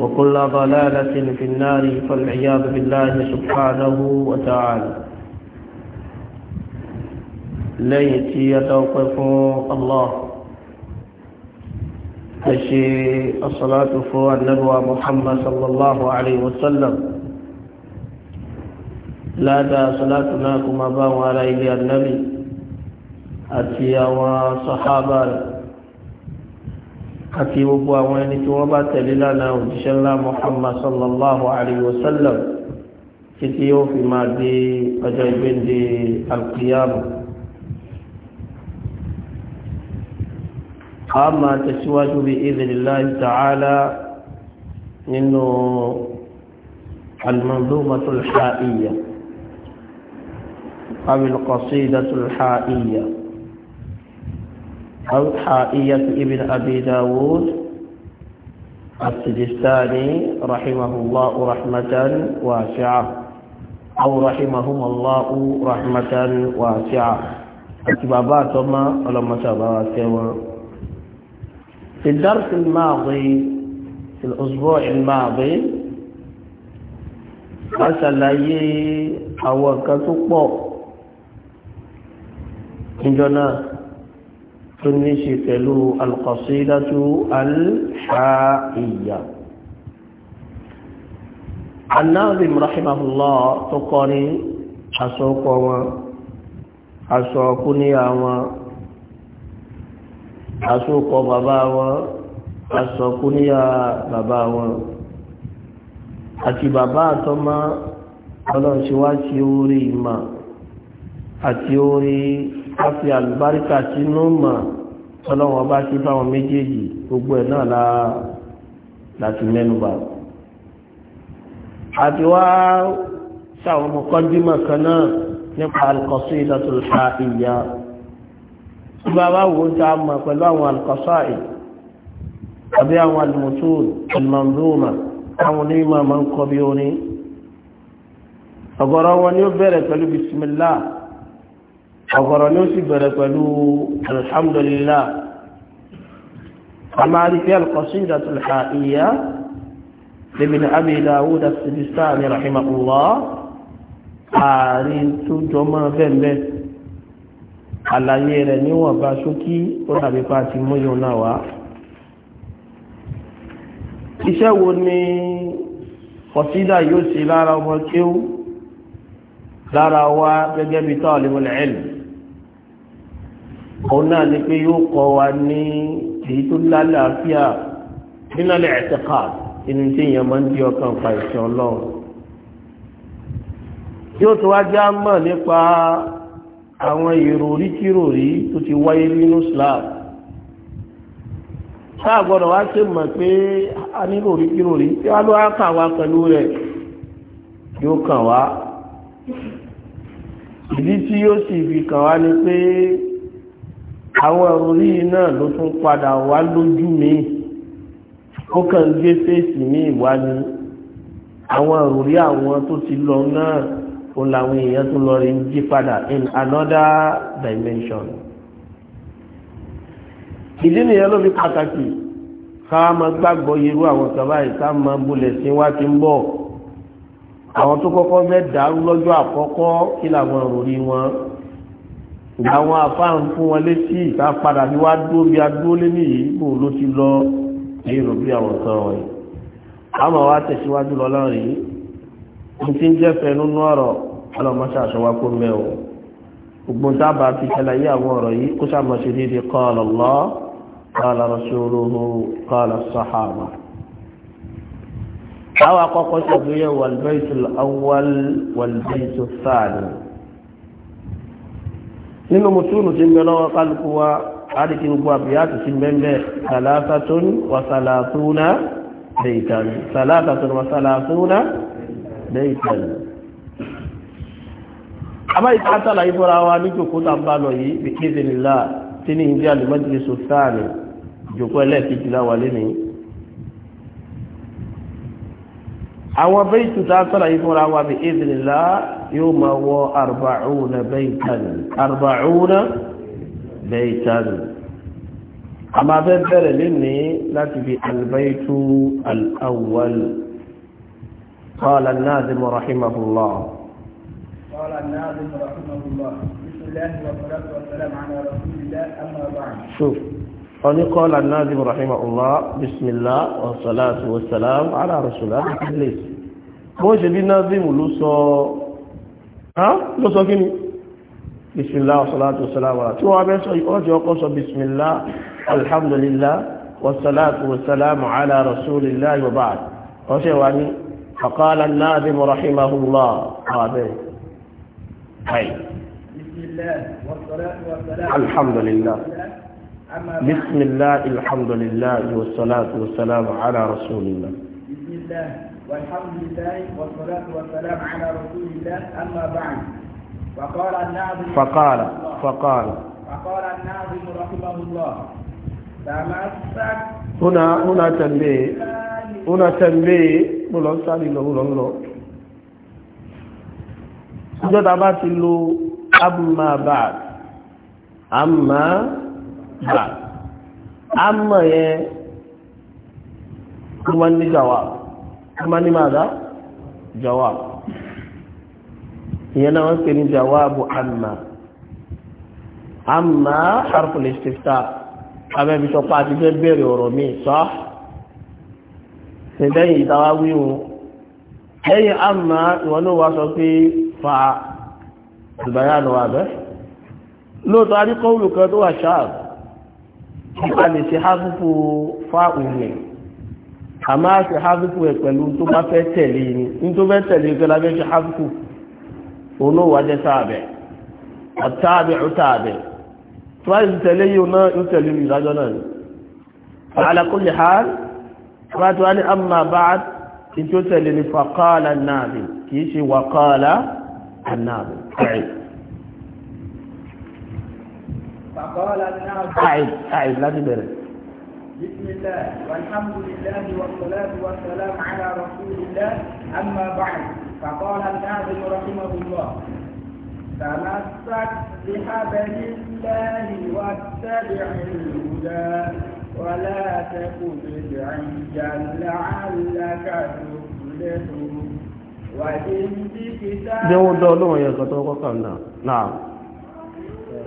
وكل ضلالة في النار فالعياذ بالله سبحانه وتعالى ليتي يتوقف الله أشي الصلاة فوق النبوة محمد صلى الله عليه وسلم لا دا صلاتنا كما باوا على النبي أتي وصحابه àti gbogbo àwọn ẹni tí wọ́n bá tẹ̀lé lánàá òjíṣẹ́ ńlá Muhammad sallallahu alayhi wa sallam títí yóò fi máa di ọjọ́ ìgbéǹde alkiyamu. a máa tẹ̀síwájú bí idhnillahi ta'ala nínú al-manzumatul ha'iyya aw al-qasidatul الحائية ابن أبي داود السجستاني رحمه الله رحمة واسعة أو رحمهم الله رحمة واسعة أتباباتهما ولما تباباتهما في الدرس الماضي في الأسبوع الماضي أسأل أو كتبه من tó ní ṣe pẹ̀lú alqasidatu alha'iyya annazim rahimahullah tó kọ́ ní asọ́kọ́ wọn asọ́kú ní àwọn asọ́kọ́ bàbá wọn asọ́kú ní bàbá wọn àti bàbá àtọ́mọ́ ọlọ́ṣíwá ti orí ìmọ̀ àti orí ká fi àlùbáríkà sínú mọ̀ ọlọ́wọ́n bá ṣe fáwọn méjèèjì gbogbo ẹ̀ náà la láti mẹ́nubà. àti wá sáwọn mọ̀kọ́dímọ̀ kan náà nípa al-qasidatul ha'iyya tí bá bá wò ó ta mọ̀ pẹ̀lú àwọn al-qasaid àbí àwọn al-mutul al-manzuma àwọn onímọ̀ máa bismillah ọ̀gọ̀rọ̀ ni ó sì bẹ̀rẹ̀ pẹ̀lú alhamdulillah àmàrí fi alqasida alhaiya libin abi dawud as-sijistani rahimahullah ààrin tó jọmọ́ bẹ́ẹ̀ àlàyé rẹ̀ níwọ̀n bá ṣókí ó dàbí pa ti mọ́yọ̀ náà wá iṣẹ́ wo ni kọ̀sídà yóò ṣe lára ọmọ kéwú lára wa gẹ́gẹ́ bí tọ́ọ̀lẹ́wọ̀lẹ̀ òun náà ni pé yóò kọ́ wa ní èyí tó lálàáfíà nínú ẹ̀tẹ̀ká inú tí èèyàn máa ń di ọkàn fa ìṣẹ́ ọlọ́run yóò tó wá já mọ̀ nípa àwọn èrò oríkìròrí tó ti wáyé nínú Islam táà gbọ́dọ̀ wá ṣe mọ̀ pé a nílò oríkìròrí tí wá kà wá pẹ̀lú rẹ̀ yóò kàn fi kàn ni pé àwọn ìròyìn náà ló tún padà wá lójú mi ó kàn gbé fèsì ní ìwádìí àwọn ìròyìn àwọn tó ti lọ náà ó làwọn èèyàn tó lọ rí ń jí padà in another dimension ìdí nìyẹn ló fi pàtàkì ká máa gbàgbọ́ irú àwọn kaba yìí ká máa bulẹ̀ sí wá ti ń bọ̀ àwọn tó kọ́kọ́ fẹ́ dàrú lọ́jọ́ àkọ́kọ́ kí làwọn ìròyìn wọn àwọn àfáàn fún wọn létí ìta padà ní wá dúró bí a dúró lé nìyí bò ló ti lọ èyí rò bí àwọn sọ wọn yìí àmọ́ wa tẹ̀síwájú lọ lọ́rùn yìí mo ti ń jẹ́fẹ̀ẹ́ nínú ọ̀rọ̀ ọlọ́mọṣẹ́ àṣọwá kó mẹ́wọ̀ gbogbo dábàá fi ṣàlàyé àwọn ọ̀rọ̀ yìí kó sàmọ̀ṣe déédéé qala Allah qala rasuluhu qala sahaba àwọn akọ́kọ́ ṣàgbéyẹ̀wò al-baytul awwal wal-baytul thani nínú mùsùlùmí tí ń bẹ lọ́wọ́ kálukú wa àdìkí gbogbo àbíyàtì sí mẹ́mẹ́ sàlátàtún wàsàlátúnà bẹ́ìtàn sàlátàtún wàsàlátúnà bẹ́ìtàn àbá ìkátàlá ìfọ́ra wa ní jòkó tàbá lọ yìí bí kéde nílá tí ní ìdí àlùmọ́jì sọ́tàánì jòkó ẹlẹ́ẹ̀kejì láwà lénìí àwọn bẹ́ẹ̀tù tá a sọ́rọ̀ yìí fúnra wa bí ìdìlá yóò ma wọ arba'una bẹ́ẹ̀tàn arba'una bẹ́ẹ̀tàn a máa fẹ́ bẹ̀rẹ̀ lónìí láti fi albaitu al'awwal قال الناظم رحمه الله قال الناظم رحمه الله بسم الله والصلاة والسلام على رسول oníkọ́lá nazim rahimahullah bismillah wasalaatu wasalaam ala rasulillah iblis bó ṣe bí nazim ló sọ ló sọ kí ni bismillah wasalaatu wasalaam ala tí wọ́n bẹ́ sọ ọjọ́ ọkọ̀ sọ bismillah alhamdulillah wasalaatu wasalaam ala rasulillah wa ba'd ọṣẹ́ wa ni faqala nazim rahimahullah àbẹ̀ Hai. Bismillah, wasalaatu wasalaam. Alhamdulillah. بسم الله الحمد لله والصلاة والسلام على رسول الله بسم الله والحمد لله والصلاة والسلام على رسول الله أما بعد فقال الناظم فقال فقال فقال الناظم رحمه الله تمسك هنا هنا تنبيه هنا تنبيه بلون سالي له بلون له سجد أباتي له أما بعد أما gbà á mọ̀ yẹn kó máa ní jàwà kó máa ní máa dá jàwà ìyẹn náà wọ́n pè ní jàwà bu àmà àmà harfu lèṣtìftà abẹ́bí sọ pé àti fẹ́ bẹ̀rẹ̀ ọ̀rọ̀ mi sọ́ ṣe lẹ́yìn ìtawá lẹ́yìn àmà ìwọ̀n ló wá sọ pé fa àlùbáyà lọ́wọ́ abẹ́ lóòótọ́ adíkọ́ olùkọ́ tó wà ṣáàbù a lè ṣe hábùkù fáwọn yẹn a máa ṣe hábùkù ẹ̀ pẹ̀lú tó bá fẹ́ tẹ̀lé ni ní tó fẹ́ tẹ̀lé pé la fẹ́ ṣe hábùkù òun ó wájẹ́ sáàbẹ̀ àtàbẹ̀ ọ̀tàbẹ̀ tó bá ti tẹ̀lé yìí náà yóò tẹ̀lé ìdájọ́ náà ni ala kulli bá tó wá ní amma ba'd tí ó tẹ̀lé ní faqala an kì í ṣe waqala an قاعد قاعد لا تبرد بسم الله والحمد لله والصلاة والسلام على رسول الله أما بعد فقال الناظم رحمه الله تمسك بحبل الله واتبع الهدى ولا تكن بدعيا لعلك تفلح وإن بكتاب. جو دولو يا نعم.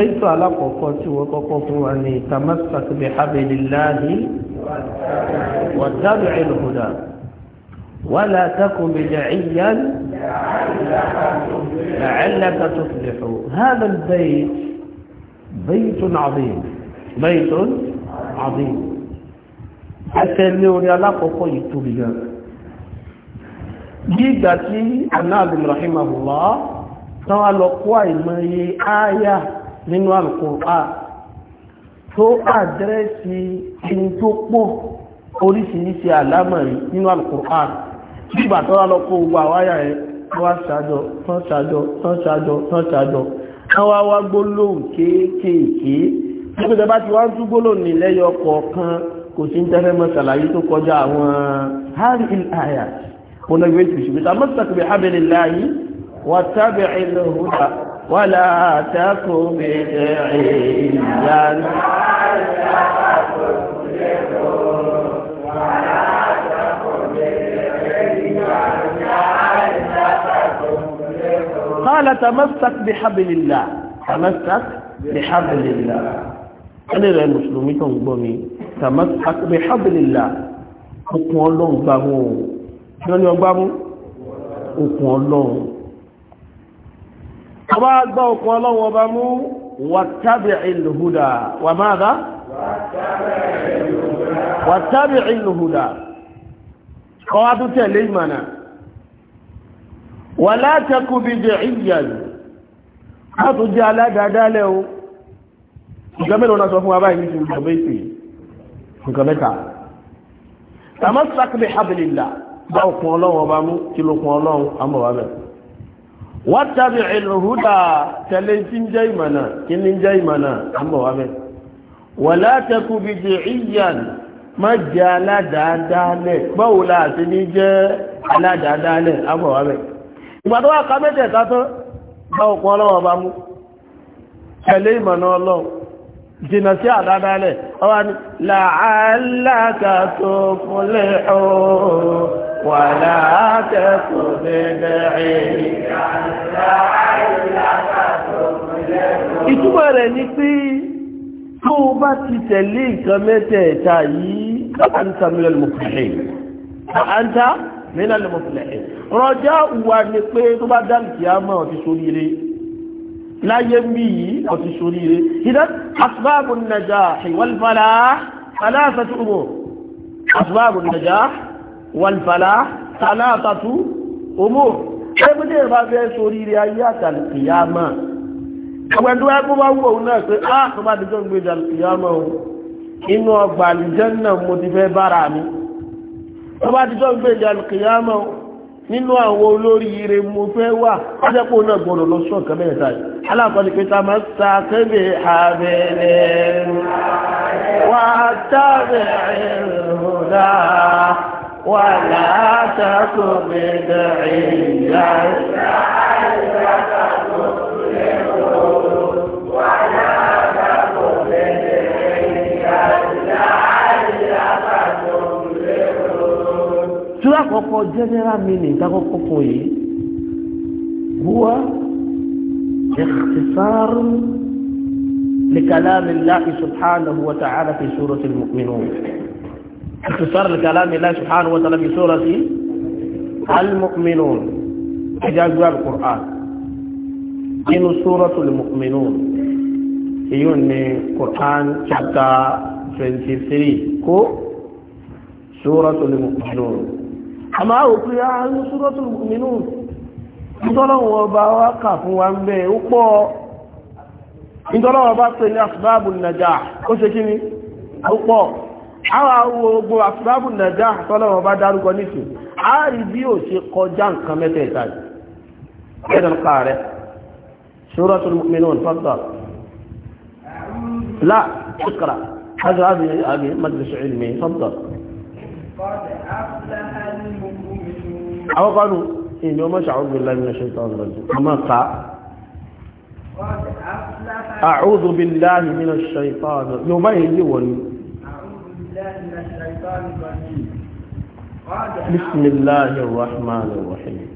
àlùfẹ́tọ̀ alákọ̀ọ́kọ́ tí wọ́n kọ́kọ́ fún wa ní tamassak bi hablillahi wattabi'il huda wala takun bid'iyyan la'allaka tuflihu hadha al-bayt baytun 'azim baytun 'azim àtẹ̀lé orí alákọ̀ọ́kọ́ yìí tóbi gan bí ìgbà tí anáàbìn rahimahullah tán wá lọ kó àìmọye ááyà nínú Al-Qur'an tó àdírẹ́sì ẹni tó pọ̀ oríṣiríṣi àlámọ̀rí nínú Al-Qur'an nígbà tó wá lọ́kọ́ ogun àwáyà ẹ̀ wá ṣàjọ tán ṣàjọ tán ṣàjọ tán ṣàjọ káwá wá gbólóhùn kéékèèké nígbà bá ti wá ń tú gbólóhùn nílẹ̀ yọ kọ̀ọ̀kan kò sí ń tẹ́fẹ́ mọ́ ṣàlàyé tó kọjá àwọn hari il-ayat ọ̀nà ìwé ìtùsùn ولا تك بدعيا قال تمسك بحبل الله تمسك بحبل الله ẹlẹ́rẹ̀ mùsùlùmí tó ń gbọ́ mi tàmásàk bihablillah okùn ọlọ́run gbámú ohun tí wọ́n ní ọgbámú okùn ọba gbọ́ òkun ọlọ́wọ́ ọba mú wàtábì ìlúhùdà wà máa dá wàtábì ìlúhùdà kọ́wá tó tẹ̀lé ìmọ̀nà wà látẹ̀kù bí jẹ ìyàlú látò jẹ́ aládàádálẹ̀ o ìjọ mẹ́lẹ̀ ọ̀nà sọ fún wa báyìí nínú ìjọba ìpè nǹkan mẹ́ta tàmásàkì bí hábìlì òkun ọlọ́wọ́ ọba mú kí watabi ilhuda talentin jaimana kinin jaimana amma wa me wala takubi jiyan majala dadale bawula sini je ala dadale amma wa me igba to wa ka mete ta to ba o ko lowo ba mu tele imana olohun jìnà sí àdádálẹ̀ ọwá ni làálàkà tó fúnlẹ̀ ọ̀ wà láàkẹ́ tó bẹ̀rẹ̀ ìtumọ̀ rẹ̀ ni pé tó bá ti tẹ̀lé nǹkan mẹ́tẹ̀ẹ̀ta yìí káàntà mílẹ̀ mọ̀kànlẹ̀ káàntà mílẹ̀ rọjá wà ní pé tó bá dá ìkìyàmọ̀ ti sórí rẹ̀ láyé mbí yìí ọ̀tí sórí rẹ̀ ìdá asbábù najah wal falah thalathatu umur asbábù najah wal falah thalathatu umur ẹgbẹ́ ìbá fẹ́ sórí rẹ̀ ayé àtàlùkìyàmà ọgbẹ̀dọ́ ẹgbẹ́ bá wù òun náà pé á ah, tó bá dìjọ́ gbé àtàlùkìyàmà o nínú àwọn olórí ire mo fẹ́ wà ọjọ́pọ̀ náà gbọ́dọ̀ lọ sọ ọ̀kan mẹ́ta yìí alákọ̀ọ́lẹ̀ pé ta àbẹ̀rẹ̀ wà tábẹ̀ ìrọ̀dá wà látàkùnbẹ̀dẹ̀ kọ́kọ́ general meaning tá kọ́kọ́ fún huwa ikhtisar لكلام الله سبحانه وتعالى في سورة المؤمنون اختصار لكلام الله سبحانه وتعالى في سورة المؤمنون إجازة القرآن إن سورة المؤمنون يوني قرآن chapter 23 كو سورة المؤمنون àmọ́ àwọn òpin ah, àánú súrọ́tù mínú ìtọ́lọ́wọ́ ọba wá kà fún wa ń bẹ́ ó pọ̀ ìtọ́lọ́wọ́ bá pè ní asbabun najah ó ṣe kí ni ó pọ̀ àwọn ogun asbabun najah tọ́lọ́wọ́ bá dárúkọ nìsù a bí ó ṣe kọjá nǹkan mẹ́tẹ̀ẹ̀ta àwọn kan nù ìní ọmọ ṣàwọn bíi láì ní ṣe tán lọ́jọ́ ọmọ ká أعوذ بالله من الشيطان يومين يول بسم الله الرحمن الرحيم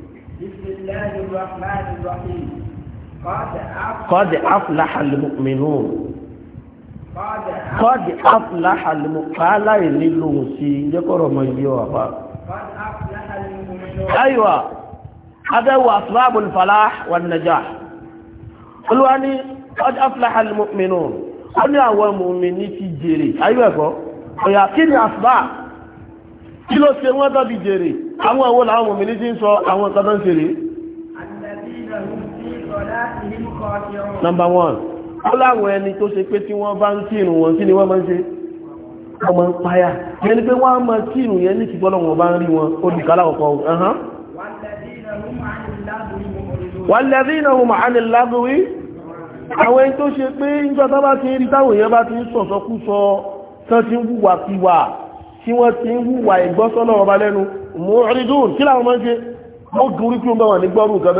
بسم الله الرحمن الرحيم قد أفلح المؤمنون قد أفلح المؤمنون قال إلي لنسي يقرأ من يوافق ayiwa abẹ́wò asbabul falah wan najah olúwa ní qad aflaha al-mu'minun ó ní àwọn mùmìnì ti jèrè ayiwa ẹ̀kọ́ ọ̀yà kí ni asbab kí ló ṣe wọ́n tọ́bi jèrè àwọn àwọn làwọn mùmìnì ti ń sọ àwọn nǹkan tó ń number one ó láwọn ẹni tó ṣe pé tí wọ́n bá ń kírun wọn kí ni wọ́n máa ń ṣe wọ́n máa ń páyà yẹn ni pé wọ́n á máa kí ìrùn yẹn ní kíkọ́ lọ́wọ́ bá ń rí wọn olùkálà ọ̀pọ̀ ọ̀hún. walladhina hum 'anil lagwi àwọn ẹni tó ṣe pé níjọ́ tó bá ti rí táwọn èèyàn bá ti ń sọ̀sọ́kúsọ tán ti ń hùwà kíwà tí wọ́n ti ń hùwà ìgbọ́sọ́lọ́ ọba lẹ́nu mu'ridun kí làwọn máa ń ṣe wọ́n gun orí kúrò mẹ́wàá ní gbọ́rù nǹkan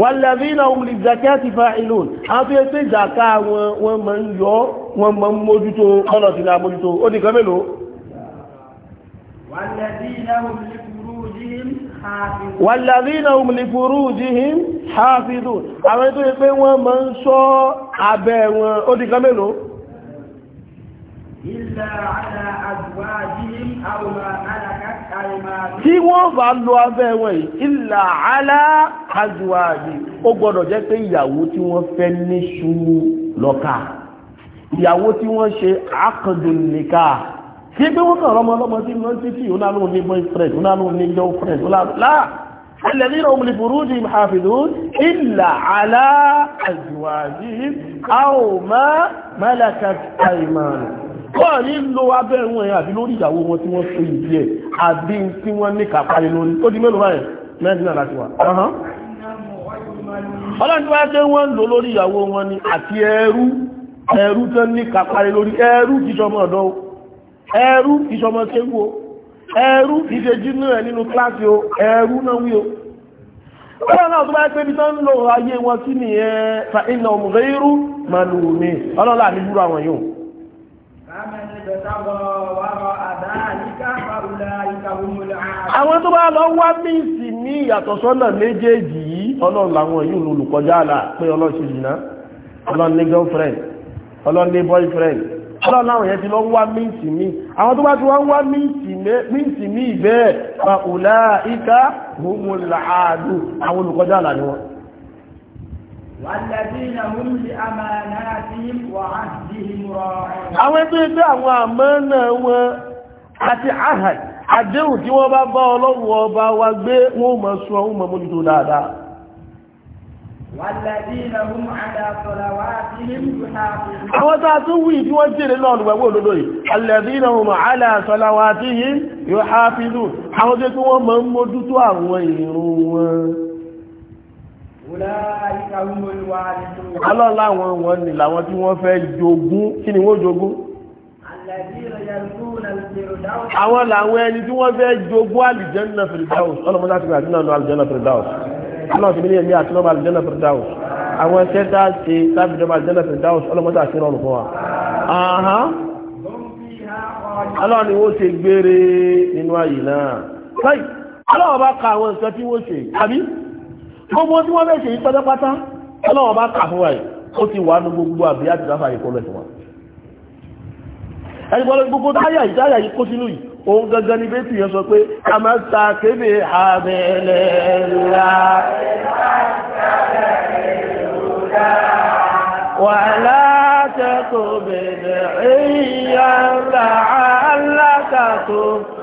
wàlẹ́bínà òun lè zakẹ́ ti fa ìlú àwọn tó yẹ pé zaka wọn wọn máa ń yọ wọn máa ń mójútó ọ̀nà tí náà mójútó ó ní kan mélòó. wàlẹ́bínà òun lè furú jíhìn hafidun àwọn tó yẹ pé wọ́n máa ń ṣọ́ abẹ́ wọn ó ní kan mélòó tí wọ́n bá lo abẹ́ wọn yìí ìlà alá àjùwàjì ó gbọ́dọ̀ jẹ́ pé ìyàwó tí wọ́n fẹ́ ní ṣúrú lọ́ka ìyàwó tí wọ́n ṣe àkàndùnìká tí pé wọ́n kàn rọmọ ọlọ́mọ tí wọ́n ti fi onáàlú ní boyfriend onáàlú ní girlfriend láà الذين هم لفروجهم حافظون إلا على أزواجهم أو ما ملكت أيمانهم wọ́n ní lo abẹ́ wọn yẹn àbí lórí ìyàwó wọn tí wọ́n so ìdí ẹ̀ àbí tí wọ́n ní kápá ní lórí di mélòó báyẹn mẹ́rin náà láti wà. ọlọ́run tí wọ́n ṣe wọ́n ń lò lórí ìyàwó wọn ni àti ẹrú ẹrú tó ní kápá ní lórí ẹrú kì í ṣọmọ ọ̀dọ́ o ẹrú kì í ṣọmọ kéwu o ẹrú kì í ṣe jínú ẹ nínú kíláàsì o ẹrú náà wí o. ọlọ́run náà tó bá pé ibi tó ń lo ayé wọn sí nìyẹn fa iná ọmọ àwọn tó bá lọ wá míìsì ní ìyàtọ̀ sọ́nà méjèèjì yìí ọlọ́run làwọn yìí olùkọjá àlà pé ọlọ́run ṣe jìnnà ọlọ́run ní girlfriend ọlọ́run ní boyfriend ọlọ́run láwọn yẹn ti lọ wá míìsì míì àwọn tó bá ti wá wá míìsì míì bẹ́ẹ̀ Àwọn ẹgbẹ́ ẹgbẹ́ àwọn àmánà wọn àti àhàì, àdéhùn tí wọ́n bá bá ọlọ́run ọba wa gbé wọn ò mọ̀ sún ọun mọ̀ mójútó dáadáa. Àwọn tàà tún wí tí wọ́n jèrè lọ olùgbàgbọ́ òdodo yìí, alladhina hum ala salawatihim yuhafizun, àwọn tí wọ́n mọ̀ mójútó àwọn ìrun wọn. ọlọ́run láwọn wọn ni làwọn tí wọ́n fẹ́ jogún kí ni wọ́n jogún àwọn làwọn ẹni tí wọ́n fẹ́ jogún àlìjẹ́nà fìrìdáwùs ọlọ́mọ láti gbà nínú àlìjẹ́nà fìrìdáwùs ọlọ́run ti bí ní ẹ̀mí àti lọ́mọ àlìjẹ́nà fìrìdáwùs àwọn ẹ̀ṣẹ́ tá a ṣe láti jọba àlìjẹ́nà fìrìdáwùs ọlọ́mọ tá a fún wa ọlọ́run wọ́n ṣe gbére nínú àyè náà ọlọ́run gbogbo tí wọ́n mẹ́ṣe pátápátá ọlọ́wọ́n bá kà fún wa yìí ó ti wà ní gbogbo àbí àti dáfà yìí kọlọ̀ ìwọ̀n ẹni pọ̀lọ̀ gbogbo táyà yìí táyà yìí kó sínú yìí òun gangan ni bẹ́ẹ̀ yẹn sọ pé a máa ń ta kébè àbẹ̀lẹ̀ ńlá wà látẹ̀kọ̀ bẹ̀rẹ̀ èyí yàrá alákàtọ̀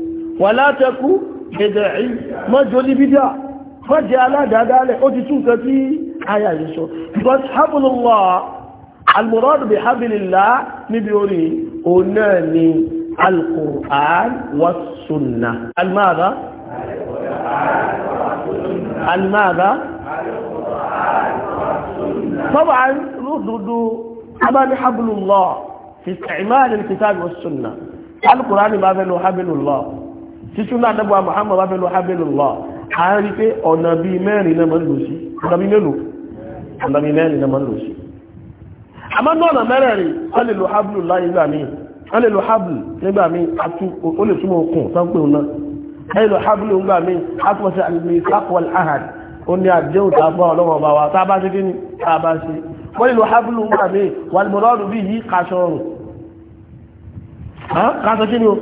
wàlá tẹkú ẹ̀dẹ̀ ẹ̀yìn mọ́jọ ní bídíà mọ́jẹ́ aládàádálẹ̀ ó ti túnkẹ tí àyà yìí sọ because hablullah almurad bi hablillah níbi orí o náà ni alquran wa sunna almada almada طبعا ردود حبل حبل الله في استعمال الكتاب والسنه القران باب حبل الله títún náà dẹ́gbà Muhammad bá fẹ́ lọ abẹ́lùlọ́ a ń rí pé ọ̀nà bí mẹ́rin náà mọ́n lò sí ọ̀nà bí mélòó ọ̀nà bí mẹ́rin náà mọ́n lò sí àmọ́ ní ọ̀nà mẹ́rẹ̀ẹ̀rin wọ́n lè lo hablu láyé nígbà míì wọ́n lè lo hablu nígbà míì ó lè túnmọ̀ okùn sánpé òun náà wọ́n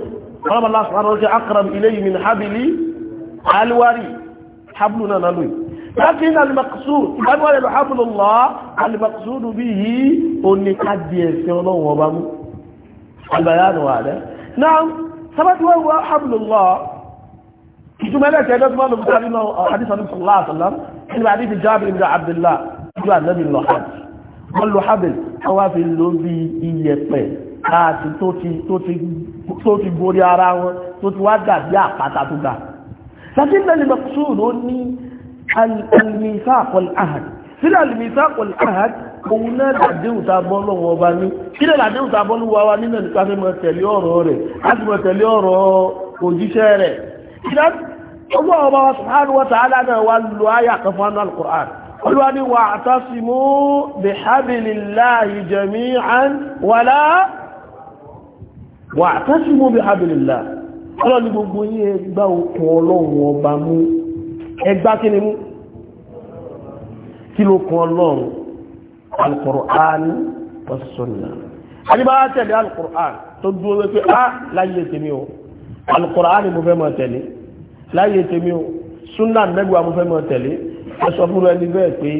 ọlọ́mọ aláṣọ ọjọ́ akram ilayhi min habili alwari hablu náà náà lóyìn lakin alimakusud ìbánuwa lẹ́nu hablu lọ alimakusud bí i oníkadì ẹ̀sẹ̀ ọlọ́wọ́ bá mú albayanu wa dẹ́ náà sábàtí wọ́n wọ́n hablu lọ ìtumọ̀ ẹlẹ́sẹ̀ ẹjọ́ tí wọ́n lọ bí i hadith alayhi sallallahu alayhi wa sallam nínú hadith Jabir ibn Abdullah ìjọ ànábì lọ hajj wọ́n lọ hajj wọ́n wá fi lóbi iyẹ̀pẹ̀ káàtì tó ti gorí ara wọn tó ti wá dàbí àpáta tó ga sàtìlẹ̀ lè mọ̀sùn ó ní alìmìsá àkọlù ahad sílẹ̀ alìmìsá àkọlù ahad òun náà làdéhùn tá a bọ́ lọ́wọ́ ọba ní sílẹ̀ làdéhùn tá a bọ́ lọ́wọ́ wa nínú ẹ̀ka fẹ́ wa'tasimu bihablillah ọlọ́run ní gbogbo yín ẹ gbá okùn ọlọ́run ọba mú ẹ gbá kí ni mú kí ló kan ọlọ́run al-Qur'an wa sunnah àdìbá tẹ̀lé al-Qur'an tó dúró wípé á ah, láyé tèmi o al-Qur'an ni mo fẹ́ máa tẹ̀lé láyé tèmi o sunnah nẹ́gbàá mo fẹ́ máa tẹ̀lé ẹ sọ fún ẹni bẹ́ẹ̀ pé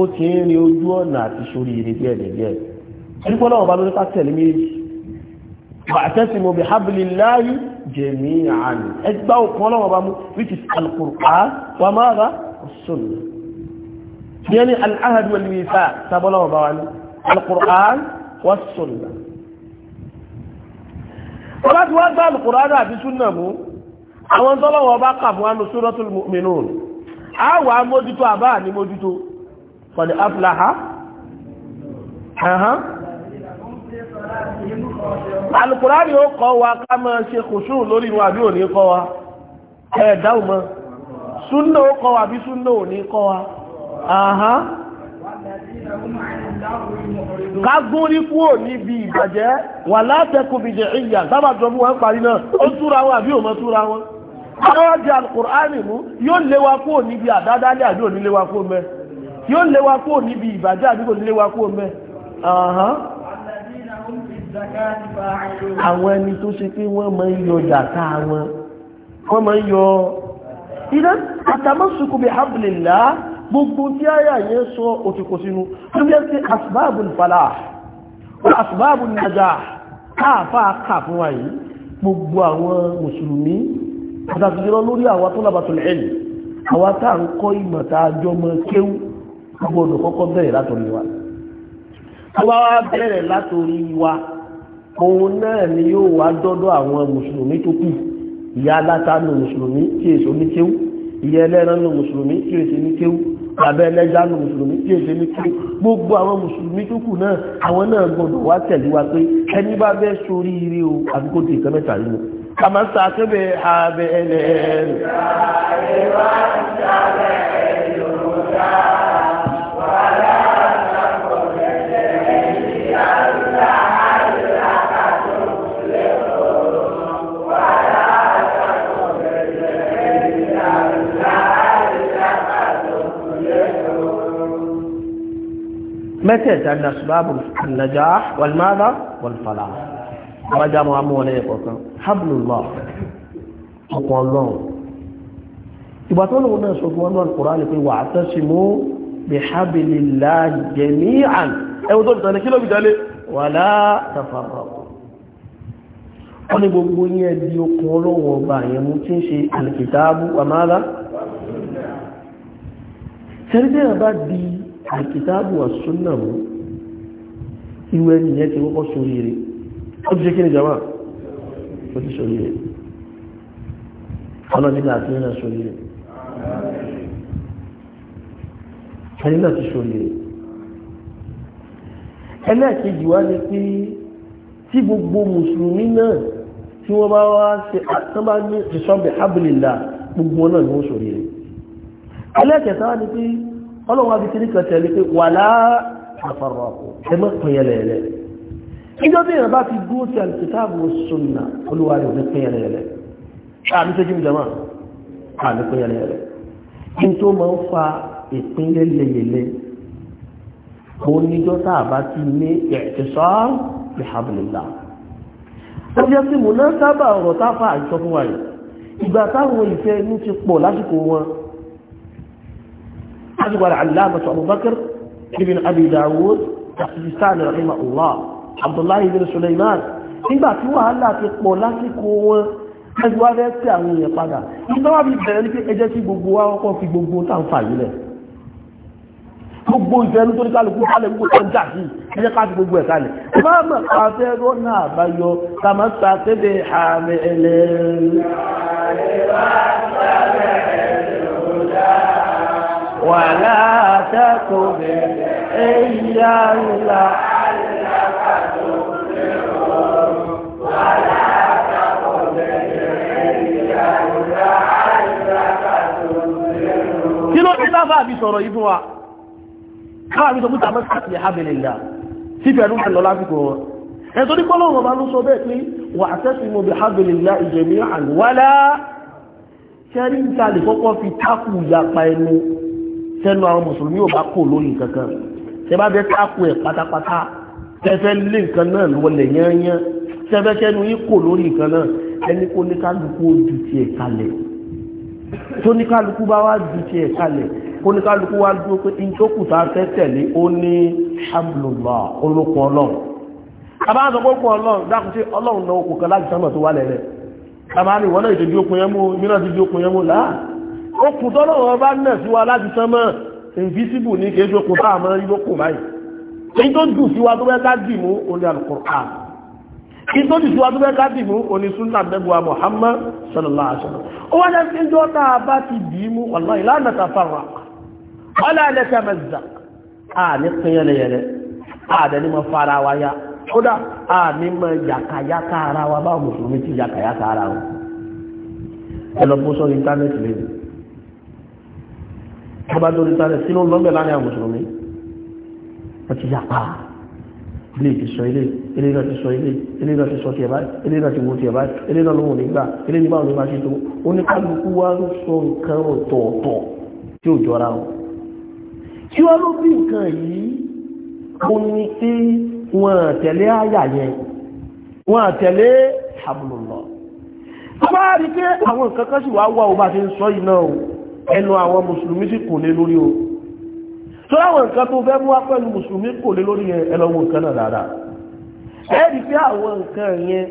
ó ti ń rin ojú ọ̀nà àti sórí ìrìn díẹ̀ díẹ̀ ẹni pọ́nlọ́wọ́ bá lórí ká méjì fa'tasimu bi hablillahi jami'an ẹgbà òkun ọlọ́wọ́ mú which is al-Qur'an wa mara sunna yẹni al-ahad wal mithaq sábọ́lọ́wọ́ bá wà ní al-Qur'an wa sunna ọlá tí wọ́n gbá al-Qur'an àti sunna mú àwọn ní mójútó qad aflaha alukurani ó kọ́ wa ká máa ṣe lórí inú àbí òní wa ẹ dáhùn mọ. súnà ó kọ́ wa àbí súnà òní kọ́ wa ká gún kúrò níbi ìbàjẹ́ wà látẹ̀kùn bìjẹ̀ ìyà wọn parí náà ó túra wọn àbí òmọ túra wọn àwọn di alukur'ani mú yóò kúrò níbi àdádálẹ̀ àbí òní kúrò àwọn ẹni tó ṣe pé wọ́n máa ń yọ jàká wọn wọ́n máa ń yọ iná àtàmọ́sùkú bí hábìlìlá gbogbo tí àyà yẹn sọ òtìkò sínú tó bí ẹ́ asbáàbù nìfàlà asbáàbù nàjà káàfà káàfún wa yìí gbogbo àwọn mùsùlùmí pàtàkì jùlọ lórí àwọn tó lábàtò lẹ́yìn àwọn tá à ń kọ́ ìmọ̀ tá a jọ mọ kéwú gbogbo ọ̀dọ̀ kọ́kọ́ bẹ̀rẹ̀ látòrí wa tó bá wá bẹ̀rẹ̀ látòrí òun náà ni yóò wá dọ́dọ̀ àwọn mùsùlùmí tó kù ìyá aláta nù mùsùlùmí tí èso ní kéwú ìyá ẹlẹ́ran nù mùsùlùmí tí èso ní kéwú bàbá ẹlẹ́jà nù mùsùlùmí tí èso ní kéwú gbogbo àwọn mùsùlùmí tó kù náà àwọn náà gbọdọ̀ wá tẹ̀lé wa pé ẹni bá bẹ́ sórí ire o àbíkó ti ìkan mẹ́ta yìí kàmá sàkébè àbẹ ẹlẹ́ ẹ̀rù. mẹ́tẹ̀ẹ̀ta ní asùbábù an-najah wal-madha wal-falah àwájá wọn mú wọn ẹ̀kọ́ kan hablullah ọkọ̀ ọlọ́run ìgbà tó lòun náà sọ fún wọn lọ́nà kùránì pé wa'tasimu bihablillahi jami'an ẹwọ́n tó dìtàn ní kí ló fi dalé wala tafarraqu wọ́n ọba di alkitabu wa sunna mú ìwé nìyẹn ti kọ́kọ́ sórí rẹ̀ ó ti ṣe kí ni jama ó ti sórí rẹ̀ ọlọ́ni láti nínú sórí rẹ̀ ẹni náà ti sórí rẹ̀ ẹlẹ́ẹ̀kejì wá ní pé tí gbogbo mùsùlùmí náà tí wọ́n bá wá ṣe àtọ́bá ní ṣe sọ́bẹ̀ hábìlìlà gbogbo náà ni wọ́n sórí rẹ̀ ẹlẹ́ẹ̀kẹta wá ní pé ọlọ́wọ́ abikiri kan tẹ̀lé pé wà láà àfàrọ̀ àpò ẹ mọ́ pẹ̀yẹlẹ̀ẹ̀lẹ̀ ìjọ bí ìrìn bá fi dúró sí àlùkìtàbù sunna olúwa rẹ̀ ní pẹ̀yẹlẹ̀ẹ̀lẹ̀ àmì tó jíjọ máa àmì pẹ̀yẹlẹ̀ẹ̀lẹ̀ kí n tó máa ń fa ìpínlẹ̀ lẹ́yẹlẹ̀ òun níjọ́ tá a bá ti ní ẹ̀ẹ́sọ́ ìhàbùlélà ó ọ̀rọ̀ táfà àìsọ fún ìgbà táwọn ìfẹ́ inú ti pọ̀ lásìkò wọn حسب العلامة أبو بكر ابن أبي داود تحسيسان رحمه الله عبد الله بن سليمان nígbà tí wàhálà ti pọ̀ lásìkò wọn ẹgbẹ́ rẹ̀ tí àwọn èèyàn padà ìjọba fi bẹ̀rẹ̀ ní pé ẹjẹ́ sí gbogbo wa kọ́kọ́ fi gbogbo tá fà yìí lẹ̀ gbogbo ìfẹ́nu tó ní kálukú kálẹ̀ gbogbo tó ń jà sí ẹjẹ́ ká fi gbogbo ẹ̀ kálẹ̀ máa pàṣẹ rọ́nà àbáyọ tàmátà tẹ́lẹ̀ ààrẹ ẹlẹ́rìí ولا تكن إلا الله kí ló ní láfà àbí sọ̀rọ̀ yìí fún wa káà bí sọ pútà mọ́ sí àbìlìlà sí fẹ̀rù ẹ̀lọ lásìkò wọn ẹ̀tọ́ ní pọ́lọ̀wọ̀n bá ló sọ bẹ́ẹ̀ pé wà àtẹ́sìmọ̀ bí àbìlìlà ìjẹ̀mí àníwálá ṣẹ́rí ń ta lè kọ́kọ́ fi tákù yapa ẹnu tẹnu àwọn mùsùlùmí ò bá kò lórí nǹkan kan tẹ bá fẹ́ tako ẹ̀ pátápátá tẹfẹ́ lé nǹkan náà lọlẹ̀ yányán tẹfẹ́ kẹnu yín kò lórí nǹkan náà ẹni kó ní kálukú ó ju tiẹ̀ kalẹ̀ tó ní kálukú bá wá ju tiẹ̀ kalẹ̀ kó ní kálukú wá dúró pé ìjókòó tá a fẹ́ tẹ̀lé ó ní hamdulillah olókun ọlọ́run àbá àtọ́kọ́kọ́ ọlọ́run dákun sí ọlọ́run náà okùn láti sánmà tó wà lẹ́lẹ̀ okùn tọ́lọ̀ wọn bá nà sí wa láti tán mọ́ invisible ní kí eṣokùn tá a mọ́ rí lókùn báyìí èyí tó dùn sí wa tó fẹ́ ká dì mú oní Al-Qur'an èyí tó dùn sí wa tó fẹ́ ká dì mú oní sunna dẹ́gbà Muhammad sallallahu alaihi wasallam ó wá jẹ́ sí ẹjọ́ tá a bá ti dì í mú wallahi la natafarraq wala natamazzaq à ní pinyẹlẹyẹlẹ à dẹni mọ fara wa ya kódà à ní mọ yàkàyàkà ara wa báwo mùsùlùmí ti yàkàyàkà ara wa ẹ lọ bó sọ íńtánẹ́ẹ̀tì lẹ́yìn ọba tó ríta rẹ̀ sínú lọ́gbẹ̀ láàrin àwọn mùsùlùmí wọ́n ti yapa ilé ti sọ ilé ilé náà ti sọ ilé ilé náà ti sọ ti ẹ̀bá ilé náà ti wo ti ẹ̀bá ilé náà lóhùn nígbà ilé nígbà òní máa ṣe tó ó ní kálukú wá ń sọ nǹkan ọ̀tọ̀ọ̀tọ̀ tí ò jọra wọn tí wọ́n ló bí nǹkan yìí ó ní pé wọ́n tẹ̀lé àyà yẹn wọ́n tẹ̀lé àbùlùmọ̀ a bá rí pé àwọn nǹkan kan sì wá wá o bá ti ń sọ yìí náà o ẹnu àwọn mùsùlùmí sì kò lé lórí o tó láwọn nǹkan tó fẹ́ mú wá pẹ̀lú mùsùlùmí kò lé lórí yẹn ẹlọ́wọ́ nǹkan náà dáadáa ẹ̀rí pé àwọn nǹkan yẹn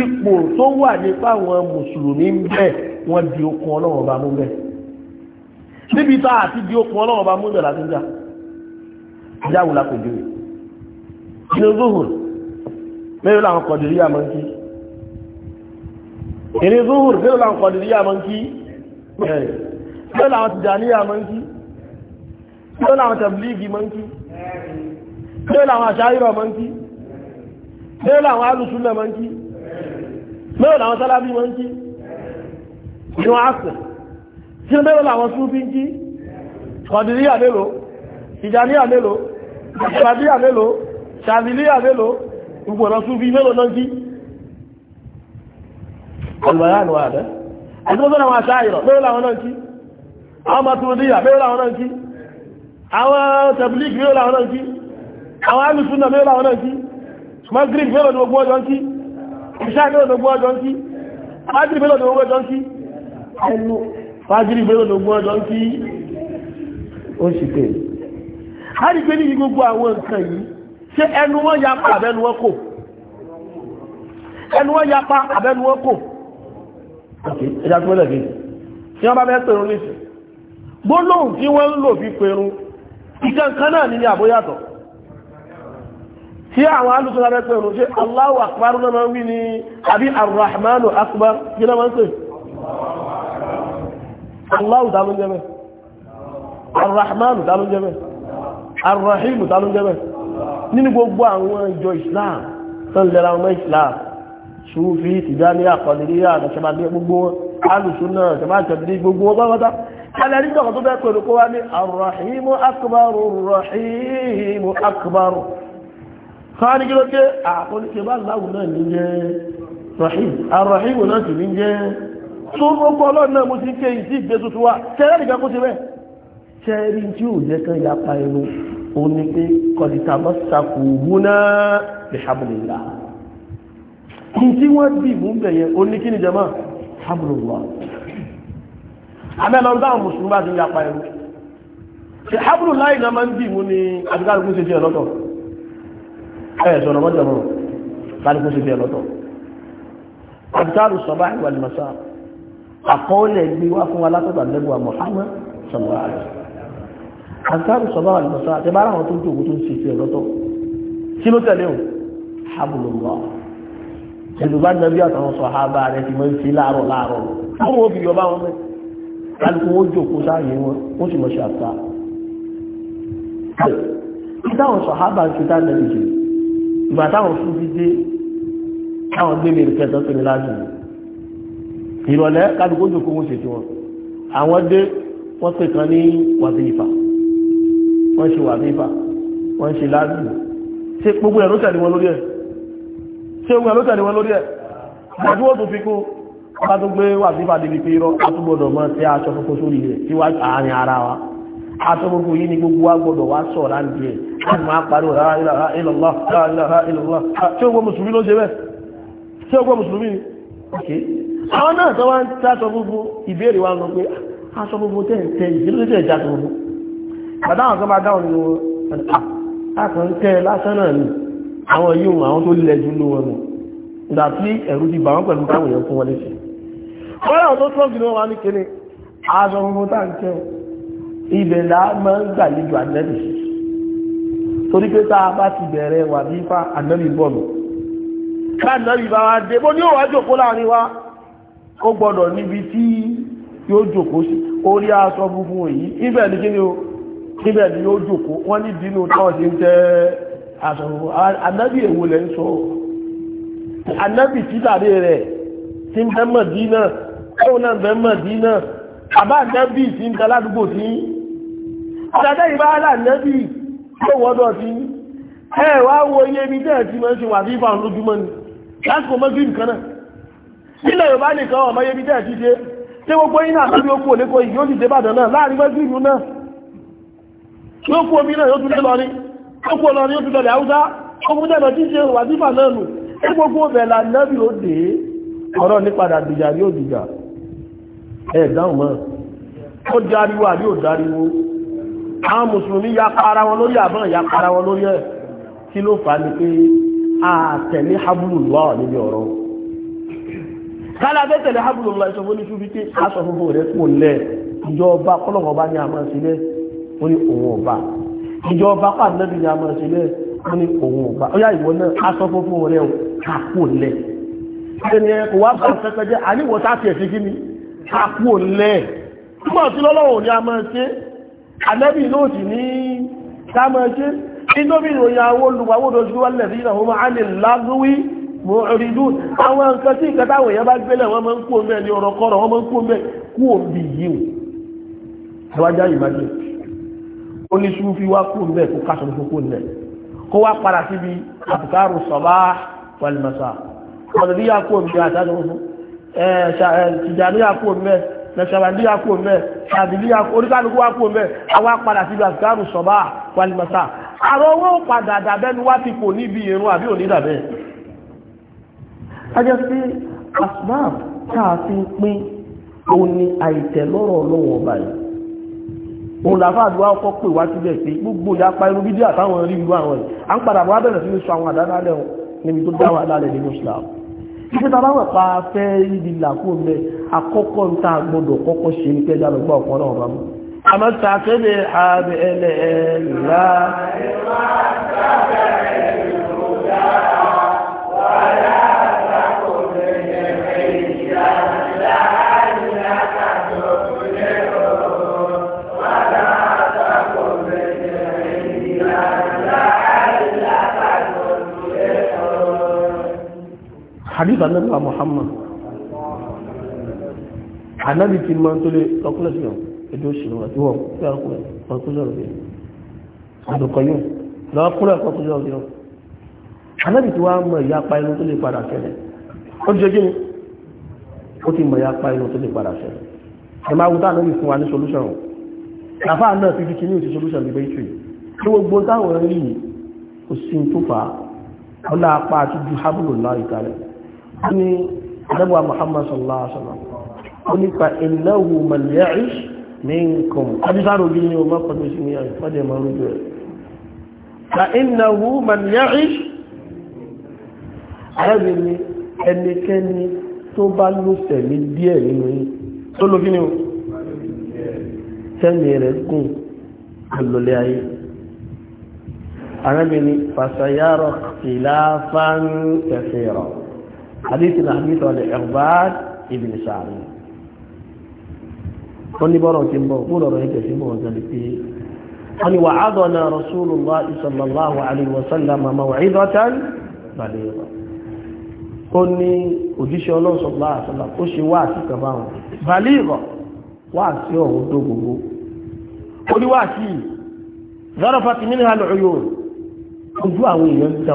ipò tó wà nípa àwọn mùsùlùmí ń bẹ̀ wọ́n di okun ọlọ́run ọba mú bẹ̀ níbi tá àti di okun ọlọ́run ọba mú bẹ̀ láti jà jáwò lápèjú inú zuhur mẹ́rin láwọn kọ̀dìrí àmọ́ kí inú zuhur mẹ́rin láwọn kọ̀dìrí àmọ́ kí tó làwọn tìjàníyà mọ́ ń kí tó làwọn tàbílìgì mọ́ ń kí tó làwọn àṣáyírọ̀ mọ́ ń kí tó làwọn alùsùnlẹ̀ mọ́ ń kí tó làwọn sálábí mọ́ ń kí inú àṣẹ tí ó mẹ́rọ làwọn súnfí ń kí kọ̀dìríyà mélòó tìjàníyà mélòó ìṣàdíyà mélòó ṣàdìlíyà mélòó ìgbọ̀nà súnfí mélòó náà kí Ọlọ́yà ni wà rẹ̀. Àti mọ́sánà wọn àṣáyìrọ̀, mẹ́rọ làwọn náà kí àwọn maturidiyya mẹ́rin àwọn náà kí àwọn tẹ̀bílíkì mẹ́rin àwọn náà kí àwọn alùsùnà mẹ́rin àwọn náà kí magrib mẹ́rin gbogbo ọjọ́ ń kí ìṣá mẹ́rin gbogbo ọjọ́ ń kí magrib mẹ́rin gbogbo ọjọ́ ń kí ẹnu magrib mẹ́rin gbogbo ọjọ́ ń kí ó sì pé a rí pé níbi gbogbo àwọn nǹkan yìí ṣé ẹnu wọn yapa àbẹnu wọn kò ẹnu wọn yapa àbẹnu wọn kò ẹjá tó lẹ́gbẹ̀ẹ́ tí wọ́n bá fẹ́ pẹ̀rún lẹ́sìn gbólóhùn tí wọ́n ń lò fi pẹ̀rún ìkankan náà ní àbóyàtọ̀ tí àwọn alùsùn lábẹ́ pẹ̀rún ṣe Allahu akbar náà máa ń wí ní àbí arrahmanu akbar kí máa ń pè Allahu dánú arrahmanu dánú arrahimu dánú nínú gbogbo àwọn ìjọ Islam alẹ́rí jọ̀kọ̀ tó bẹ́ẹ̀ pẹ̀lú kó wá ní arrahimu akbaru rahimu akbaru káà ní kí ló dé àkọlùkẹ́ bá láwù náà ní jẹ́ rahim arrahimu náà sì ní jẹ́ tó rọ́pọ̀ ọlọ́run náà mo ti ń ké ìsí ìgbé tuntun wa tẹ́rẹ́ amẹ́lọ ń bá àwọn mùsùlùmí àti ìyapa ẹ̀rú ṣe hábùrù láì náà máa ń dì mú ní àdúgbò ṣe fi ẹ̀lọ́tọ̀ ẹ̀ sọ̀rọ̀ mọ́jọ̀ mọ́ kálukú ṣe fi ẹ̀lọ́tọ̀ àdúgbò sọ̀bá ìwà lè mọ̀sá àkọọ́lẹ̀ gbé wá fún alátọ̀tà lẹ́gbọ̀ Muhammad sọ̀rọ̀ àrẹ àdúgbò sọ̀bá ìwà lè mọ̀sá àti bára àwọn tó ń jòkó tó ń ṣe fi ẹ̀lọ́tọ̀ kí ló tẹ̀lé o hábùrù ẹ̀dùbá nàbí àtàwọn sọ̀hábà rẹ̀ ti mọ́ ń fi láàárọ̀ kálukú wọn jòkó sáàyè wọn wọn sì mọ̀ ṣe àtà kí táwọn sọ̀hábà ń ṣetá lẹ́nu jù ìgbà táwọn fún dídé táwọn gbé mi rìkẹ́ tán tóbi láti ìrọ̀lẹ́ kálukú jòkó wọn ṣètò wọn àwọn dé wọ́n pè kan ní wàbífà wọ́n ṣe wàbífà wọ́n ṣe láàrín ṣe gbogbo ẹ̀ ló tẹ̀lé wọn lórí ẹ̀ ṣe gbogbo ẹ̀ ló tẹ̀lé wọn lórí ẹ̀ ọba tó gbé wà sí fàdébí pé irọ́ atúgbọ́dọ̀ mọ́ sí aṣọ funfun sórí rẹ̀ tí wá àárín ara wa aṣọ funfun yìí ni gbogbo wa gbọ́dọ̀ wá sọ̀ láǹdí ẹ̀ láti máa pariwo rárá ìlàlá ìlàlá ìlàlá ìlàlá tí ó gbọ́ mùsùlùmí ló ṣe bẹ́ẹ̀ tí ó gbọ́ mùsùlùmí ni àwọn náà tó wá ń tásọ funfun ìbéèrè wa ń lọ pé ah, aṣọ funfun tẹ̀ ń tẹ ìdílé tẹ̀ já funfun bàtà àwọn kan máa dáhùn nínú àkàn ah, ń tẹ lásán náà ni àwọn yóò àwọn tó lẹ́jú ló wọn nù ìgbà tí ẹ̀rù ti bà wọ́n pẹ̀lú táwọn èèyàn fún wọn léṣe kọ́nà tó tọ́jú ní wọ́n wá ní kíní aṣọ funfun tá ń kẹ́ ibẹ̀ là máa ń gbàlejò ànẹ́bì torí pé tá a bá ti bẹ̀rẹ̀ wà ní ifá ànẹ́bì bọ̀nù káànẹ́bì bá wá dé bó ní òwá jòkó láàrin wa ó gbọ́dọ̀ níbi tí yóò jòkó sí orí aṣọ funfun yìí ibẹ̀ ní kíní o ibẹ̀ ni yóò jòkó wọ́n ní dínú táwọn ṣe ń tẹ́ aṣọ funfun ànẹ́bì èwo tí ń bẹ́ mọ̀ dínà ẹ̀wọ̀n náà bẹ̀ Mádínà àbá nẹ́bì tí ń tẹ́lá dúgbò tí ọ̀dàdá ìbára nẹ́bì tó wọ́dọ̀ tí ẹ wá wo ilé ibi tẹ́ ti mọ́ sí wà sí ìfàun lójúmọ́ ni lásìkò mọ́jú nìkan náà nílẹ̀ Yorùbá nìkan ọmọ ibi tẹ́ ti ṣe tí gbogbo iná àti okú òlékò yìí yóò sì dé bàdàn náà láàrin mọ́jú ìlú náà yóò kú omi náà yóò tún lé lọ ní ó kú lọ ní ó tún lọ lẹ̀ Haúsá ó kú tẹ́lọ tí ṣe wà sí ìfàun náà nù tí gbogbo ọbẹ̀ là nẹ́bì ó dé ọ̀rọ̀ nípadà dìjà yóò dìjà ẹ̀ dáhùn mọ́ ó dáríwó àbí ò dáríwó àwọn mùsùlùmí ya para wọn lórí àbọ̀n ya para wọn lórí ẹ̀ kí ló fà á ni pé àtẹ̀lé hablullah níbi ọ̀rọ̀ kálàbẹ́ tẹ̀lé hablullah ìsọfún ní túbí pé aṣọ funfun rẹ̀ kò lẹ̀ ìjọba kọ́lọ́kọ̀ọ́ba ni a máa ṣe lẹ́ ó ní òun ọba ìjọba pàdánù ni a máa ṣe lẹ́ ó ní òun ọba ó yá ìwọ náà aṣọ funfun rẹ̀ kò lẹ̀ ẹni ẹ kò wá bá ọ̀sẹ̀ pẹ́jẹ́ àníwọ̀ sáfì ẹ̀ kápò lẹ̀ túbọ̀ tí lọ́lọ́wọ̀ ní a máa ṣe ànábì ló sì ní ká máa ṣe inóbi ìròyìn àwọn olùgbàwòdó sí wálẹ̀ sí ìrànwọ́ máa lè lágúwí mo rí dú àwọn nǹkan tí nǹkan táwọn èèyàn bá gbélẹ̀ wọ́n máa ń kú omi ẹni ọ̀rọ̀ kọ́rọ̀ wọ́n máa ń kú omi kú òbí o àwájá yìí máa jẹ́ ó ní sùn fi wá kú omi kó kásọ̀ ní kókó nílẹ̀ kó wá padà síbi àbùkárù sọ̀bá wàlùmọ̀sà ọ̀dọ̀ bí yà kú omi àtàdé fún tìjàníyà kú mẹ́ nàṣàbàdíyà kú mẹ́ tàbílíyà oríkàlùkù wà kú mẹ́ àwa padà síbi àfikàrù sọ̀bá wàlìmọ̀sá àrò owó padà dàbẹ́nu wá ti kò níbi irun àbí òní dàbẹ́ ajẹ́ sí asbab táà fi ń pín òun ni àìtẹ̀lọ́rọ̀ lọ́wọ́ báyìí òun làfáà àdúrà ọkọ̀ pè wá síbẹ̀ pé gbogbo ìyapa irú bídíà táwọn rí irú àwọn ẹ̀ à ń padà bọ́ abẹ́rẹ̀ sí ní sọ àwọn àdádálẹ̀ níbi tó dáwà lálẹ́ nínú Islam títí ta bá wẹ̀ pa fẹ́ ibi làkúrò mẹ́ àkọ́kọ́ ń ta gbọ́dọ̀ kọ́kọ́ ṣe ní pẹ́jà lọ́gbà ọ̀kan náà bá àmọ́ ẹlẹ́ hadith anabi wa muhammad anabi ti máa tó lé ọkùnrin sí ọ̀hún ẹjọ́ òṣèlú àti wọ́n tí a kúrẹ̀ ọkùnrin ọ̀dẹ́ àdùkọ̀yún lọ́wọ́ kúrẹ̀ ọkùnrin ọ̀dẹ́ ọ̀hún anabi ti wá mọ ìyá apá inú tó lè padà ṣẹlẹ̀ ó ti ṣe kí ni ó ti mọ ìyá apá inú tó lè padà ṣẹlẹ̀ ẹ máa wúta anabi fún wa ní solution o àfa náà fi kíkí ní òsì solution lè bẹ́ẹ̀ tù yìí gbogbo táwọn rí kò sí ní tó fà á ọlá apá àti ju hábùlù náà ìkàlẹ̀ ní àdẹ́gbà Muhammad sallallahu alaihi wasallam ó nípa innahu man ya'ish minkum adísáró bí ní ọmọ pẹ̀lú sí ní àìfọ́dẹ̀ máa rújú ẹ̀ fa innahu man ya'ish arábìnrin ẹnikẹ́ni tó bá lóṣẹ̀ ní díẹ̀ nínú yìí tó ló kí ni ó tẹ́mi rẹ̀ gùn àlòlẹ̀ ayé arábìnrin fàṣàyàrọ̀ kìláfà ń tẹ̀sẹ̀ hadithi na hadithi wa al-Irbad ibn Sa'id wọ́n ní bọ́rọ̀ tí ń bọ̀ kúrò rẹ̀ tẹ̀ sí bọ̀ gẹ̀lẹ̀ pé wọ́n ní wa'adana Rasulullah sallallahu alaihi wa sallam maw'izatan baligha ó ní òjíṣẹ́ Ọlọ́run sallallahu alaihi wa sallam ó ṣe wáàsí baligha wáàsí ọ̀hún tó gbogbo ó ní wáàsí zarafat minha al-uyun ojú àwọn èèyàn ń ta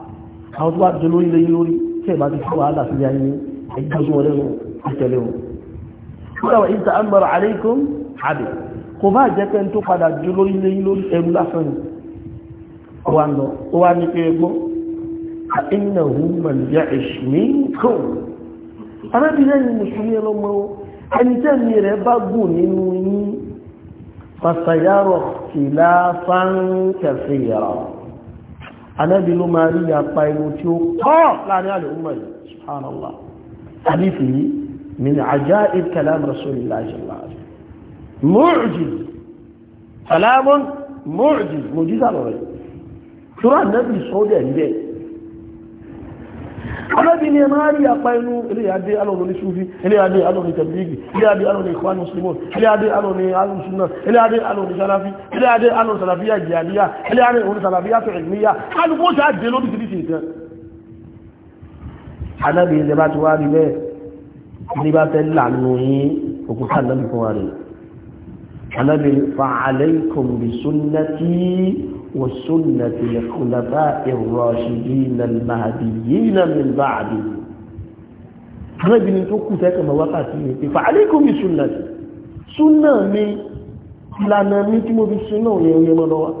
àwọn tó wá jẹ lórí lẹ́yìn lórí tí ẹ̀ bá ti fún wàhálà sí ayé ẹgbẹ́ sún wọlé nù ìtẹ̀lé wọn. wọ́n làwọn ìta àmọ́ra aleikum àbẹ̀ kò bá jẹ́ pé tó padà jẹ lórí lẹ́yìn lórí lásán ni. ọwọ́ àná ó yàrá anábì ló máa rí apá irun tí ó pọ̀ láàrin àlè ọmọ yìí subhanallah àbífì yìí min ajaib kalam rasulillah sallallahu alaihi wasallam mu'jiz alábi ni ẹ máa rí apá inú iléyàdé alọ́run ní ṣúfí iléyàdé alọ́run ní tẹ̀bílígì iléyàdé alọ́run ní ìkwánu simon iléyàdé alọ́run ní alùsùnà iléyàdé alọ́run ní sàlàfí iléyàdé alọ́run sàlàfíà jìyàlíyà iléyàdé òun sàlàfíà fẹ̀rẹ̀míyà alùpùpù ṣáàdé lórí ti ti nǹkan alábi ilẹ̀ bá ti wá rí bẹ́ẹ̀ ní bá fẹ́ وسنة الخلفاء الراشدين المهديين من بعد أنا بن توكو تاكا ما وقعتي فعليكم بسنة سنة مي لنا ميتم بالسنة ويوم الله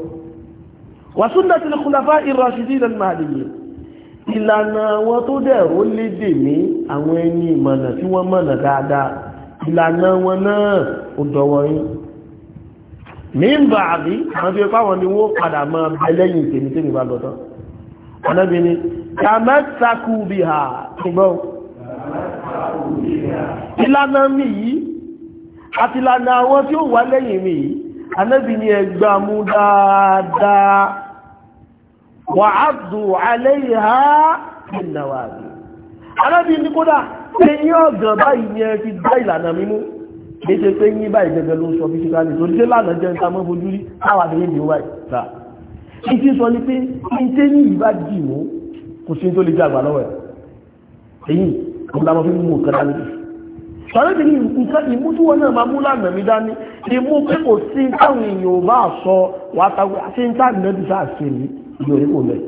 وسنة الخلفاء الراشدين المهديين ìlànà àwọn tó dẹ̀rọ lédè ní àwọn ẹni ìmọ̀nà tí wọ́n mọ̀nà dáadáa ìlànà wọn náà ò dọ̀wọ́ mímbà àbí àwọn tí ó pàwọn ni wó padà máa ẹlẹ́yìn tèmi tí mi bá lọ́tọ́ ọ̀nàbí ni kàmẹ́sàkù bí ha ṣùgbọ́n ìlànà mi yìí àti ìlànà àwọn tí ó wà lẹ́yìn mi yìí anábì ni ẹgbà mú dáadáa wà á dù alẹ́yìn ha ìnáwà àbí ni kódà ẹ̀yìn ọ̀gàn báyìí ni ẹ fi dá ìlànà mímú kéṣe pé yín báyìí gẹ́gẹ́ ló ń sọ fíṣíkálì tó dé lánàá jẹ́ nǹkan mọ́ fojú rí káwà ní èdè wáyé gbà ní ti sọ ni pé ní tẹ́ ní ìbá dì mú kò sí tó lè jàgbà lọ́wọ́ ẹ̀ èyí kò lámọ́ fi mú nǹkan dání sọ̀rọ̀ ti ní nǹkan ìmú tí wọ́n náà máa mú lánàá mi dání ìmú pé kò sí táwọn èèyàn ò bá sọ wà á tàwọn àti ń táàbì náà ti sáà ṣe ní ìlú orí kò lẹ̀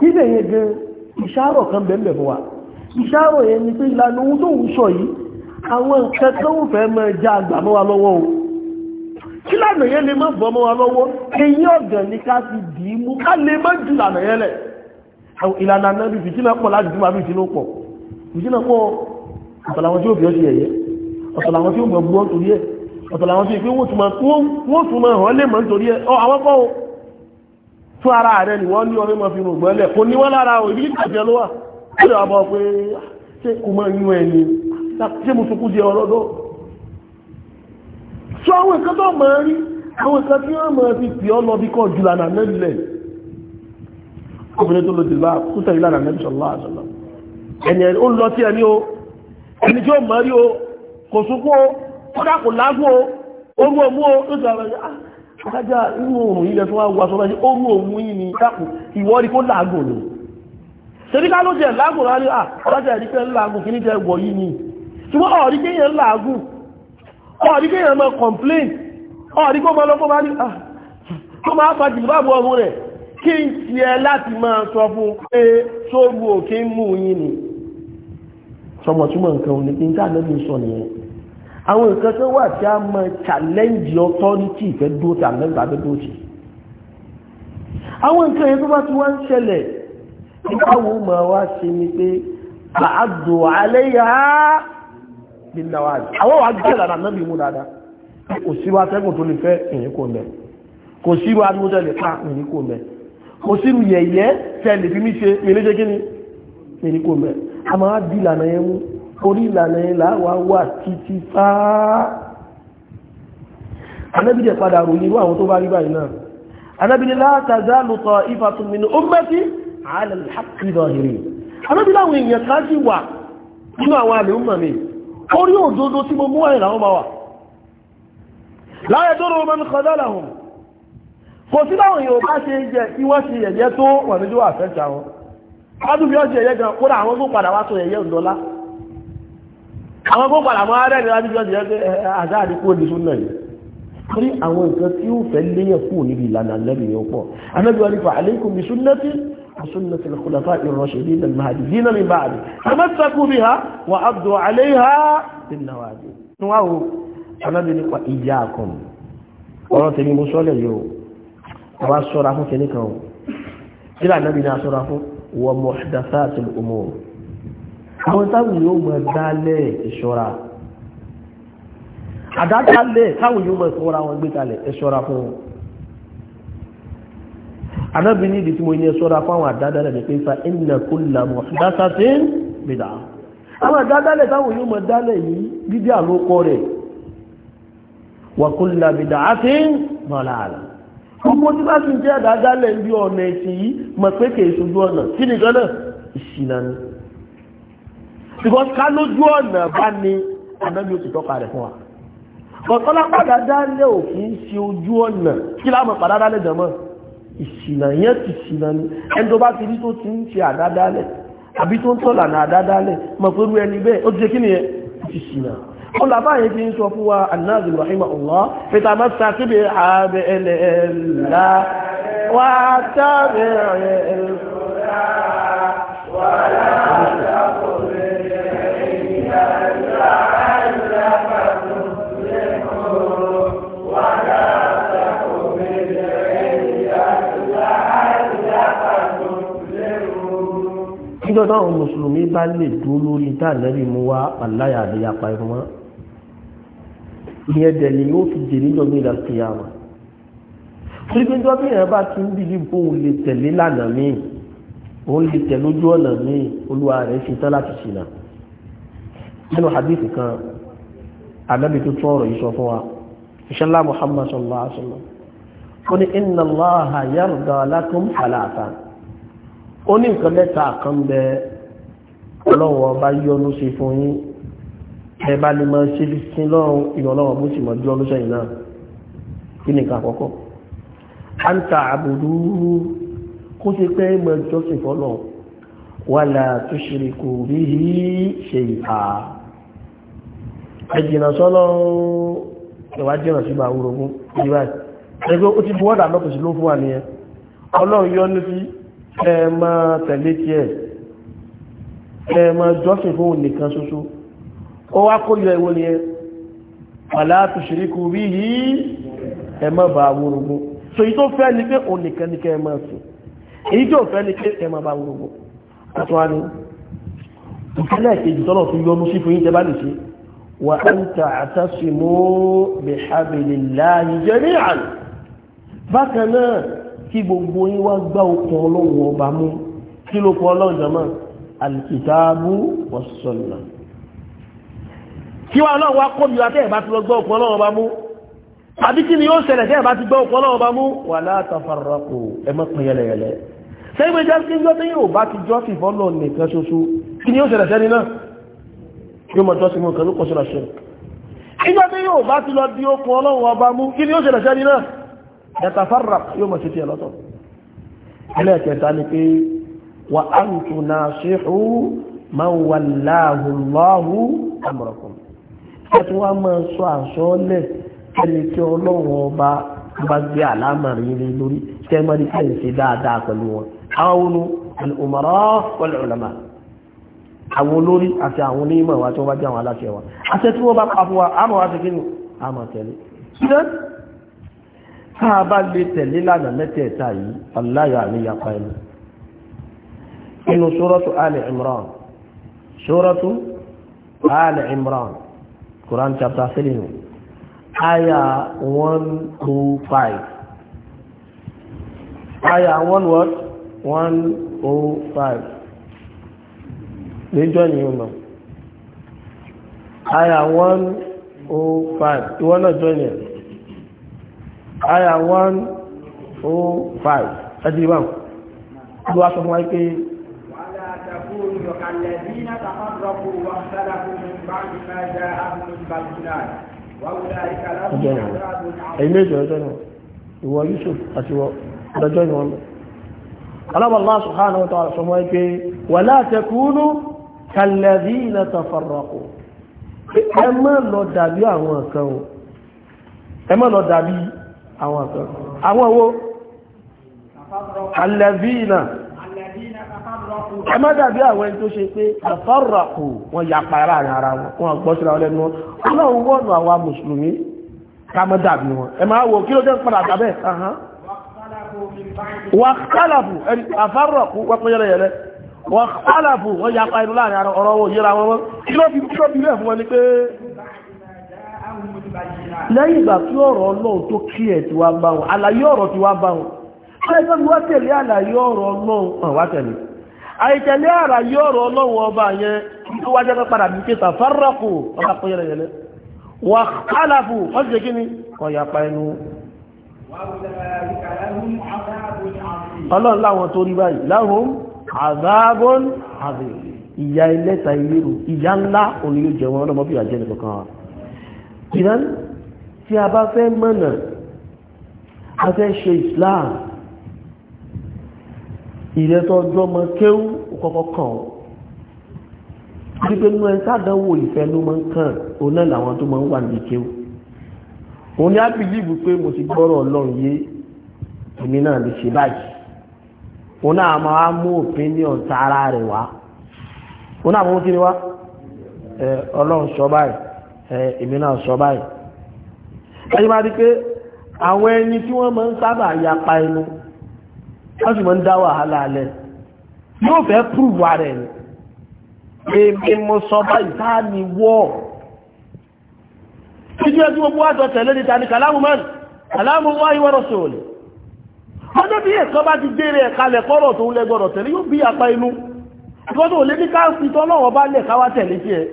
níbẹ̀ yẹn gan ìṣàrọ̀ kan bẹ́ẹ̀ bẹ̀ fún wa ìṣàrọ̀ yẹn pé ìlànà ohun tó ń sọ yìí àwọn nǹkan tó ń fẹ́ mọ́ já àgbà lọ́wọ́ o kí lànà yẹn lè má bọ́ mọ́ wa lọ́wọ́ eyín ọ̀gàn ni ká ti dì í mú ká lè má ju lànà yẹn lẹ̀ ìlànà náà bí fìtínà pọ̀ láti fún àbí ìtínà pọ̀ fìtínà pọ̀ ọ̀tọ̀ làwọn tí ó fi ọ́ sí ẹ̀yẹ ọ̀tọ̀ làwọn tí ó mọ̀ gbọ́ torí ẹ̀ ọ̀tọ̀ làwọn tí ó pé wọ́n tún máa hàn lè mọ̀ nítorí ẹ̀ ọ àwọn o fún ara rẹ̀ ni wọ́n ní ọdún mọ̀ fi mọ̀ gbọ́lẹ̀ kò ní wọ́n lára ò ìbí ìtàjẹ́ ló wà lè wà bọ́ pé ah, ṣé kò mọ̀ yún ẹni ṣe mú sunkún jẹ ọlọ́dọ́ so àwọn nǹkan tó mọ̀ rí àwọn nǹkan tí wọ́n mọ̀ fi pè ọ́ lọ bí kọ́ jù lánàá lẹ́lẹ̀ obìnrin tó lò dìbà tó tẹ̀lé lọ sí ẹni o ẹni tí ó o kò o kódà kò o orú òmú o tó sọ àwọn akájá ah, inú òrùn ilẹ̀ tó ni dákùn ìwọ́rí kó lágùn ni ṣèbí ká ló jẹ lágùn rárá ní à ah, ọlọ́jà ìdíkẹ́ ńlágùn kí ní jẹ wọ̀ ni ṣùgbọ́n ọ̀rí kéèyàn làágùn ọ̀rí kéèyàn máa complain ọ̀rí kó máa lọ́pọ̀ bá ní ah, kó máa fa jìlúbàbù ọmọ rẹ̀ kí n ti ẹ láti máa sọ fún pé sóòrù òkè mú yín ni sọmọ̀túnmọ̀ nǹkan òní kí n tá lẹ́bí sọ nìyẹn àwọn nǹkan tó wà tí a mọ challenge authority ìfẹ́ dúró tí a mẹ́ta fẹ́ dúró sí àwọn nǹkan yẹn tó bá ti wá ń ṣẹlẹ̀ nígbà wo máa wá sí ni pé àádùn àlẹ́ nílá wa jù àwọn wa jẹ́ ìlànà náà bí mú dáadáa kò sí wa tẹ́gùn tó lè fẹ́ ìyìn kò mẹ́ kò sí wa ní oúnjẹ lè pa ìyìn kò mẹ́ kò sí ru yẹ̀yẹ́ tẹ́ lè fi mí ṣe ìyìn ṣe kíni ìyìn a máa di ìlànà yẹn mú orí ìlànà yẹn là wá wà títí fáá anábìjẹ padà rò nírú àwọn tó bá rí báyìí náà anábìjẹ látàzá lùtọ̀ ìfàtún min ummati ala al-haqqi zahirin anábìjẹ àwọn èèyàn kan wà nínú àwọn àlè orí òdodo tí mo mú wáyé làwọn bá wà láyé tó rọrùn mẹ́nu kọjá làwọn kò sí láwọn èèyàn bá ṣe jẹ kí wọ́n ṣe yẹ̀yẹ́ tó wà níjọ́ àfẹ́ṣà wọn ọdún bí wọ́n ṣe yẹ̀yẹ́ gan kó dà àwọn tó padà wá sọ yẹ̀yẹ́ òdọ́lá àwọn tó padà máa rẹ̀ níwájú bí wọ́n ṣe yẹ̀yẹ́ àdá àdínkù òdìsún náà yìí torí àwọn nǹkan tí ó fẹ́ léyẹ̀ kú níbi ìlànà lẹ́nu yẹn pọ̀ anábìwọ́n ní fa وسنة الخلفاء الراشدين المهديين من بعد تمسكوا بها وعبدوا عليها بالنواجذ نواه أنا بني وإياكم ọ̀rọ̀ tèmi mo sọ́lẹ̀ yóò wá sọ́ra fún kìíní kan sílà náà bí náà sọ́ra fún wa muhdathatil umur àwọn táwọn yóò mọ̀ dálẹ̀ ìṣọ́ra àdádálẹ̀ táwọn yóò mọ̀ ìfọ́ra wọn gbé kalẹ̀ ìṣọ́ra fún wọn anábì ní ìdí tí mo ní ẹ̀ṣọ́ra fáwọn àdádálẹ̀ ní pé fa inna kulla muhdathatin bid'ah àwọn àdádálẹ̀ táwọn yóò mọ̀ dálẹ̀ yìí bíbí àlókọ rẹ̀ wa kulla bid'atin dalalah gbogbo tí bá ti jẹ́ àdádálẹ̀ ń bí ọ̀nà ẹ̀sìn yìí mọ̀ pé kèé sojú ọ̀nà kí nìkan náà ìṣìnà ni because ká lójú ọ̀nà bá ní anábì ó ti tọ́ka rẹ̀ fún wa kọ̀tọ́lá padà dálẹ̀ òfin ṣe ojú ọ̀nà kí láwọn padà dálẹ̀ jẹ̀mọ́ ìsìnà yẹn ti sìnà ẹni tó bá ti rí tó ti ń ṣe àdádálẹ̀ àbí tó ń tọ́là ní àdádálẹ̀ rú ẹni bẹ́ẹ̀ ó ti ṣe kí ni ẹ ti sìnà wọ́n làbá yẹn ti ń sọ fún wa síbi ààbẹ̀ ẹlẹ̀ ẹ̀lá wà á ẹ̀ ẹ̀lá wà á níjọ́ táwọn mùsùlùmí bá lè dúró lórí dáàlẹ́rì mú wá àláyà àdéyà pa irun mọ́ ìyẹn dẹ̀lẹ̀ yóò fi jèrè níjọ́ gbé ìdàkì yàrá torí pé níjọ́ bí èèyàn bá ti ń bìlí bó o lè tẹ̀lé lánàá míì òun lè tẹ̀ lójú ọ̀nà míì olúwa rẹ̀ ṣe tán láti ṣìnà nínú hadith kan anábì tó tún ọ̀rọ̀ yìí sọ fún wa ìṣẹ́lá muhammad sallallahu alaihi wa sallam ó ní inna allaha yarda lakum salatan ó ní nǹkan mẹ́ta kan bẹ ọlọ́run ọba yọ́nú ṣe fún yín ẹ bá lè máa ṣe sí lọ́run ìyọ̀ ọlọ́run bó sì mọ̀ jọ́ lóṣẹ̀yìn náà kí ni nǹkan àkọ́kọ́ à ń ta àbùdú kó ṣe pé mọ̀ jọ́sìn fọ́lọ̀ wà láà tó ṣe kò rí ṣe ìhà ẹ̀jìnà sọ́lọ́ ìwádìí sí bá wúrogún ìdíbáyìí ẹgbẹ́ ó ti buwọ́dà lọ́pọ̀ sí ló fún wa nìyẹn ọlọ́run yọ́nú sí ẹ máa tẹ̀lé tiẹ̀ ẹ máa jọ́sìn fún nìkan ṣoṣo ó wá kó yọ ìwò nìyẹn wala tushriku bihi ẹ má bá wúrogún so èyí tó fẹ́ ni pé òun nìkan nìkan ẹ máa sùn èyí tó fẹ́ ni pé ẹ má bá wúrogún ọ̀tún wani ìpínlẹ̀ kejì tọ́lọ̀ tó yọnu sí fún wa an ta'tasimu bihablillahi jami'an bákan kí gbogbo yín wá gbá okùn ọlọ́run ọba mú kí ló kọ ọlọ́run jọmọ́ alìkìtàbù wọ́sọ̀nà kí wá ọlọ́run wá kóbi wa tẹ́ẹ̀ bá ti lọ gbá okùn ọlọ́run ọba mú àbí kí ni yóò ṣẹlẹ̀ tẹ́ẹ̀ bá ti gbá okùn ọlọ́run ọba mú wala tafarraqu ẹ má pín yẹlẹyẹlẹ sẹ́yìn jẹ́ kí yọ́ tí yóò bá ti jọ́ sí fọ́lọ̀ nìkan ṣoṣo kí ni yóò ṣẹlẹ̀ sẹ́ni náà yóò mọ̀ jọ́ sí mọ̀ kan ló ìjọ́ tí yóò bá ti lọ di okùn ọlọ́run ọba mú kí ni yóò ṣẹlẹ̀ sẹ́ni náà yatafarraq yóò mọ̀ sí ti ẹ̀lọ́tọ̀ ẹlẹ́ẹ̀kẹta ni pé wa antu nasihu man wallahu Allahu amrakum ẹtù wa máa sọ àsọọ́lẹ̀ ẹni tí ọlọ́run ọba bá gbé àlámàrí rí lórí tẹ́mọ́rí kẹ́ ṣe dáadáa pẹ̀lú wọn àwọn onú al-umara wal-ulama àwọn olórí àti àwọn onímọ̀ wa tí wọ́n bá jẹ́ àwọn aláṣẹ wa àṣẹ tí wọ́n bá pa fún wa àmọ́ wa ti kí ni àmọ̀ tẹ̀lé tá a bá lè tẹ̀lé lánàá mẹ́tẹ̀ẹ̀ta yìí aláyọ̀ àníyàpá ẹnu inú sórọ́tù alẹ́ imran sórọ́tù alẹ́ imran quran chapter three aya one two oh five aya one what one oh five níjọ́ ni yóò lọ aya one oh five ìwọ náà jọ́ yẹn aya 105 ẹ̀dì wà ló wá sọ fún wa pé ẹ̀yìn méjì ọjọ́ náà ìwọ Yusuf àti ọjọ́ ìwọ̀n mẹ́ Allah subhanahu wa ta'ala sọ fún wa pé wala takunu kalladhina tafarraqu ẹ má lọ dàbí àwọn kan ẹ má lọ dàbí àwọn ọ̀tọ́ àwọn owó alẹ́bíìnà ẹmọ́dàbí àwọn ẹni tó ṣe pé àfọ́rọ̀kù wọn ya pàrà ara wọn wọn gbọ́sílá ọlẹ́nu wọn ọlọ́run wọ́nà àwọn mùsùlùmí kámọ́dàbí wọn ẹ máa wò kí ló jẹ́ padà tàbẹ́ wàkálàfù àfọ́rọ̀kù wọ́pẹ́yẹrẹyẹrẹ wàkálàfù wọ́n ya lẹ́yìn ìgbà tí ọ̀rọ̀ ọlọ́run tó kí ẹ̀ tí wá bá wọn àlàyé ọ̀rọ̀ tí wá bá wọn ẹgbẹ́ mi wá tẹ̀lé àlàyé ọ̀rọ̀ ọlọ́run hàn wá tẹ̀lé àìtẹ̀lé àlàyé ọ̀rọ̀ ọlọ́run ọba yẹn tó wájẹ́ pé padà bí kéta fárọ́kù ọba pé yẹlẹyẹlẹ wà kálàfù wọ́n ti ṣe kí ni ọ̀yà pa ẹnu. ọlọ́run láwọn tó rí báyìí láhùn àdáàbọ̀n àbẹ̀ ìyá ẹlẹ́ta ìlérò ìyá ńlá òní yóò jẹ wọn ọlọ́mọ bí àjẹ́ nìkan kan wa ìran tí a bá fẹ́ mọ̀nà a fẹ́ ṣe islam ìrẹ́tọ́ ọjọ́ ọmọ kéwú kọ́kọ́ kàn ọ́ pípé nínú ẹni sádánwò ìfẹ́ ló máa ń kàn òun náà làwọn tó máa ń wà ní kéwú òun ni a bìlíìbù pé mo ti gbọ́rọ̀ ọlọ́run yé èmi náà lè ṣe báyìí òun náà máa mú òfin ní ọ̀tá ara rẹ̀ wá òun náà mú kí ni wá ọlọ́run sọ báyìí èmi náà sọ báyìí ẹni máa di pé àwọn ẹni tí wọ́n máa ń sábà yapa ẹnu wọ́n sì máa ń dá wàhálà alẹ́ yóò fẹ́ púrùwà rẹ̀ ni èmi mo sọ báyìí táà ní wọ́ títí ẹjú gbogbo àjọ tẹ̀lé ní tani kàlámù mẹ́rin kàlámù wáyé wọ́rọ̀ sóòlì ọjọ́ bí ẹ̀kọ́ bá ti gbére ẹ̀ka lẹ̀kọ́rọ̀ tó lẹ́gbọ̀rọ̀ tẹ̀lé yóò bí apá inú ìgbọ́dọ̀ ò lé ní káàkiri tọ́lọ́wọ́ bá lẹ̀ káwá tẹ̀lé sí ẹ̀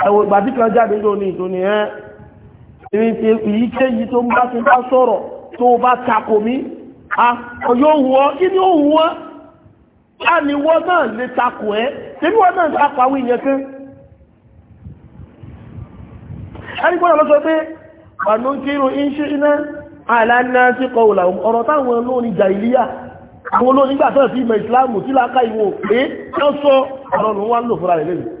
ẹ̀wọ̀n ìgbà tí kan jáde ló ní ìtò ní ẹ́ èyí kéyìí tó ń bá ti bá sọ̀rọ̀ tó bá takò mí ọ̀yọ́ wọ́ kí ni ó wọ́ á ní wọ́n náà lè takò ẹ́ tẹ́bí wọ́n náà takò àwọn èèyàn kan ẹni gbọ́dọ̀ lọ́sọ pé ọ̀nà kírò iṣẹ́ iná àìláńlá sí kọ ọ̀rọ̀ táwọn olórin jàìlíyà àwọn olórin gbà tọ́ọ̀ sí ìmọ̀ ìsìláàmù tí láká ìwò pé lọ́sọ ọ̀rọ̀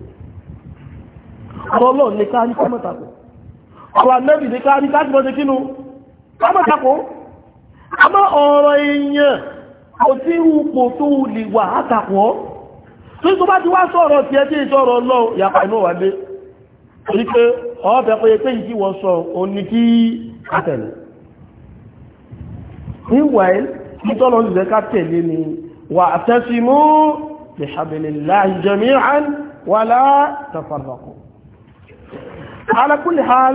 ọlọ́run ní káà ní kọ́mọ̀tàkù ọ̀rọ̀ anẹ́bì ní káà ní káàkiri ọdún kínú kọ́mọ̀tàkù àmọ́ ọ̀rọ̀ èèyàn kò tí ipò tó lè wà átàkùọ́ tó tó bá ti wá sọ̀rọ̀ tí ẹ tí ìṣọ́ ọ̀rọ̀ lọ yàpá inú meanwhile nítọ́lọ́ ń lè ká tẹ̀lé ni wà àtẹ́sí mú bi alákùnlé ha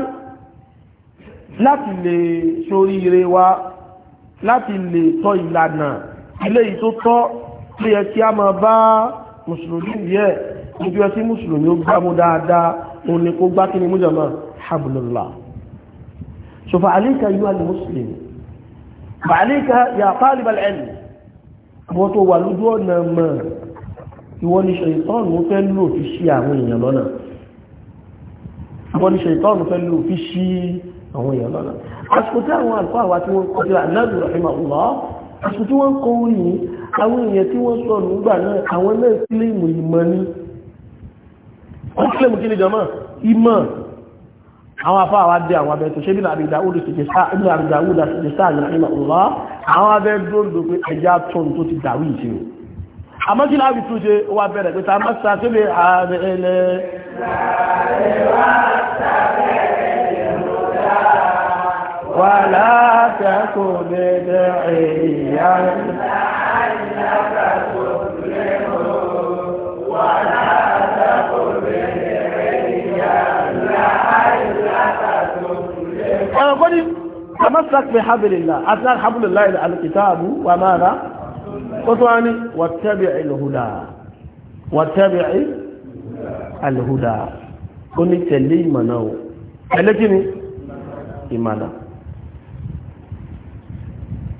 láti lè sórí ire wa láti lè tọ́ ìlànà ilé yìí tó tọ́ tó yẹ kí a máa bá mùsùlùmí yẹ níbi ọtí mùsùlùmí ó gbámú dáadáa òun ni kó gbá kí ni mújọba hablullah sofa alika yóò alì mùsùlùmí bàálíkà yà tálibal ilm wọ́n tó wà lójú ọ̀nà mọ̀ ìwọ ni ṣèyí tọ́ọ̀nù fẹ́ lò fi ṣe àwọn èèyàn lọ́nà wọ́n ní ṣètọ́nù pẹ̀lú fi ṣí àwọn èèyàn lọ́nà àsìkò tí àwọn àlùkò àwa tí wọ́n kọ́ sí ànáàdù rahima Allah àsìkò tí wọ́n kọ́ orí yìí àwọn èèyàn tí wọ́n sọ nígbà náà àwọn náà kílèmù ìmọ̀ ni wọ́n kílèmù kí ni jọmọ́ ìmọ̀ àwọn afọ àwa dé àwọn abẹ́ tó ṣe bínú àbídáwúdà sì jẹ́ sáà àmọ́ kí láàbì tún ṣe wà bẹ̀rẹ̀ pé ta mọ́sá tó lè ààrẹ ẹlẹ́ wà látẹ́kù lẹ́dẹ̀ èyà ẹ̀rọ̀kọ́ ni ta mọ́sá pé hábìlì náà àti alhábìlì láìlẹ̀ alìkìtàbù wà máa rá وثاني واتبع الهدى واتبع الهدى كن تلي منو لكني ايمانا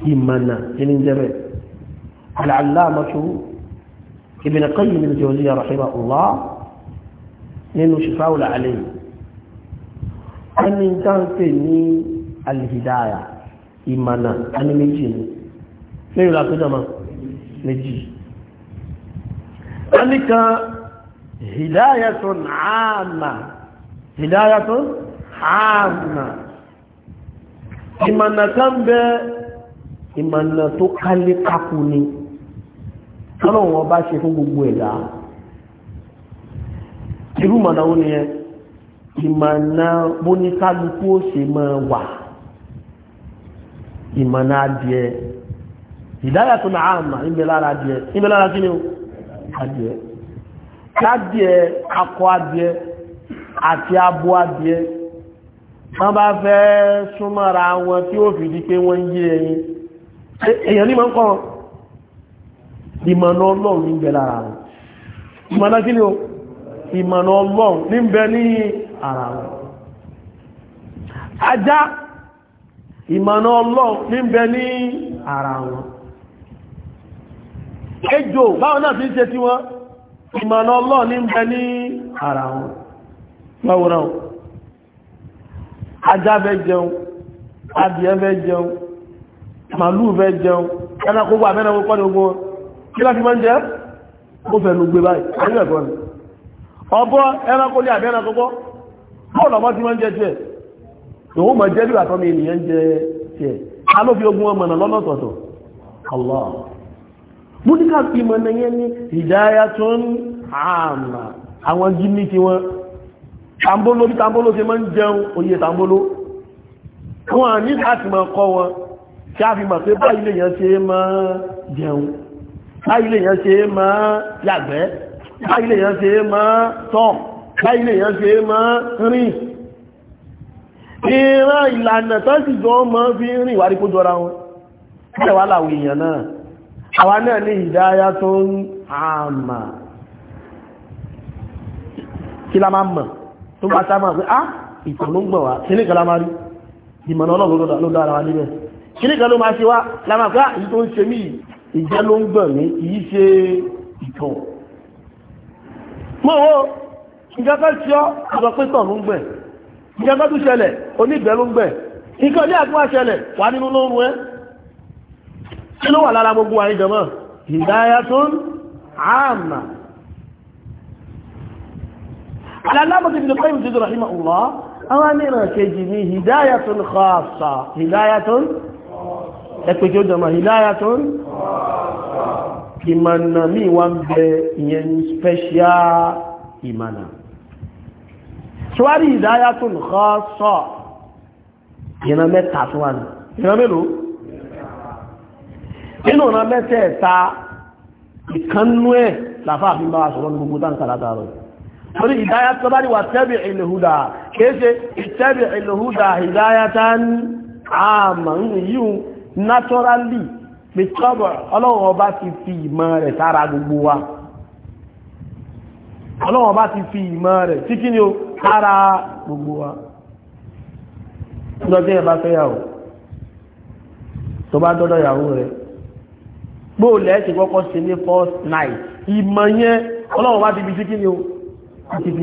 ايمانا ان جرب العلامه ابن قيم الجوزيه رحمه الله من شفاء العليم أني تنتني الهداية إيمانا أني من جيني فيه لا تجمع méjì wọ́n ní kan hidayatun àmà hidayatun àmà ìmọ̀nà kan bẹ ìmọ̀nà tó kálé kakú ni ọlọ́wọ́n bá ṣe fún gbogbo ẹ̀dá irú mọ̀nà ó ní ẹ ìmọ̀nà bóníkálukú ó ṣe máa wà ìmọ̀nà adìẹ ìdáyà tó náà àmà ìmẹ́lára díẹ̀ ìmẹ́lára kí ni akọ adìẹ àti abo adìẹ wọ́n bá fẹ́ súnmọ́ra wọn tí ó fi di pé wọ́n yí ní máa ń ìmọ̀nà ọlọ́run ní bẹ lára ni ó ìmọ̀nà ọlọ́run ní bẹ ní ara ajá ara wọn ejò báwọn náà fi ń ṣe tí wọ́n ìmọ̀nà ọlọ́ ní bẹ ní ara wọn lọ́wọ́rọ̀ ajá fẹ́ jẹun adìẹ jẹun màálù jẹun ẹranko wà mẹ́ranko kọ́ ní ogun kí láti máa ń jẹ́ ó fẹ́ ló gbé báyìí ọbọ ẹranko ní àbẹ́ ẹranko kọ́ bọ́ọ̀lù ọmọ múdíkà fi mọ̀ náà yẹn ní hidayatun àmà àwọn jíní tí wọ́n tambolo bí tambolo ṣe máa ń jẹun oyè tambolo wọn ní láti máa kọ́ wọn tí a fi mọ̀ pé báyìí lè yẹn ṣe máa jẹun báyìí lè yẹn ṣe máa yàgbẹ́ báyìí lè yẹn ṣe máa tọ̀ báyìí lè yẹn ṣe máa rìn ìran ìlànà tó sì jọ mọ́ fi rìn wárí kó jọra wọn ẹ̀wà láwọ èèyàn náà àwa náà ní ìdáyà tó ń àmà kí la máa mọ̀ tó bá sáà máa pé á ah, ìtàn ló ń gbọ̀n wá kí ní kan la máa rí ìmọ̀nà ọlọ́run ló dára wa níbẹ̀ kí ní kan ló máa ṣe wá la máa pé á ah, èyí tó ń ṣe mí ìjẹ́ ló ń gbọ̀n mí kìí ṣe ìtàn kí ló wà lára gbogbo àrí jọmọ́ hidayatun amma alálábọ̀tí ìlú pẹ́yìn tí ìdúrà ìmọ̀ ọ̀lá àwọn mìíràn kejì ní hidayatun khassa hidayatun ẹ̀pẹ̀ kí ó jọmọ́ hidayatun ìmọ̀nà ní ìwà ń bẹ ìyẹn special tó wà ní nínú ọ̀nà mẹ́tẹ̀ẹ̀ta ìkannú ẹ̀ làfáà fi bá aṣọ́rọ̀ ní gbogbo táǹkà látàrọ̀ torí ìdáyà tó bá ní wà tẹ́bì ìlúhúdà kéèṣe ìtẹ́bì ìlúhúdà ìdáyà tán àmà ti tara gbogbo ìbáfẹ́yàwó tó bá dọ́dọ̀ ìyàwó gbóò sí ní first night ìmọ̀ yẹn ọlọ́run wá ti bí o fi gbogbo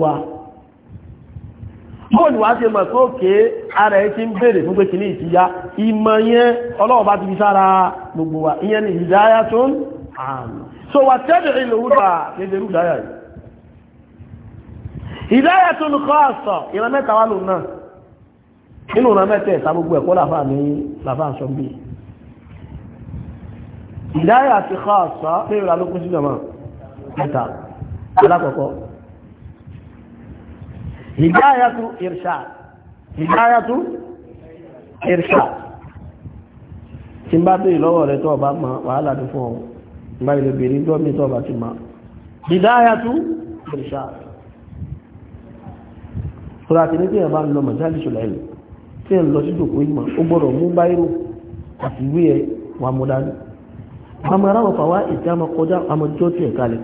wa bóò ní wá ṣe mọ̀ tó ké ara ẹ ti ń béèrè fún pé kí ní ìtìyá ìmọ̀ yẹn ọlọ́run ti fi sára gbogbo wa ìyẹn ni ìdáyà tó ń so wà tẹ́lẹ̀ ìlòwúdà yìí ìdáyà tó ń kọ́ àṣọ ìran mẹ́ta lòun náà ìran gbogbo ẹ̀kọ́ ní ìdáyà àti káàsá léèrè alókún sí jọmọ́ mẹ́ta alákọ̀ọ́kọ́ ìdáyàtú ìrṣà ìdáyàtú ìrṣà tí bá bí ìlọ́wọ̀ rẹ̀ tó ọba ma wàhálà ní fún ọmọ bá ilẹ̀ bèèrè gọ́ọ̀mí tó ọba ti ma ìdáyàtú ìrṣà àmọ́ ara wọn fàwa ìdí àmọ́ kọjá àmọ́ jọ́ tiẹ̀ kalẹ̀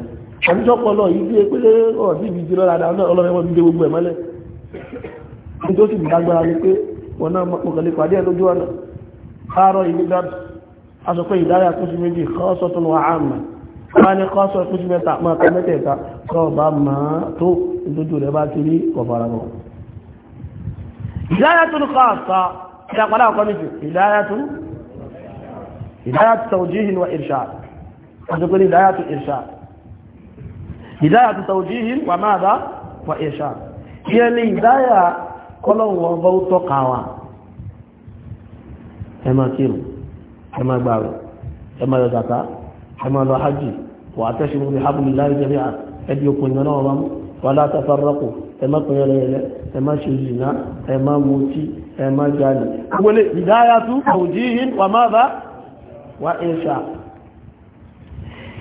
àbíjọ́pọ̀ lọ yìí bí i pé ọ̀dí ibi jí lọ́la ọlọ́mọ bí i gbogbo ẹ̀ mọ́lẹ̀ ní tó sì bí dágbára ní pé wọn náà mọ̀kànlẹ̀ pàdé ẹ̀ lójú ọ̀nà àárọ̀ ìlú dábì aṣọ pé ìdárayá kúsù méjì kọ́ọ̀sọ̀ tó wà áàmà bá ní kọ́ọ̀sọ̀ kọ́ mẹ́tẹ̀ẹ̀ta ìdápadà ọkọ̀ méjì ìdárayá hidayatu tawjihin wa irshad ọjọ́gbọ́n ní hidayatu irshad hidayatu tawjihin wa madha wa irshad ìyẹn ni ìdáyà kọ́lọ̀wọ̀ ọba ó tọ́ka wa ẹ máa kírun ẹ máa gbààwẹ̀ ẹ máa yọ zàká ẹ máa lọ hajj wà á tẹ́sí lórí hablillahi jami'a ẹbí okùn ìgbà náà wà mú wà látàfàrọ́kù ẹ má pẹ̀yẹ lẹ́yẹlẹ ẹ má ṣe tawjihin wa madha wà ìṣà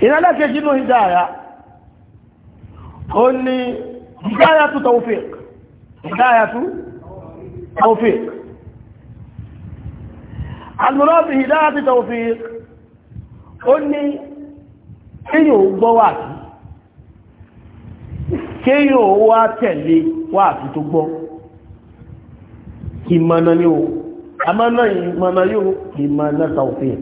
ìrẹ́lẹ́kẹ̀ẹ́jì ló hidaya ó ní hidaya tó tawfiq hidaya tó tawfiq al-murad bi hidaya tó tawfiq ó ní kíyàn ó gbọ́ wà sí wa ó wá tẹ̀lé wà sí tó gbọ́ ìmọ̀nà ni ó àmọ́nà ìmọ̀nà yóò tawfiq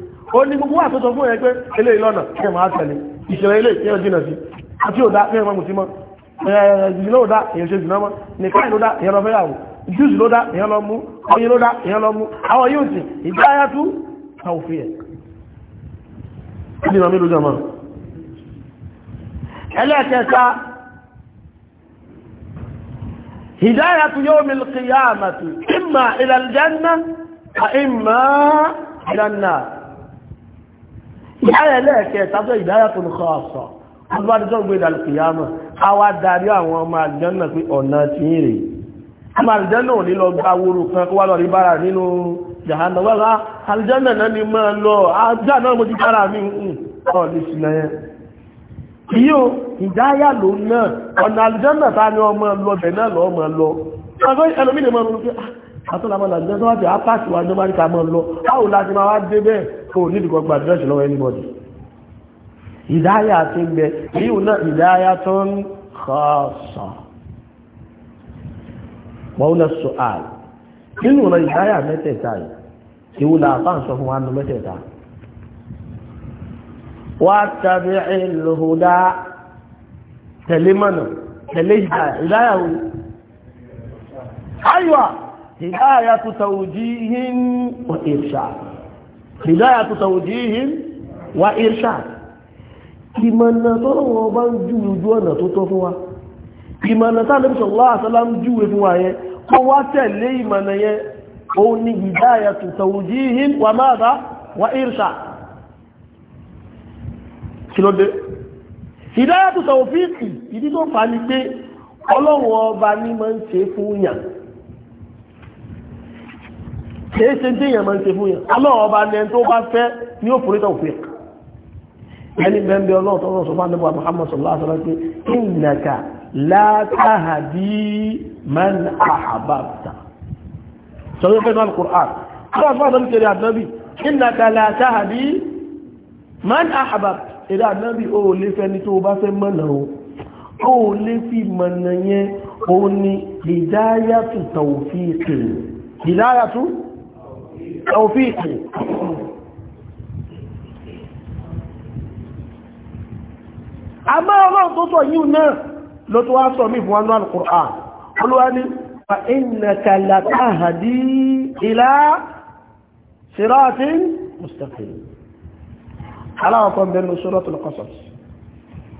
ó ní gbogbo àtúntò fún ẹ pé ilé ìlọ́nà kí ẹ máa tẹ̀lé ìṣẹ̀lẹ̀ ilé ìpínlẹ̀ jìnà sí àti òdá ní ẹ̀mọ́ mùsùlùmọ́ ìjìnlẹ̀ òdá èyàn ṣe jùlọ mọ́ nìkan ìlú dá èyàn lọ fẹ́ yàwó júùsì ló dá èyàn lọ mú ọyìn ló dá èyàn lọ mú àwọn yóò sì ìjà ayá tú àwòfin ẹ̀. ìdìmọ̀ mi lójú ọmọ ẹlẹ́ẹ̀kẹta ìdáyà tu yawmi al-qiyamati imma ila al-janna wa imma ìdáyà ẹlẹ́ẹ̀kẹta tó ìdáyà tó lùkọ́ ọ̀sọ̀ agbádọ́jọ́ gbé ìdàlùkìyàmọ̀ a wá darí àwọn ọmọ àjẹ́nà pé ọ̀nà ti ń rè ọmọ àjẹ́nà ò ní lọ gba wóró kan kó wá lọ rí bára nínú jahanda wá àjẹ́nà náà ni máa lọ ajá náà mo ti kára mi ọ̀ lè ṣìnà yẹn kìí o ìdáyà ló náà ọ̀nà àjẹ́nà ta ni ọmọ lọ bẹ̀ kò ní ìdìbò gba àdírẹ́sì lọ́wọ́ anybody ìdáyà ti ń bẹ èyí náà ìdáyà tó ń khassa wọ́n lọ sọ ààrẹ nínú ọ̀nà ìdáyà mẹ́tẹ̀ẹ̀ta yìí ìwò làbá ń sọ fún wa nù mẹ́tẹ̀ẹ̀ta wà tàbí ìlúhùdá tẹ̀lé mọ́nà tẹ̀lé ìdáyà wù aywa ìdáyà tó tàwùjí yìí ń hidayatu tawjihin wa irshad ìmọ̀nà tọ́rọ wọn bá ń ju ojú ọ̀nà tó tọ́ fún wa ìmọ̀nà tá lẹ́bí sallallahu alaihi wasallam júwe fún wa yẹn kó wá tẹ̀lé ìmọ̀nà yẹn ó hidayatu tawjihin wa madha wa irshad Kilo ló dé hidayatu tawfiqi ìdí tó fà ní pé ọlọ́run ọba ní máa ń ṣe fún yàn kìí ṣe déyàn máa ń ṣe fún yẹn aláwọ̀ ọba ní ẹni tó bá fẹ́ ní òfin tó fi ẹni bẹ́ẹ̀ ọlọ́run tó rọ̀ sọ́fà nípa Muhammad sallallahu alaihi wasallam pé innaka la tahdi man o lè fi mọ̀nà yẹn ó ní hidayatu tawfiq hidayatu tawfiqi àmọ́ ọlọ́run tó sọ yíò náà ló tó wá sọ mí fún wọn náà Qur'an olúwa ní fa innaka latahdi ila siratin mustaqim aláwọ̀ kan bẹ̀rẹ̀ suratul Qasas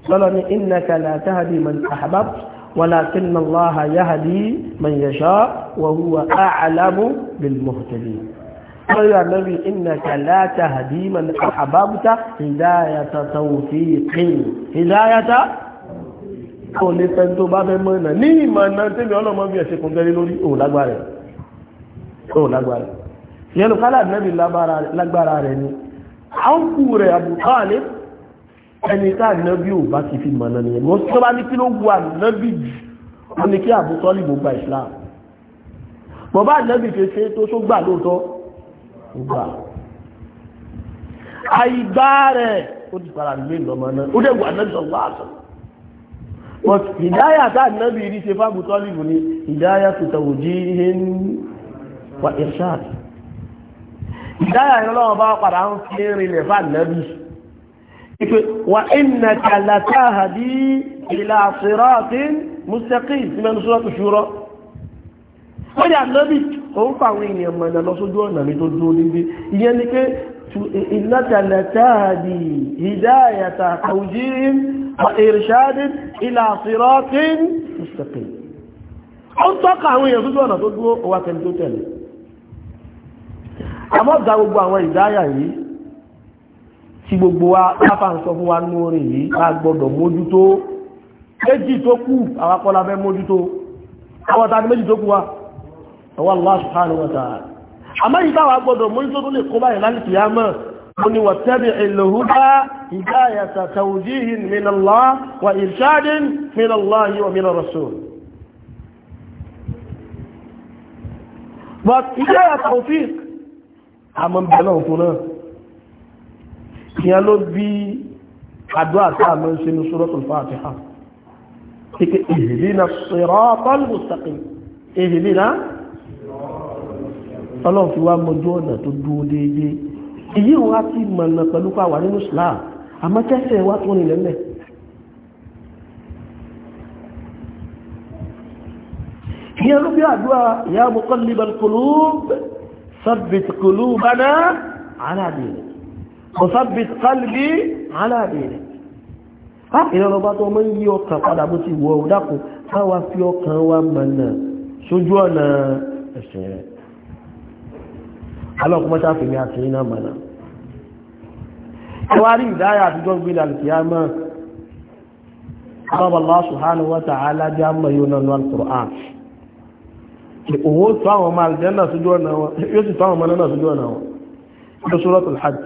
lọ́lọ́ ní innaka la tahdi man ahbabta walakinna Allaha yahdi man yasha wa huwa a'lamu bil muhtadin lọ́yọ̀ ànábì innaka la tahdi man ahbabta hidayata tawfiqin hidayata kò lè fẹ́ tó bá fẹ́ mọ́ ìnà ní ìmọ̀ náà tẹ́lẹ̀ ọlọ́mọ bí ẹ̀ṣẹ̀ kún gẹ́rí lórí òun lágbára rẹ̀ yẹnu kálá ànábì lágbára rẹ̀ ni a rẹ̀ Abu Talib ẹni tá ànábì ò bá ti fi mọ̀ náà nìyẹn tó bá ní kí ló wu ànábì jù wọ́n ní kí Abu Talib gbogbo Islam bọ̀bá ànábì ṣe tó tó gbà lóòótọ́ gbà àìgbá rẹ̀ ó ti fara lé lọ́mọ náà ó dẹ̀ wà náà sọ̀rọ̀ àtọ̀ but ìdáyà tá ànábì rí ṣe fáàbù tọ́lìbù ni ìdáyà tó tàwò jí ihe ń wà ìṣáàtì ìdáyà ìrọlọ́wọ́ bá padà ń fi rinlẹ̀ fáà nábì ipe wà innaka látàhàdí ó ń fàwọn ènìyàn mọ̀nà lọ sójú ọ̀nà mi tó dúró níbi ìyẹn ni pé ìlàtàlẹ̀tàdì hidayata tawjih wa irshad ila siratin mustaqim ó ń tọ́ka àwọn èèyàn sójú ọ̀nà tó dúró ọwà tẹni tó tẹ̀lé àmọ́ ga gbogbo àwọn ìdáyà yìí tí gbogbo méjì tó kù wa ọwọ́ Allah subhanahu wa ta'ala àmọ́ ìtawà gbọ́dọ̀ mú nítorí lè kó báyìí láti kìí àmọ́ mo ni wà tẹ́bẹ̀ ìlòhúdá ìdáyàtà tàwùjíhìn min Allah wa irshadin min Allah wa min ar-rasul but ìdáyà tawfiq àmọ́ ọlọ́run fi wá mọjú ọ̀nà tó dúró déédéé èyí wá sí mọ̀nà pẹ̀lú pàwà nínú Islam àmọ́ tẹ́sẹ̀ wá tún ní lẹ́mẹ̀ ìyẹn ló bí àdúrà ya muqallibal qulub sabbit qulubana ala dinik wa sabbit qalbi ala dinik ìrọ̀lọ́bá tó mọ́ yí ọkàn padà bó Allah kuma ta fi ní àti iná mana kawari ìdáyà àtijọ́ gbé lalkiyama Allah Allah subhanahu wa ta'ala jẹ́ àmà yóò nánú al-Qur'an owó tó àwọn ọmọ aljanna sójú ọ̀nà wọn yóò sì tó àwọn ọmọ náà sójú ọ̀nà wọn ní suratul hajj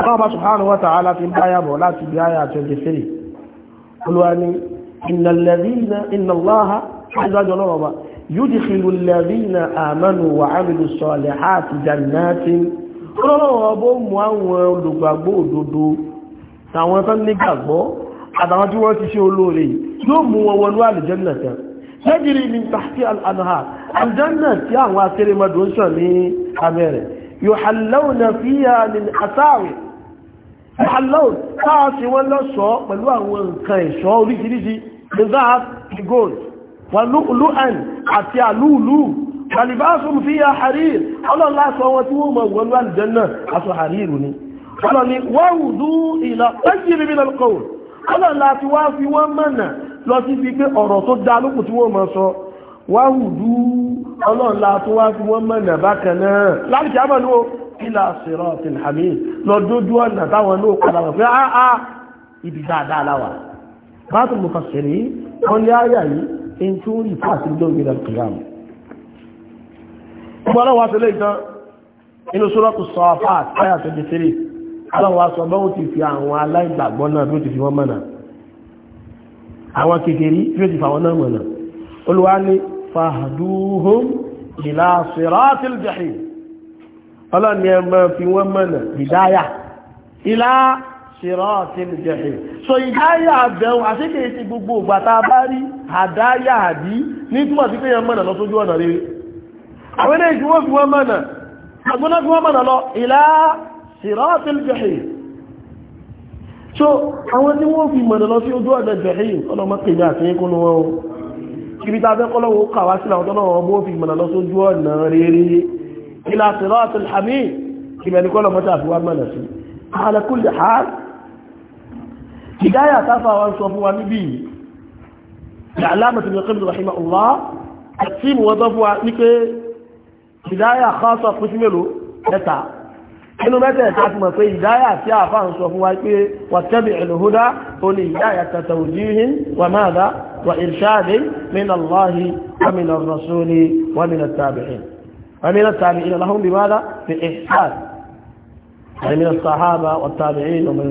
Allah subhanahu wa ta'ala fi yúdìkìlù lẹ́rìnà àmánu wà ámìlù sọ̀lẹ̀ àti jannati ọlọ́wọ́ bó mú àwọn olùgbàgbọ́ òdodo tàwọn tán nígbàgbọ́ àtàwọn tí wọ́n ti ṣe olóore yóò mú wọn wọnú àlùjẹ́nà kan lẹ́gìrì ní tàbí àlànà àlùjẹ́nà tí àwọn akérèmọdò ń sàn ní abẹ́rẹ̀ yóò hàlẹ́wò na wàlúùlúàn àti àlúùlú kàlìbáṣùn fi ya harir ọlọ́lá sọ wọn tí wọ́n mọ̀ wọlú àlìjẹ́nà aṣọ hariru ni ọlọ́ni wọ́wùdú ìlà pẹ́jìrì bí lọ́kọ̀ọ́ ọlọ́lá ti wá fi wọ́n mọ̀nà lọ sí fi pé ọ̀rọ̀ tó dá lókù tí wọ́n mọ̀ sọ wáhùdú ọlọ́ọ̀lá tó wá fi wọ́n mọ̀nà bákan náà láti kí a ní in tí ó rí pàtí jọ gbé dàkìyàmù gbọ́nà wá sílé ìtàn inú sọ́rọ̀kù sọ́ọ̀fà àtàyà 23 aláwọ̀ aṣọ bọ́wọ́ ti fi àwọn aláìgbàgbọ́ náà bí ó ti fi wọ́n mọ̀nà àwọn kékeré bí ó ìdáyà ìlà sírọ́ọ̀tì ìjẹ̀hì so ìdáyà àbẹ̀wò àṣíkèé ti gbogbo ògbà tá a bá rí àdáyà àbí ní túnmọ̀ sí pé yẹn mọ̀nà lọ sójú ọ̀nà rí àwọn ilé ìṣúwọ́ fi wọ́n mọ̀nà agbóná fi wọ́n mọ̀nà lọ ìlà sírọ́ọ̀tì ìjẹ̀hì so àwọn tí wọ́n fi mọ̀nà lọ sí ojú ọ̀nà ìjẹ̀hì ọlọ́mọkèjì àti ikúnú wọn ibi tá a fẹ́ kọ́lọ́wọ́ kàwá sí àwọn tọ́lọ́ wọn bó fi mọ̀nà lọ sójú ọ̀nà rírí ìlà sírọ́ọ̀tì ìhàmì ìbẹ̀ni kọ́lọ́mọ́ta fi wọ́n mọ̀nà sí ala ìdáyà táfà wọn sọ fún wa níbí ìdálámàtí ìrìnkẹ́bì rahima allah àti mú wọ́n sọ fún wa ní pé ìdáyà kọ́sọ̀ fún sí mélòó mẹ́ta inú mẹ́tẹ̀ẹ̀ta ti mọ̀ pé ìdáyà tí a fà ń sọ fún wa pé wàtẹ́bì ìlúhúdá ó ní ìdáyà tàtà òjíhìn wà máa dá wà ìrṣáàdé min allahi wa min ar-rasuli wa min at-tabi'in wa min at-tabi'in lahum bi mada bi ihsan wa min as-sahaba wat-tabi'in wa min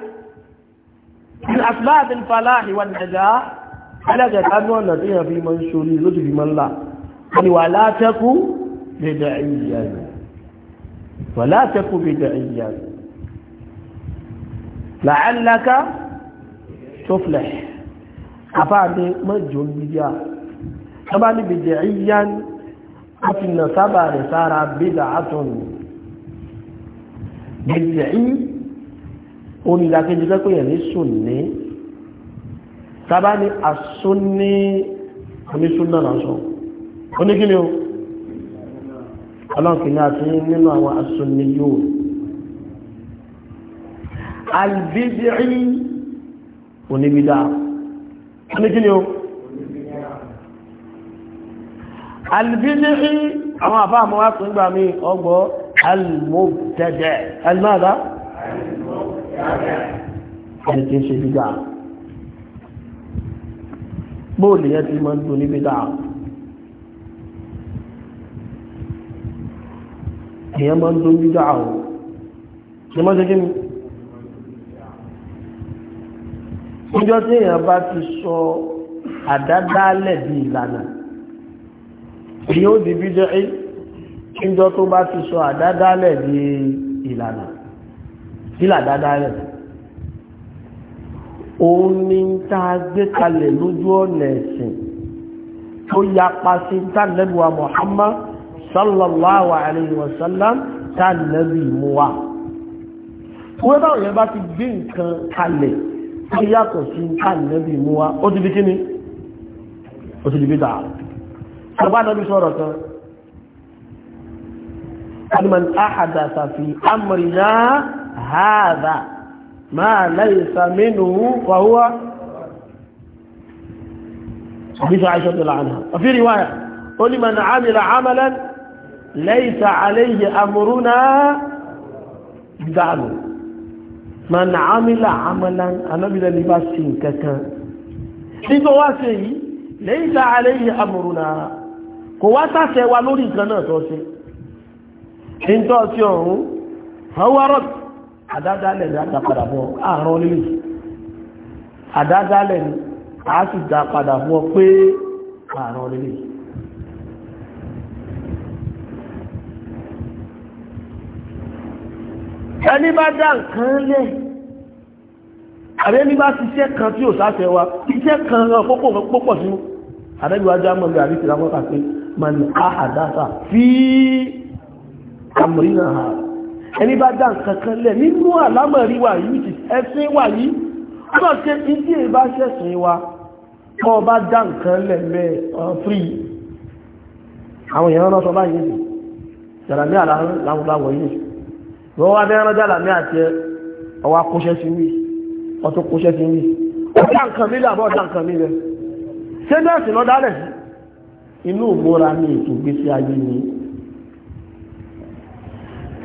من أسباب الفلاح والنجاة على جتان والنجاة في منشوري رجل من الله ولا تكو بدعيا ولا تكو بدعيا لعلك تفلح أفعل مجهول بجاه أفعل بدعيا وفي النصابة رسارة بدعة بدعي onídàkejì lẹ́pẹ́ yẹn ní sunni tábà ní asúnni onísúnnà náà sọ oníkíni o ọlọ́nkìní àti nínú àwọn asúnni yóò albidiri oníbidà oníkíni o albidiri àwọn àfáàmọ́ wá pín gbà mí ọgbọ́ almubtadi almada ẹni tí ń ṣe bídà bóòlù yẹn ti máa ń dun ní bídà èèyàn máa ń dun bídà o ṣe máa ń ṣe kí ni níjọ́ tí èèyàn bá ti sọ àdádálẹ̀ bí ìlànà èèyàn ó di bídà níjọ́ tó bá ti sọ àdádálẹ̀ bí ìlànà kílà dáadáa rẹ̀ òun ni tá a gbé kalẹ̀ lójú ọ̀nà ẹ̀sìn tó yapa sí tánàlẹ́bùwà Muhammad sallallahu alayhi wa sallam tánàlẹ́bì mú wa wọ́n báwọn yẹn bá ti gbé nǹkan kalẹ̀ tó yàtọ̀ sí tánàlẹ́bì mú wa ó ti di kíni ó ti di bí dáa agbádọ́bí sọ̀rọ̀ kan aliman ahadasa fi amrina هذا ما ليس منه فهو حديث عائشة رضي الله عنها وفي رواية قل من عمل عملا ليس عليه أمرنا بدعنه. من عمل عملا أنا بلا لباس كتا إذا واسي ليس عليه أمرنا كواتا سيوالوري كنا توسي إن هو رد àdádálẹ̀ ni a dá padà fún ọ àárọ̀ lè àdádálẹ̀ ni a sì dá padà fún ọ pé àárọ̀ lè ẹni bá dá nǹkan lẹ̀ àrẹ́ni bá ṣiṣẹ́ kan tí ò sáfẹ́ wa iṣẹ́ kan rán púpọ̀ sí àrẹ́gbẹ̀wájú àmọ́lú àríkìlá mọ́ta pé man ahadasa fi amrina hada ẹni bá dá nǹkan kan lẹ̀ nínú àlámọ̀rí wa yìí ẹ̀sìn wa yìí wọ́n ṣe ìdí ìbá ṣẹ̀sìn wa kọ́ bá dá nǹkan lẹ̀ mẹ́ ọ̀frí uh, àwọn èèyàn rán sọ báyìí nì jàlámí àláwọ̀ yìí wọ́n wá bẹ́ẹ̀ rán jàlámí àti ọwá kóṣẹ́ sí wí ọtún kóṣẹ́ sí wí ọ̀dá nǹkan mi lẹ̀ àbọ̀ ọ̀dá nǹkan mi lẹ̀ ṣé bẹ́ẹ̀ sì lọ dálẹ̀ inú ìmúra ní ètò ìgbésí ayé ni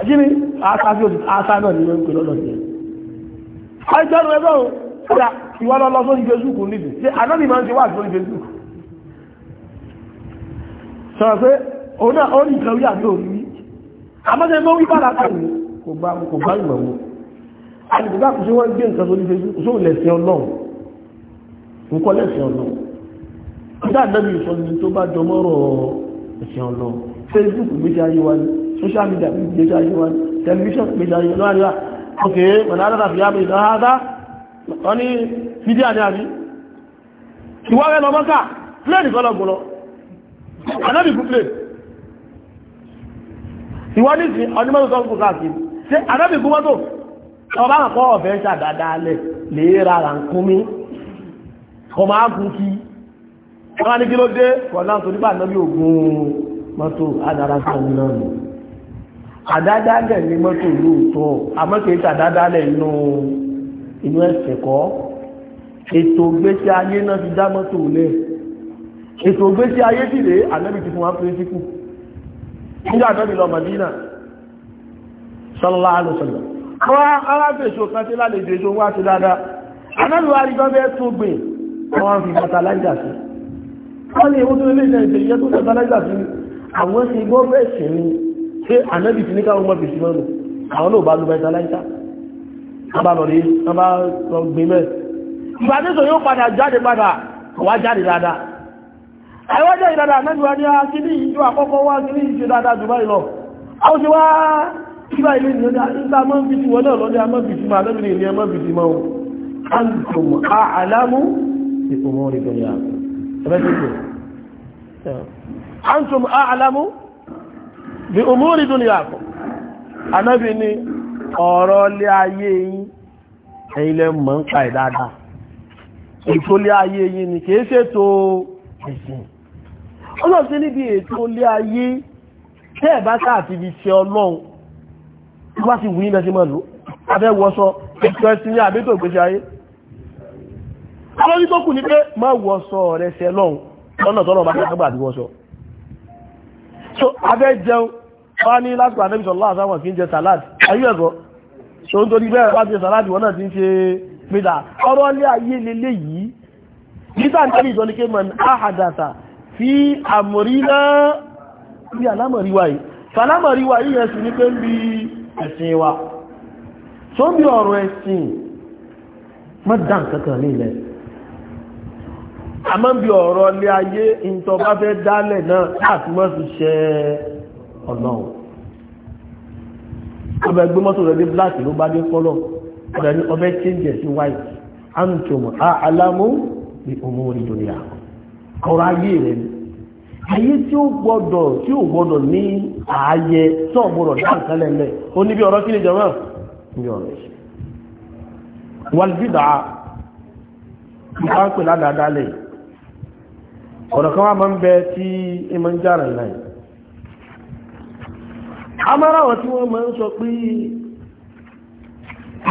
kíni àṣà náà ni wọ́n pè lọ́dọ̀ sí àìsàn ẹgbẹ́ o kódà ìwọ lọ lọ sórí Facebook níbi ṣe ànábì máa ń ṣe wà sórí Facebook sọ̀rọ̀ pé òun náà ó ní ìkan wí àbí òun wí àmọ́sẹ̀ mọ́ wí bára kan kò bá kò bá ìmọ̀ wọn alìbùdá kò sí wọ́n gbé nǹkan sórí Facebook sóhun lẹ̀sìn ọlọ́run nǹkan lẹ̀sìn ọlọ́run kódà ànábì ìsọ̀nù tó bá jọmọ́rọ̀ ẹ̀sìn ọlọ́run Facebook gbé sí ayé social media gbèjà yìí wọn television gbèjà yìí lọ́wọ́ àríwá ok pẹ̀lú alára fi yábẹ̀ ìdán hádá wọ́n ní fídíà ní àbí ìwọ́rẹ́ lọ mọ́ká plane kọ́ lọ́gbọ̀n lọ anábì fún plane ìwọ́n ní sí ọdúnmọ́tò tó ń kù káàkiri ṣe anábì fún mọ́tò ọba àkọ́ ọ̀fẹ́ ṣàdáadáa lẹ̀ lè ra ràǹkúnmí kọ máa gùn kí wọ́n ní kí ló dé kọ̀ọ̀lá nítorí bá náà bí ògùn mọ́tò adára sáà náà àdádálẹ̀ ní mọ́tò lóòótọ́ àmọ́ kìí ṣe àdádálẹ̀ inú inú ẹ̀sẹ̀ kọ́ ètò ìgbésí ayé náà ti dá mọ́tò lẹ̀ ètò ìgbésí ayé sì rèé ànábì ti fún wa pírísípù nígbà ànábì lọ Mádínà sallallahu alaihi wasallam àwọn arábèṣò kan tí lálejò èso wá sí dáadáa ànábì wa rí gọ́ọ̀bẹ́ tó gbìn wọ́n fi fertilizer sí wọ́n ní ewu tó lè ṣe ìṣèyẹ tó fertilizer sí àwọn ṣé ànábì ti ní káwọn mọ́ fèsì mọ́nu àwọn náà bá lu mẹtaláìta wọ́n bá lọ rí wọ́n bá lọ gbé mẹ́ ìbánisọ̀ yóò padà jáde padà wá jáde dáadáa àìwá jáde dáadáa ànábì wa ní akíní ah, ìjọ àkọ́kọ́ wá kíní ìjọ dáadáa jù báyìí lọ àwọn ṣe wá kíbà ilé ìlú ní ìta mọ́ fìtì wọn náà lọ́dẹ amọ́ fìtì mọ́ ànábì ní ẹmọ́ fìtì mọ́ o antum a'lamu bi umuri dunya ẹ̀fẹ́ tó antum a'lamu bí umúrí dúnìyàkù anábì ni ọ̀rọ̀ lé ayé yín ẹ̀yin lẹ mọ̀ ń pa ìdáadáa ètò lé ayé yín ni kìí ṣètò ẹ̀sìn ọlọ́sí níbi ètò lé ayé tẹ́ ẹ̀ bá káàfi fi ṣe ọlọ́run tó bá sì wù yín lẹ́sìn mọ́ lò abẹ́ wọṣọ ètò ẹ̀sìn ní àbẹ́tò ìgbésí ayé ọlọ́rí tó kù ní pé má wọṣọ rẹ̀ ṣẹlọ́run lọ́nà tọ́lọ́ bá ṣe àgbà àti wọṣọ so abẹ́ jẹun wá ní lásìkò ànábì sallallahu alaihi wasallam kí ń jẹ sàláàdì ayé ẹ̀kọ́ tó ń torí bẹ́ẹ̀ bá ti sàláàdì wọn náà ti ń ṣe mídà ọ̀rọ̀ ilé ayé lélẹ̀ yìí nígbà níbi ìjọ ni kéman áhàdàtà fi àmọ̀rínà bí alámọ̀ríwá yìí sàlámọ̀ríwá yìí yẹn sì ní pé ń bi ẹ̀sìn wa tó ń bi ọ̀rọ̀ ẹ̀sìn mọ́ dàn kankan ní ilẹ̀ àmọ́ bí ọ̀rọ̀ ilé ayé ìtọ́ fẹ́ dálẹ̀ náà láti mọ́ fi ṣẹ́ ọlọ́run ọbẹ̀ gbé mọ́tò rẹ̀ ní black ló bá dé kọ́lọ̀ ọbẹ̀ ní ọbẹ̀ change sí white antum a'lamu bi umuri dunya ọ̀rọ̀ ayé rẹ̀ ni ayé tí ó gbọ́dọ̀ tí ó gbọ́dọ̀ ní ọ̀rọ̀ amáráwọ̀ tí wọ́n máa ń sọ pé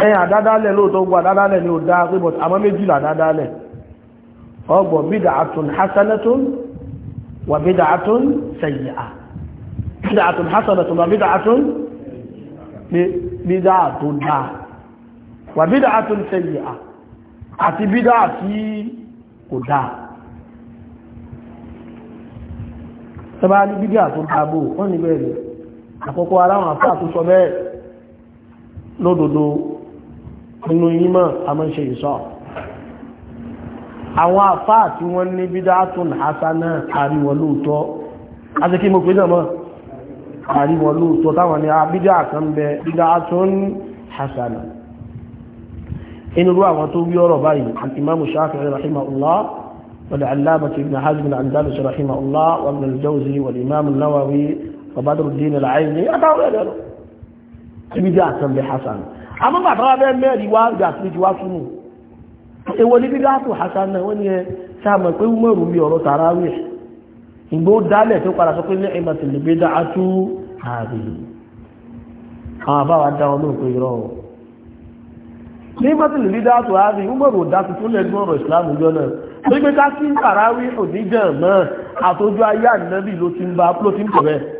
ẹ̀yìn àdádálẹ̀ lóòtọ́ gbọ́ àdádálẹ̀ ni ó dá pé bọ̀t àmọ́ méjìlá àdádálẹ̀ ọgbọ̀ bídà àtún hasanatun wà bídà àtún sayyi'a bídà àtún hasanatun wà bídà àtún bídà tó dá wà bídà àtún sayyi'a àti bídà tí kò dá tọ́bá ní bídà tó dá wọ́n ní bẹ́ẹ̀ àkọ́kọ́ ara wọn àfáà tó sọ bẹ́ẹ̀ lódodo nínú yímọ̀ àmọ́ṣe ìsọ́ àwọn àfáà tí wọ́n ní bídátùn hasana àríwọ̀ lóòtọ́ àti kí mo pè náà mọ́ àríwọ̀ lóòtọ́ táwọn ni bídá kan bẹ bídátùn hasana inúrú àwọn tó wí ọ̀rọ̀ báyìí al-Imam Shafi'i rahimahullah wal-Allamah Ibn Hazm al Badruddin al-Aini àtàwọn ẹ̀rẹ́ lọ síbi jẹ́ àtẹ̀lẹ̀ Hassan amúgbàtàwà bẹ́ẹ̀ mẹ́rin wá gbà sí ju wá súnmù èwo ní bídá tó Hassan náà wọ́n ni ẹ sáàmù pé mọ́rù mi ọ̀rọ̀ tàràwì ìgbó dálẹ̀ tó padà sọ pé ní ẹ̀mà tẹ̀lẹ̀ bí dá atú ààrẹ àwọn àbáwá dá wọn lóòpé irọ́ ní ẹ̀mà tẹ̀lẹ̀ bí dá atú ààrẹ mọ́rù ò dá tuntun lẹ́gbọ́n ọ̀rọ̀ ìsìlámù jọ náà torí pé ká sí tàràwì òdíjẹ̀ náà àtọ́jú ayé ànábì ló ti ń bá ló ti ń bọ̀ bẹ́ẹ̀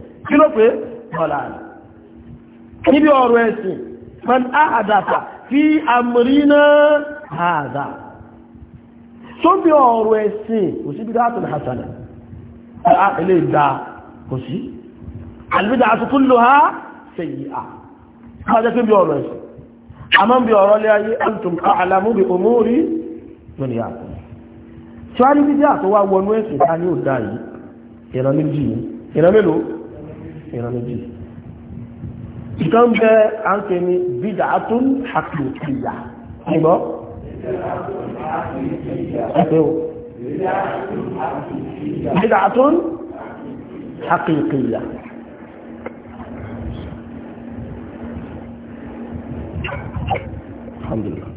kí ló pé bọ́lá níbi ọ̀rọ̀ ẹ̀sìn man áàdàtà fi àmìrínà àdà tó bí ọ̀rọ̀ ẹ̀sìn kò sí bídá àtùn hasana ilé ìdá kò sí albídá àtùkún ló ha sẹ́yìí à kájẹ́ pé bí ọ̀rọ̀ ẹ̀sìn àmọ́ bí ọ̀rọ̀ lé ayé antum a'lamu bi umuri dunyakum tí wá ní ìran méjì ìkan bẹ à ń pè ní bid'atun haqiqiyya ìgbọ́ ẹ̀fẹ́ o bid'atun haqiqiyya alhamdulillah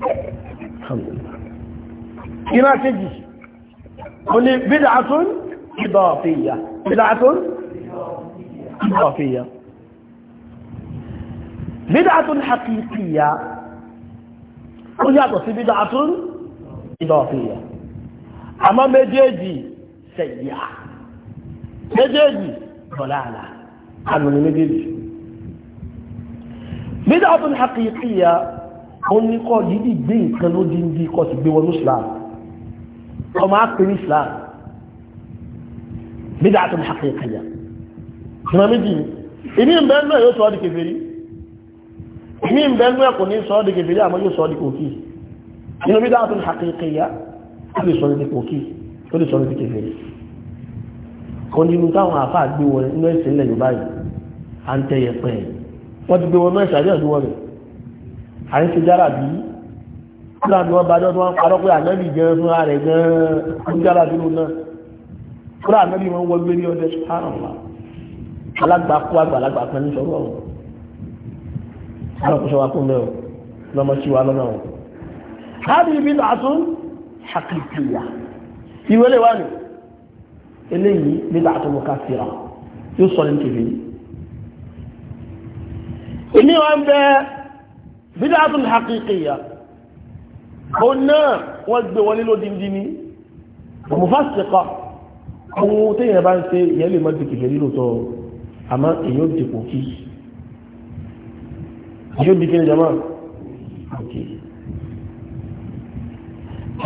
Thank you. الحمد لله إما تجي قل بدعة إضافية بدعة إضافية بدعة حقيقية قل يعطي بدعة إضافية أما مجيجي سيئة مجيجي ضلالة أما مجيجي بدعة حقيقية ó ní kọ́ dídì gbé nǹkan ló di ibi kọ́ sì gbé wọnú islam ọmọ àpèrí islam bídà àti mùsàkè kàyà ìran méjì ìní ìbẹ́ náà yóò sọ ọ́ di kèfèrí ìní ìbẹ́ náà kò ní sọ ọ́ di kèfèrí àmọ́ yóò sọ ọ́ di kòkì nínú bídà àti mùsàkè kàyà ó lè sọ ọ́ di kòkì ó lè sọ ọ́ di kèfèrí kò ní inú táwọn àfáà gbé wọn inú ẹ̀sìn ilẹ̀ yorùbá yìí à ń tẹ́yẹ pẹ́ wọ́n ti gbé wọn náà ṣàdéhùn sí rẹ̀ àyè ṣe jára bí nígbà tí wọ́n bá jọ́ tí wọ́n parọ́ pé ànábì gan fún ààrẹ gan ń jára bí lò náà kúrò ànábì wọn wọ gbérí ọdẹ sùpárànlá alágbà kú àgbàlagbà kan ní sọ̀rọ̀ ọ̀hún alákòóso wa o lọ́mọ sí wa lọ́nà o. káàdì ibi tó àtún ṣàkìtìyà ìwé lè wá ní eléyìí nígbà tó mú ká fìrà yóò sọ ní tèmi. èmi wá bẹ́ẹ̀ bídáàtún haqiqiyya ó náà wọ́n gbé wọlé ló dìndín ní mufassiqa ohun téèyàn bá ń ṣe ìyẹn lè má di kìfẹ́ lílò tọ́ àmọ́ èyí ó dìpò kí èyí ó di kí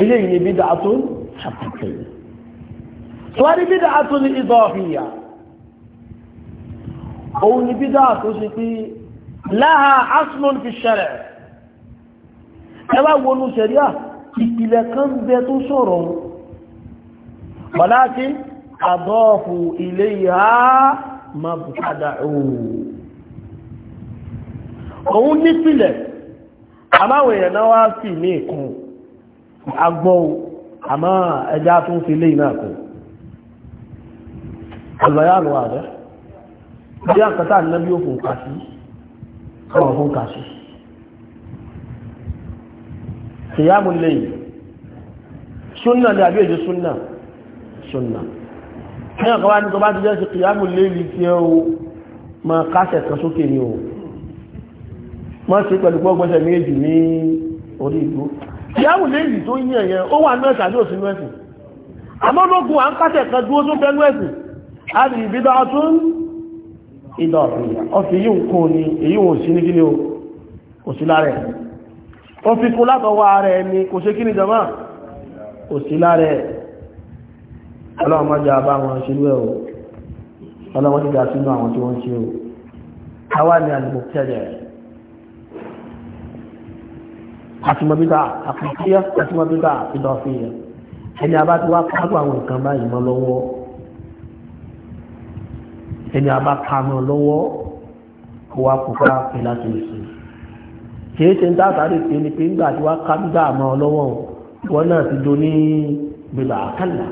ilé yìí ni bídáàtún tó wá ní bídáàtún idafiyya òun ni bídáàtún ṣe pé láha aslun fi ṣẹlẹ̀ ẹwà wọnú ṣẹ̀ríà ìpìlẹ̀ kan bẹ tó sọ̀rọ̀ wàláti àdọ́ọ̀fù ilé ìhá ma bùkádà òun nípìlẹ̀ àmáwẹ̀ èèyàn náà wá sí ní ìkùn agbọ́ àmá ẹja tún fi lé ìnáà kùn ọ̀lọ́yà káwọn fún kàṣí kìyàmù lẹ́yìn súnà ní àbí èdè súnà súnà ẹ̀yàn kan wá ní tó bá ti jẹ́ sí kìyàmù lẹ́yìn tí ó ma kásẹ̀ kan sókè ní o mọ́ sí pẹ̀lú pọ́gbọ́sẹ̀ méjì ní orí ìgbó kìyàmù lẹ́yìn tó yí ẹ̀yẹn ó wà nọ́ẹ̀sì àbí òsínú ẹ̀sìn àmọ́ lógun à ń kásẹ̀ kan dúró tó bẹ́nu ẹ̀sìn ìdọ̀ àfihàn ọ̀fí yíò kó ní èyí wọn sí ní gíní òsìlá ó fi kún látọwọ́ rẹ̀ ni kò ṣe kí ní jọmọ́ òsìlá rẹ̀ ọlọ́mọdé àbá wọn ṣe lúwẹ̀ o ọlọ́mọdé ni àlùkò tẹ̀lẹ̀ àtìmọ̀bíta àpùtíyà àtìmọ̀bíta ìdọ̀ àfihàn ẹni abá ti wá kágbọ́ ẹni àbá kanú lọ́wọ́ kó wá kó ká pè láti ìsì kìí ṣe ń tàtàrí pé ní pé ńgbà tí wá ká gbà mọ́ lọ́wọ́ wọn náà ti do ní gbèlà àkàlà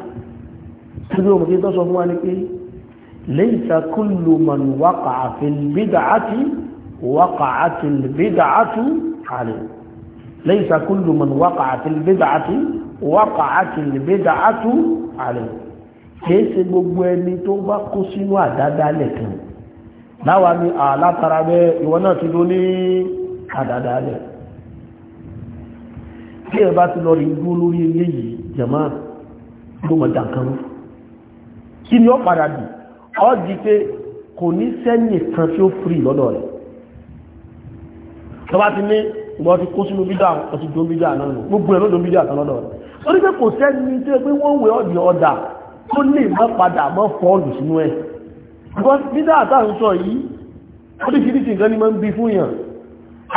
síbi òmùdí tó sọ fún wa ni pé laysa kullu man waqa'a fil bid'ati waqa'at al bid'atu alayhi laysa kullu man waqa'a fil bid'ati waqa'at al bid'atu alayhi kìí ṣe gbogbo ẹni tó bá kó sínú àdádálẹ̀ kan láwa ni àlátara bẹ ìwọ náà ti ló ní àdádálẹ̀ tí ẹ bá ti lọ rí dúró lórí eléyìí jẹ̀mọ́ ló mọ̀ dànkan rú kí ni ó padà dì ọ́ di pé kò ní sẹ́yìn kan tí ó firi lọ́dọ̀ rẹ̀ tọ́ba ti ní ìgbọ́ ti kó sínú bídà ọtí dóbídà náà gbogbo ẹ̀ ló dóbídà kan lọ́dọ̀ rẹ̀ torí pé kò sẹ́ni tí ó pé wọ́n wẹ̀ ọ́ di ọ̀dà tó lè má padà mọ́ fọ́ọ̀lù sínú ẹ̀ because bídá sọ yìí oríṣiríṣi nǹkan ni máa ń bí fún yàn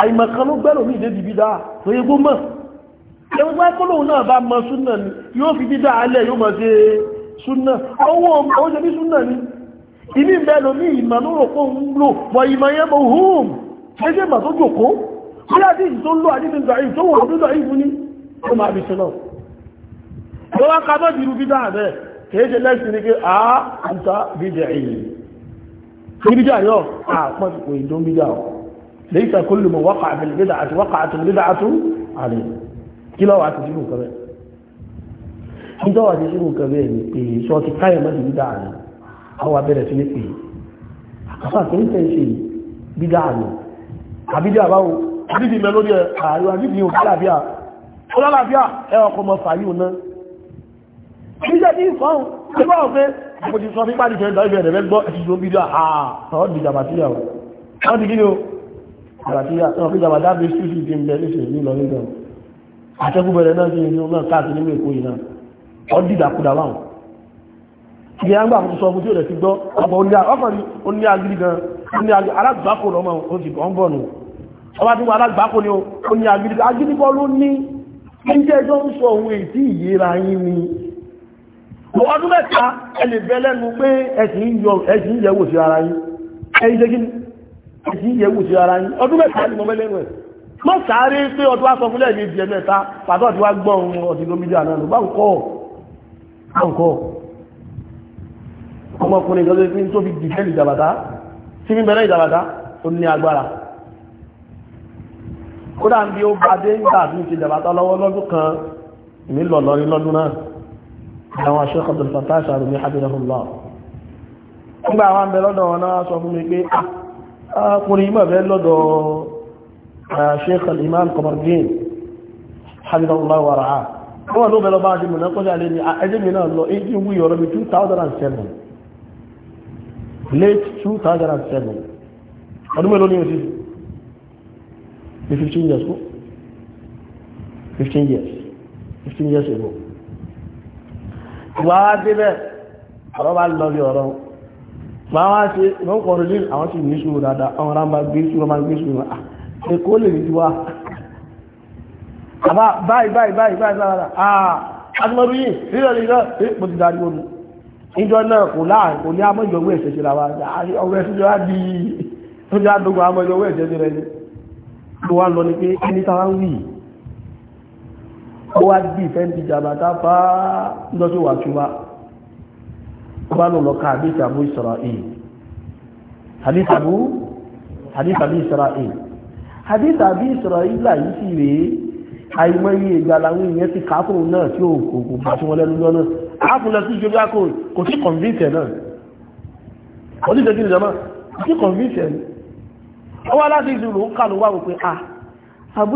àìmọ̀kan ló gbẹ́rò ní ìdébí bídá tó yẹ kó mọ̀ ẹ̀wọ́n bá kó lóun náà bá mọ súnà ni yóò fi bídá alẹ́ yóò mọ̀ ṣe súnà owó ọmọ ṣe bí súnà ni ìní bẹ́ẹ̀ lómi ìmọ̀ ló rò pé òun lò wọ ìmọ̀ yẹn mọ̀ hùm ẹgbẹ́ ìmọ̀ tó jòkó ni ó máa fi ṣe náà lọ́wọ́ ká kìí ṣe lẹ́sìn ní pé a ń ta bíjà èyí kí bíjà yọ àpọ̀ ìpò ìdó bíjà ọ̀ lẹ́yìn sàkólù mọ̀ wákà àbẹ̀lẹ̀ bíjà àti wákà àti bíjà àtú àrẹ kí lọ́wọ́ àti sínú nǹkan bẹ́ẹ̀ níjọ́ wà ti sínú nǹkan bẹ́ẹ̀ ni pé sọ ti káyọ̀ mọ́ sí bíjà àrẹ àwọn abẹ́rẹ́ sí ní pé àkàfà kí ń tẹ̀ ọkọ̀ mọ̀ fàyí òun náà níṣẹ́ tí ń sọ́hun tí bọ́ pé mo ti sọ fípá nìṣẹ́ ìdọ́ ìbẹ̀rẹ̀ rẹ̀ gbọ́ ẹ̀ṣìṣò bí dáa àà ọ́ di jàbàtíyà o wọ́n ti gíní o jàbàtíyà wọ́n fi jàbàdá bí ṣúṣì ti ń bẹ níṣẹ́ ní lọ nígbà àtẹ́kùbẹ̀rẹ̀ náà ti ń yún náà káàkiri nínú èkó yìí náà ọ́ di dàkúdà láwọn ìdí àgbà àwọn sọ fún tí ó rẹ̀ ti gbọ́ ọgbọ̀ ọkùnrin ó ní agídí gan ní alágbàkò lọ́mọ ó ti bọ́ ń bọ̀ nù ọba tí wọ́n alágbàkò ni ó ní agídí agídí bọ́ ló ní ní jẹ́ ẹjọ́ ń sọ ohun èyí tí ìyẹra yín ni ọdún mẹ́ta ẹlẹ̀ bẹ lẹ́nu pé ẹ̀sìn yẹ̀wò sí ara yín ẹ̀yìn jẹ́ gíní ẹ̀sìn yẹ̀wò sí ara yín ọdún mẹ́ta ni mo mẹ́ lẹ́nu ẹ̀ mọ́ sáré pé ọdún wá sọ fúnlẹ̀ ní ìdíyẹ mẹ́ta pàtó àti wá gbọ́n ọdún lómìdí àná ló bá ń kọ́ bá ń kọ́ ọmọkùnrin kan lórí tó fi dìfẹ́ ìjàbàtà tí ní bẹ̀rẹ̀ ìjàbàtà ó ní agbára kódà ń bí ó bá dé ń gbà àti ìjàbàtà lọ́wọ́ lọ́dún kan ìmí lọ lọ́dún náà àwọn Sheikh Abdul Fattah Al-Sharmi habibullah nígbà àwọn abẹ lọ́dọ̀ wọn náà sọ fún mi pé ah, ọkùnrin yìí mọ̀bẹ lọ́dọ̀ Sheikh al-Imam Qamardin habibullah wàrà á wọ́n ló bẹ̀rẹ̀ bá a ti ah, 2007 late 2007 ọdún mélòó ní oṣù ní 15 years ago 15 years 15 years ago ìgbà wá débẹ̀ ọ̀rọ̀ bá lọ bí ọ̀rọ̀ bá wá ṣe ìmọ̀kọ̀rọ̀ ní àwọn sì ní ṣòro dáadáa àwọn ará ń bá gbé ṣòro máa gbé ṣòro ẹ̀kọ́ lè ní wá àbá báyìí báyìí báyìí báyìí lára àà àtìmọ̀rú yìí rírọ̀ lè rọ̀ pé mo ti darí omi ìjọ náà kò láàrín kò ní amọ́jọ owó ẹ̀ṣẹ̀ ṣe làwọn ọwọ́ ẹ̀ṣẹ̀ ṣe wá di ó jẹ́ àdógún amọ́jọ owó ẹ̀ṣẹ̀ ṣe rẹ̀ ni ló lọ ni pé ẹni táwọn wí ó wá bí ìfẹ́ ti jàbàtà bá lọ́sí wà túbá bá lò lọ́ka àdíṣà bú Isra'il àdíṣà bú àdíṣà bí Isra'il àdíṣà bí Isra'il láyé sí rèé àìmọye ìgbà làwọn èèyàn ti káfùrù náà tí ó kò lọ sí ìjọba àkó kò sí convince náà kò sí ìjọba ìjọba sí convince ọwọ́ aláṣẹ ìṣòro ń kà ló wà wípé ah àbú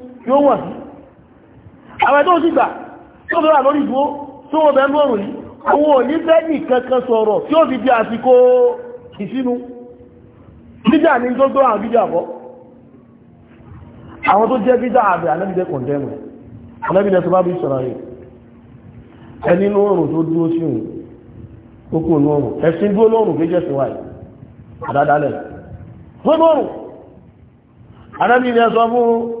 yóò wọ̀n sí àwọn tó sì gbà tó bẹ̀rẹ̀ lórí ìdúró tó wọ́n bẹ̀rẹ̀ lọ́rùn yìí owó òní bẹ́ẹ̀ni kankan sọ̀rọ̀ tí ó fi di àsìkò ìsínú bídà ní tó tó àwọn bídà bọ́ àwọn tó jẹ́ bídà àbẹ̀ alẹ́bìdẹ́ kọ̀ndẹ́mù alẹ́bìdẹ́ tó bá bí sọ̀rọ̀ yìí ẹni ní oòrùn tó dúró sí òun tó kú ní oòrùn ẹ̀sìn dúró lóòrùn kéjẹ́ sí wáyé àdádálẹ̀ tó lóòrùn alẹ́bìdẹ́ sọ fún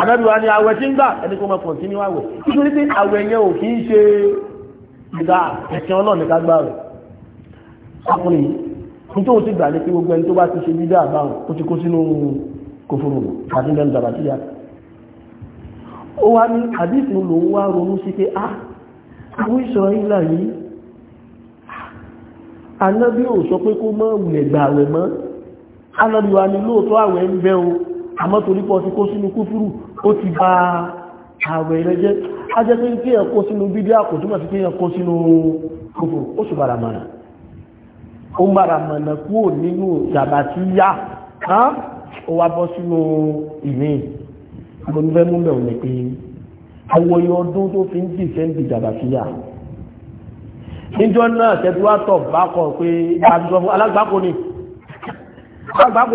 àdábìwá ni àwẹ̀ tí ń gbà ẹni kó mọ́ kọ̀ntínú àwẹ̀ nítorí pé àwẹ̀ yẹn ò kí ń ṣe ìgbà ẹ̀sìn ọlọ́ọ̀ni ká gbà rẹ̀ ọkùnrin yìí nítorí ti gbà ní pé gbogbo ẹni tó bá ti ṣe dídá àbáwọn ó ti kó sínú kòfòrò àti lẹ́nu dàbàtíyà ó wá ní àdísì lòun wá ronú sí pé àwọn ìṣọ́ ìlà yìí anábí sọ pé kó mọ́ wùlẹ̀ ni lóòótọ́ àwẹ̀ ń àmọ́ torí pọ̀ ti kó sínú kúfúrú ó ti bá ààwẹ̀ rẹ jẹ́ a jẹ́ pé kí ẹ̀kọ́ sínú bídíà kò túnmọ̀ sí kí ẹ̀kọ́ sínú kúfúrú ó sì bára mọ̀nà ó bára mọ̀nà kúrò nínú ìjàmbá tí yá ó wá bọ́ sínú ìní ìgbónúfẹ́ múlẹ̀ ò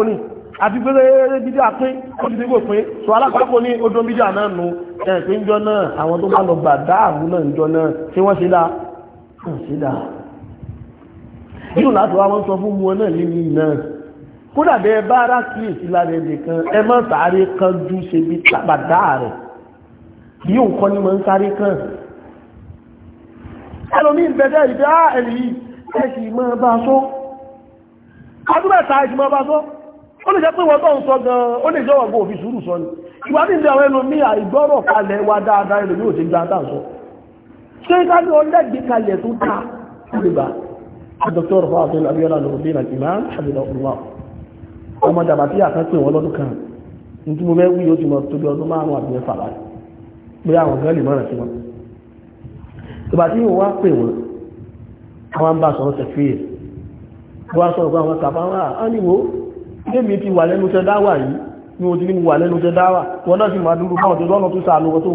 ní àti pé bídíà pín olùdígbò pín so alákọ̀ọ́kọ́ ní odò bídíà náà nù ẹ̀pẹ́ ń jọ náà àwọn tó bá lọ gbà dáàmú náà ń jọ náà tí wọ́n ṣe dá kàn sí dá yóò láti wá wọ́n sọ fún mu náà níbi náà kódà bẹ́ẹ̀ bá ara kíyèsí lára ẹnìkan ẹ má sáré kan ju ṣe bí tábàdá rẹ̀ yóò kọ́ ní mọ̀ ń sáré kan ẹlòmí ìbẹ̀dẹ̀ ìdá ah, ẹ̀rí ẹ̀sì mọ́ bá sọ́ adúbẹ̀ta ẹ̀sì mọ́ bá sọ́ ó lè jẹ́ pé wọ́n tó ń sọ gan ó lè jẹ́ ọ̀gbọ́n òfin sùúrù sọ ni ìwà ní ìdí àwọn ẹlòmí àìgbọ́rọ̀ kalẹ̀ wa dáadáa ẹlòmí ò ti gba dáa sọ ṣé ká ní ọlẹ́gbẹ̀ẹ́ kalẹ̀ tó ta ìgbà dr fahim abiola lorobin àti imam abiola olúwa ọmọ dàbà tí àkàn pè wọn lọ́dún kan ní tí mo fẹ́ wí yóò ti mọ tóbi ọdún márùn àbí mẹ́fà báyìí pé àwọn gan lè mọ̀ràn sí wọn ìgbà tí mo wá pè wọn àwọn bá sọ̀rọ̀ tẹ̀fíì wọ́n á sọ̀rọ̀ pé lémi ti wà lẹ́nu tẹ́ dáwà yìí ní o ti ní wà lẹ́nu tẹ́ dáwà wọn náà sì máa dúró fáwọn tó lọ́nà tó sàánú tó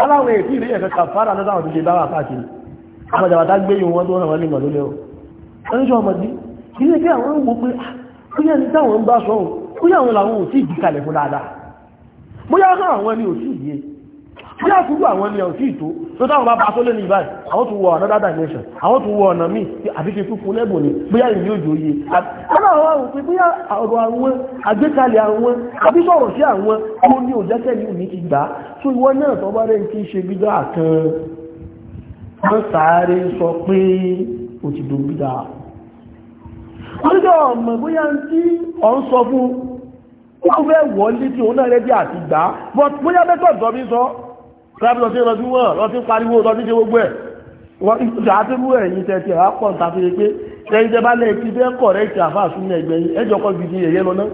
aláwọ̀ èyí rí ẹ̀fẹ́ kàfàrà náà táwọn tó ṣe dáwà káàkiri àbàjàbàtà gbé yìí wọn tó ràn wọn lè mọ̀ lólẹ́ o ẹni sọ ọmọdé kí ní kí àwọn ń wo pé ah, bóyá ní táwọn ń bá sọ bóyá àwọn làwọn ò tí ì bí a túrú àwọn ilẹ̀ òsì ìtò tó táwọn bá bá tó lé ní ìbáyìí àwọn tó wọ another dimension àwọn tó wọ ọ̀nà míì tí àbíkẹ́ tó fún lẹ́bùn ni bóyá ìlú òjò yé àwọn àwọn àwọn òfin bóyá ọ̀rọ̀ àwọn àgbékalẹ̀ àwọn àbí sọ̀rọ̀ sí àwọn ó ní òjẹ́kẹ́ ní òní ti gbà tó ìwọ náà tó bá rẹ̀ ti ṣe gbígbà kan wọ́n sáré sọ pé ó ti dùn gbígbà ọjọ́ ọmọ bóyá tí ọ ń sọ fún ó fẹ́ wọlé tí òun náà rẹ̀ bí àti gbà bọ́t bóyá mẹ́tọ̀ ìjọba ń sọ rábìlọ tí ìrọ̀tí wọ́n lọ sí pariwo lọ síse gbogbo ẹ̀ wọ́n ìtújà àtìrú ẹ̀yìn tẹ̀tẹ̀ àpọ̀ nta pé ẹ̀yìn tẹ́ bá lẹ̀ ti e kọ̀rẹ́ẹ̀tì àfáà sún ẹgbẹ́ yìí ẹjọ́ kọ́ gidi lọ náà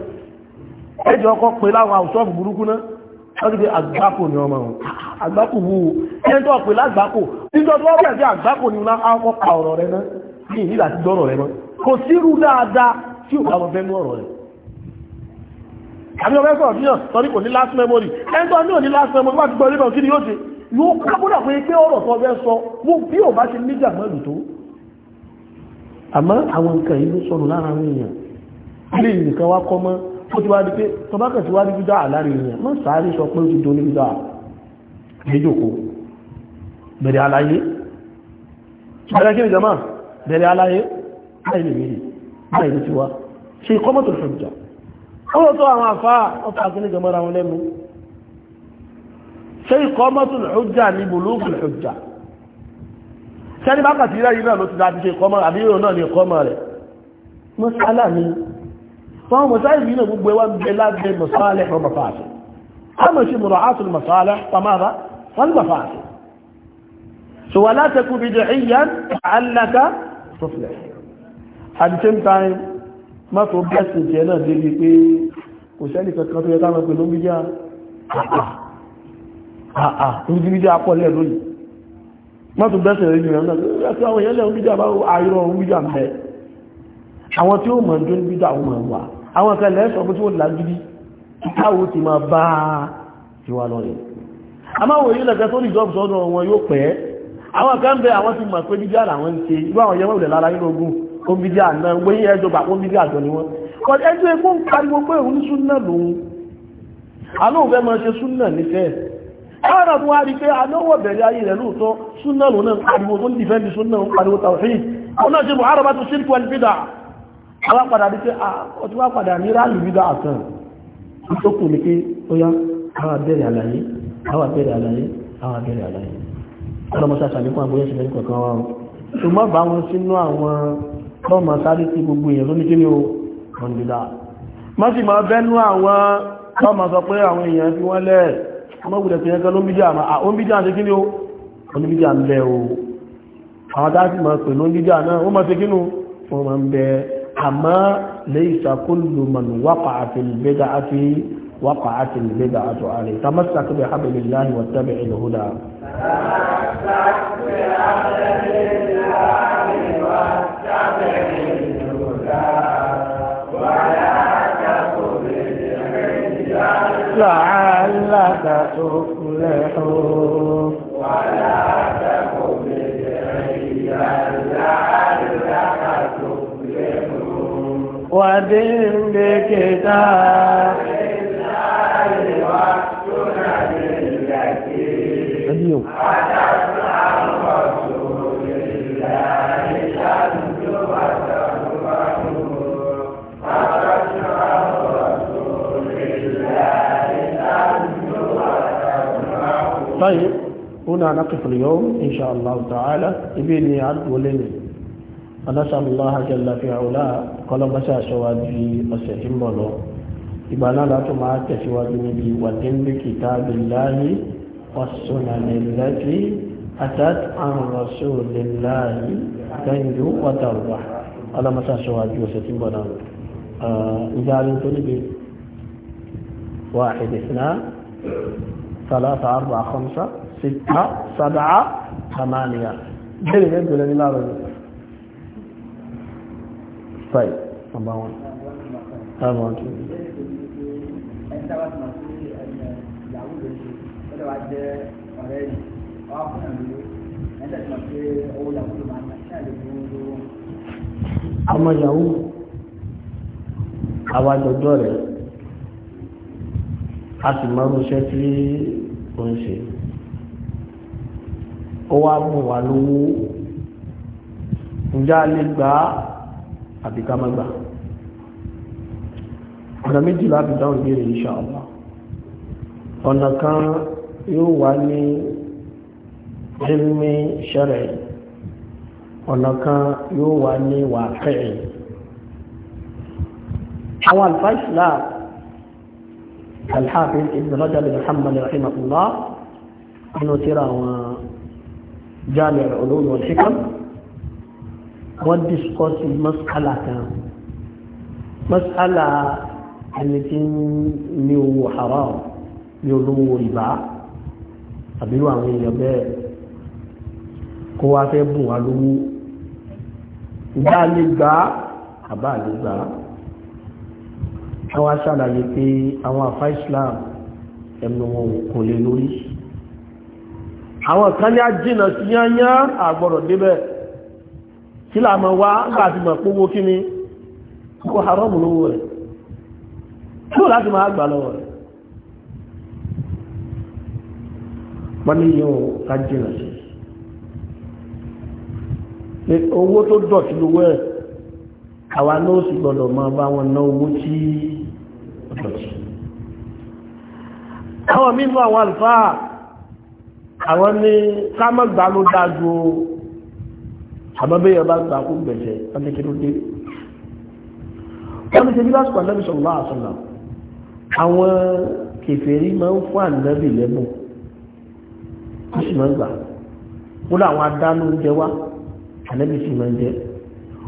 ẹjọ́ kọ́ láwọn àwùsọ́ọ̀fù burúkú náà àgbákò ní ọmọ àgbákò lágbákò tó àgbákò ní ọ̀rọ̀ rẹ náà ní dọ́rọ̀ rẹ kò dáadáa àbí ọmọ ẹ̀sọ̀ ọ̀díyàn sọ́rí last memory ẹ̀ntọ́ ní òní last memory wá ti gbọ́ nígbà kí ni yóò ṣe yóò kábúdà pé pé ọ̀rọ̀ tó fẹ́ sọ mú bí ò bá ṣe níjà mọ́lù tó àmọ́ àwọn nǹkan yìí ló sọnù lára àwọn èèyàn ilé ìnìkan wá kọ́ mọ́ ó ti wá di pé tó bá kẹ̀sí wá ní bídá àlárí èèyàn mọ́ sáré sọ pé ó ti dún ní bídá àjẹjòkó bẹ̀rẹ̀ aláyé bẹ̀rẹ̀ kí ni jama bẹ̀rẹ̀ aláyé báyìí lè mí báyìí ló ti wá ṣe ìkọ́mọ́tò àwọn tó àwọn àfáà ọkà kí ní jọmọ́ra wọn lẹ́nu ṣe ikọ̀ mọ́tún ìhújà ní bulúkùn ìhújà ṣe ní bákàtí ilẹ̀ yìí náà ló ti dáa ti ṣe ikọ̀ mọ́ àbí ìrò náà ní ikọ̀ mọ́ rẹ̀ mọ́sálà ni wọ́n mọ̀sálà yìí náà gbogbo ẹwà ń bẹ lábẹ́ mọ̀sálà at the same time má tó bẹ́ẹ̀sì jẹ́ náà débi pé kò sẹ́lì kankan tó yẹ káwọn pẹ̀lú mídíà àà ní bí mídíà pọ̀lẹ̀ lónìí má tó bẹ́ẹ̀sì rẹ̀ yìí náà ẹ̀sọ́ àwọn èèyàn lẹ́wọ̀n mídíà bá ayọ́ ohun mídíà mẹ́ àwọn tí ó mọ̀ ń dún mídíà wọn wà àwọn kan lẹ́sọ̀ pé tí ó lágídí káwọ́ ti máa bá ti wá lọ́rẹ̀ àmáwò yìí lẹ́kẹ́ tó ní ìjọ́bù sọ́dọ̀ wọn yóò pẹ́ àwọn kan bẹ àwọn ti mọ̀ pé mídíà làwọn ń ṣe irú àwọn yẹmọ̀ ìlẹ̀ lára nínú ogun omidi àná wéyí ẹjọ́ bà omidi àjọ ni wọ́n kọ́ ẹjọ́ epo ń pariwo pé òun súnà lòun àlóhùn fẹ́ máa ṣe súnà nífẹ̀ẹ́ ọ̀rọ̀ tó wá rí pé àlówó bẹ̀rẹ̀ ayé rẹ̀ lóòótọ́ súnà lòun náà pariwo tó ń dìfẹ́ndì súnà ń pariwo tàwíì ó náà ṣe mọ̀hárọ̀ bá tó sí ìpọ̀ ìbídà alápadà rí pé ọtí wá padà ní ráàlì ìbídà àtàn tó kù ní pé ọlọ́mọ sáṣà ní kó àgbóyẹ̀ṣẹ̀ lẹ́yìn kọ̀ọ̀kan wa ṣùgbọ́n bá wọn sínú àwọn tó ma sáré sí gbogbo èèyàn ló ní kí ni ó ọ̀nìdá má sì máa bẹ́nu àwọn tó ma sọ pé àwọn èèyàn fi wọ́n lẹ́ ọmọgbùdẹ̀ fi ẹgbẹ́ lómídíà máa ọmọbídíà ṣe kí ni ó ọmọbídíà ń bẹ o àwọn tá sì máa pè lómídíà náà ó máa ṣe kí ni wọ́n máa ń bẹ àmọ́ laysa kullu man waqa'a fil bid'ati waqa'a fil bid'atu alayhi tamassaka bi hablillahi wattabi'il huda لعلك تفلح ولا تكن بدعيا لعلك تفلح ودين بكتاب طيب هنا نقف اليوم إن شاء الله تعالى إبني عبد ولني ونسأل الله جل في علاه قال مساء سوادي وسيتم له إبانا لا تمعك سوادي نبي وتم بكتاب الله والسنن التي أتت عن رسول الله تنجو وتربح على مسا شواجه وستين بنام إجارين تنبي واحد اثنان ثلاثة أربعة خمسة ستة سبعة ثمانية جري يبدو لن لا رجل طيب أبا وان أبا وان tẹ̀ wá jẹ́ ọ̀rẹ́ yìí wọ́n á fún ẹ̀mí ẹ̀ńtẹ̀ tí wọ́n fi owó yàwó ló máa ń ṣe àlè fún owó. ọmọ yahoo àwa jọjọ rẹ a sì máa ń ṣe tí ó ń ṣe ó wá mú wa lówó ǹjẹ́ a lè gbà á àbí ká má gbà ọ̀nà méjìlá àbí dáhùn ìbéèrè insha Allah ọ̀nà kan yóò wá ní ilmi shar'i ọ̀nà kan yóò wá ní wàkẹ́ì àwọn àlùfáà islam alhafiz ibn rajab muhammad rahimahullah inú tíra àwọn jami' al-ulum wal hikam wọ́n discourse mas'ala kan mas'ala ẹni tí ní owó haram ní olówó rìbá àbírú àwọn èèyàn bẹ́ẹ̀ kó wá fẹ́ bùn wá lówó ìgbà lè gbà á àbá lè gbà á àwọn aṣàlàyé pé àwọn àfá Islam ẹnu wọn kò lè lórí àwọn kan ní àjìnà sí yányá àgbọ̀rọ̀ débẹ̀ kí là mọ̀ wá láti mọ̀ pówó kí kó haram lówó rẹ̀ kí ò láti máa gbà lọ́wọ́ rẹ̀ wọ́n ní yóò ká jìnà sí owó tó dọ̀tí lówó ẹ̀ àwa náà sì gbọ́dọ̀ máa bá wọn ná owó tí ó dọ̀tí àwọn mímú àwọn àlùfáà àwọn ní ká má gbà ló dájú o àmọ́ bẹ́ẹ̀ yẹn bá gbà kó gbẹ̀sẹ̀ wọ́n ní kí dé ó sì máa ń gbà ó láwọn adánú oúnjẹ wá ànábì sì máa ń jẹ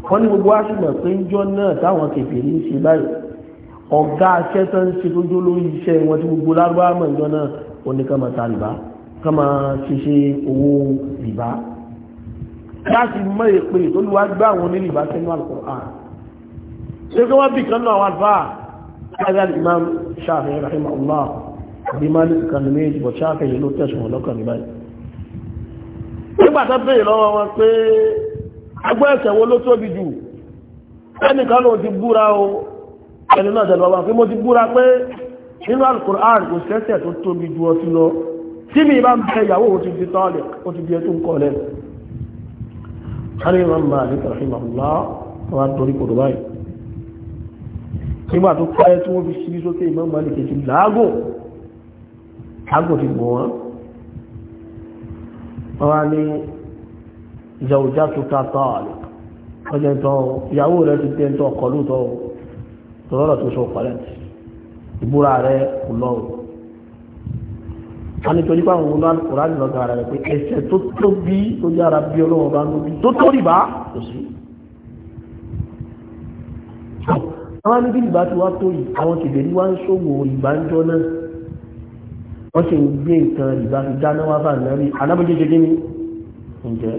wọ́n ní gbogbo àṣìmọ̀ pé ń jọ náà táwọn kèfèrí ń ṣe báyìí ọ̀gá aṣẹ́ tó ń ṣe lójó lórí iṣẹ́ wọn tí gbogbo lárúbá mọ̀ ìjọ náà ó máa ta rìbá Imam Shafi'i rahimahullah àbí Malik kan ní méjì bọ̀ Shafi'i ló tẹ̀sùn ọlọ́kàn báyìí nígbà tó béèrè lọ́wọ́ wọn pé agbọ́ ẹ̀ṣẹ̀ wo ló tóbi jù ẹnìkan ló ti búra o ẹni náà tẹ̀lé ọba pé mo ti búra pé nínú alukur'an kò sẹ́ṣẹ̀ tó tóbi jù ọtí lọ tí mi bá ń bẹ ìyàwó o ti di tọ́ọ̀lẹ̀ o ti di ẹtú ń kọ́ lẹ̀. sáré máa ń bá àdéhùn lá wọn á torí kòtò báyìí nígbà tó pẹ́ tí wọ́n fi ṣí sókè ìmọ̀ mọ́lì kejì wọ́n ní zawjatuka taliq ọjọ́ ìtọ́ ìyàwó rẹ̀ ti tẹ́ ń tọ́ ọkọ̀ lóòótọ́ tọ́lọ́rọ̀ tó sọ pàlẹ́ ìbúra rẹ̀ kò lọ́rùn wọ́n ní torí pàwọn olú alukóra ní lọ́dọ̀ ara rẹ̀ pé ẹsẹ̀ tó tóbi tó yára bí ọlọ́wọ́ bá ń lóbi tó tó rìbá kò sí. àwọn níbi ìbá ti wá tó yìí àwọn kìdèrí wá ń ṣòwò ìbánjọ́ náà wọ́n sì ń gbé nǹkan ìgbà fi dáná wá bá ìnáwí alábòjúṣe kí ni ǹjẹ́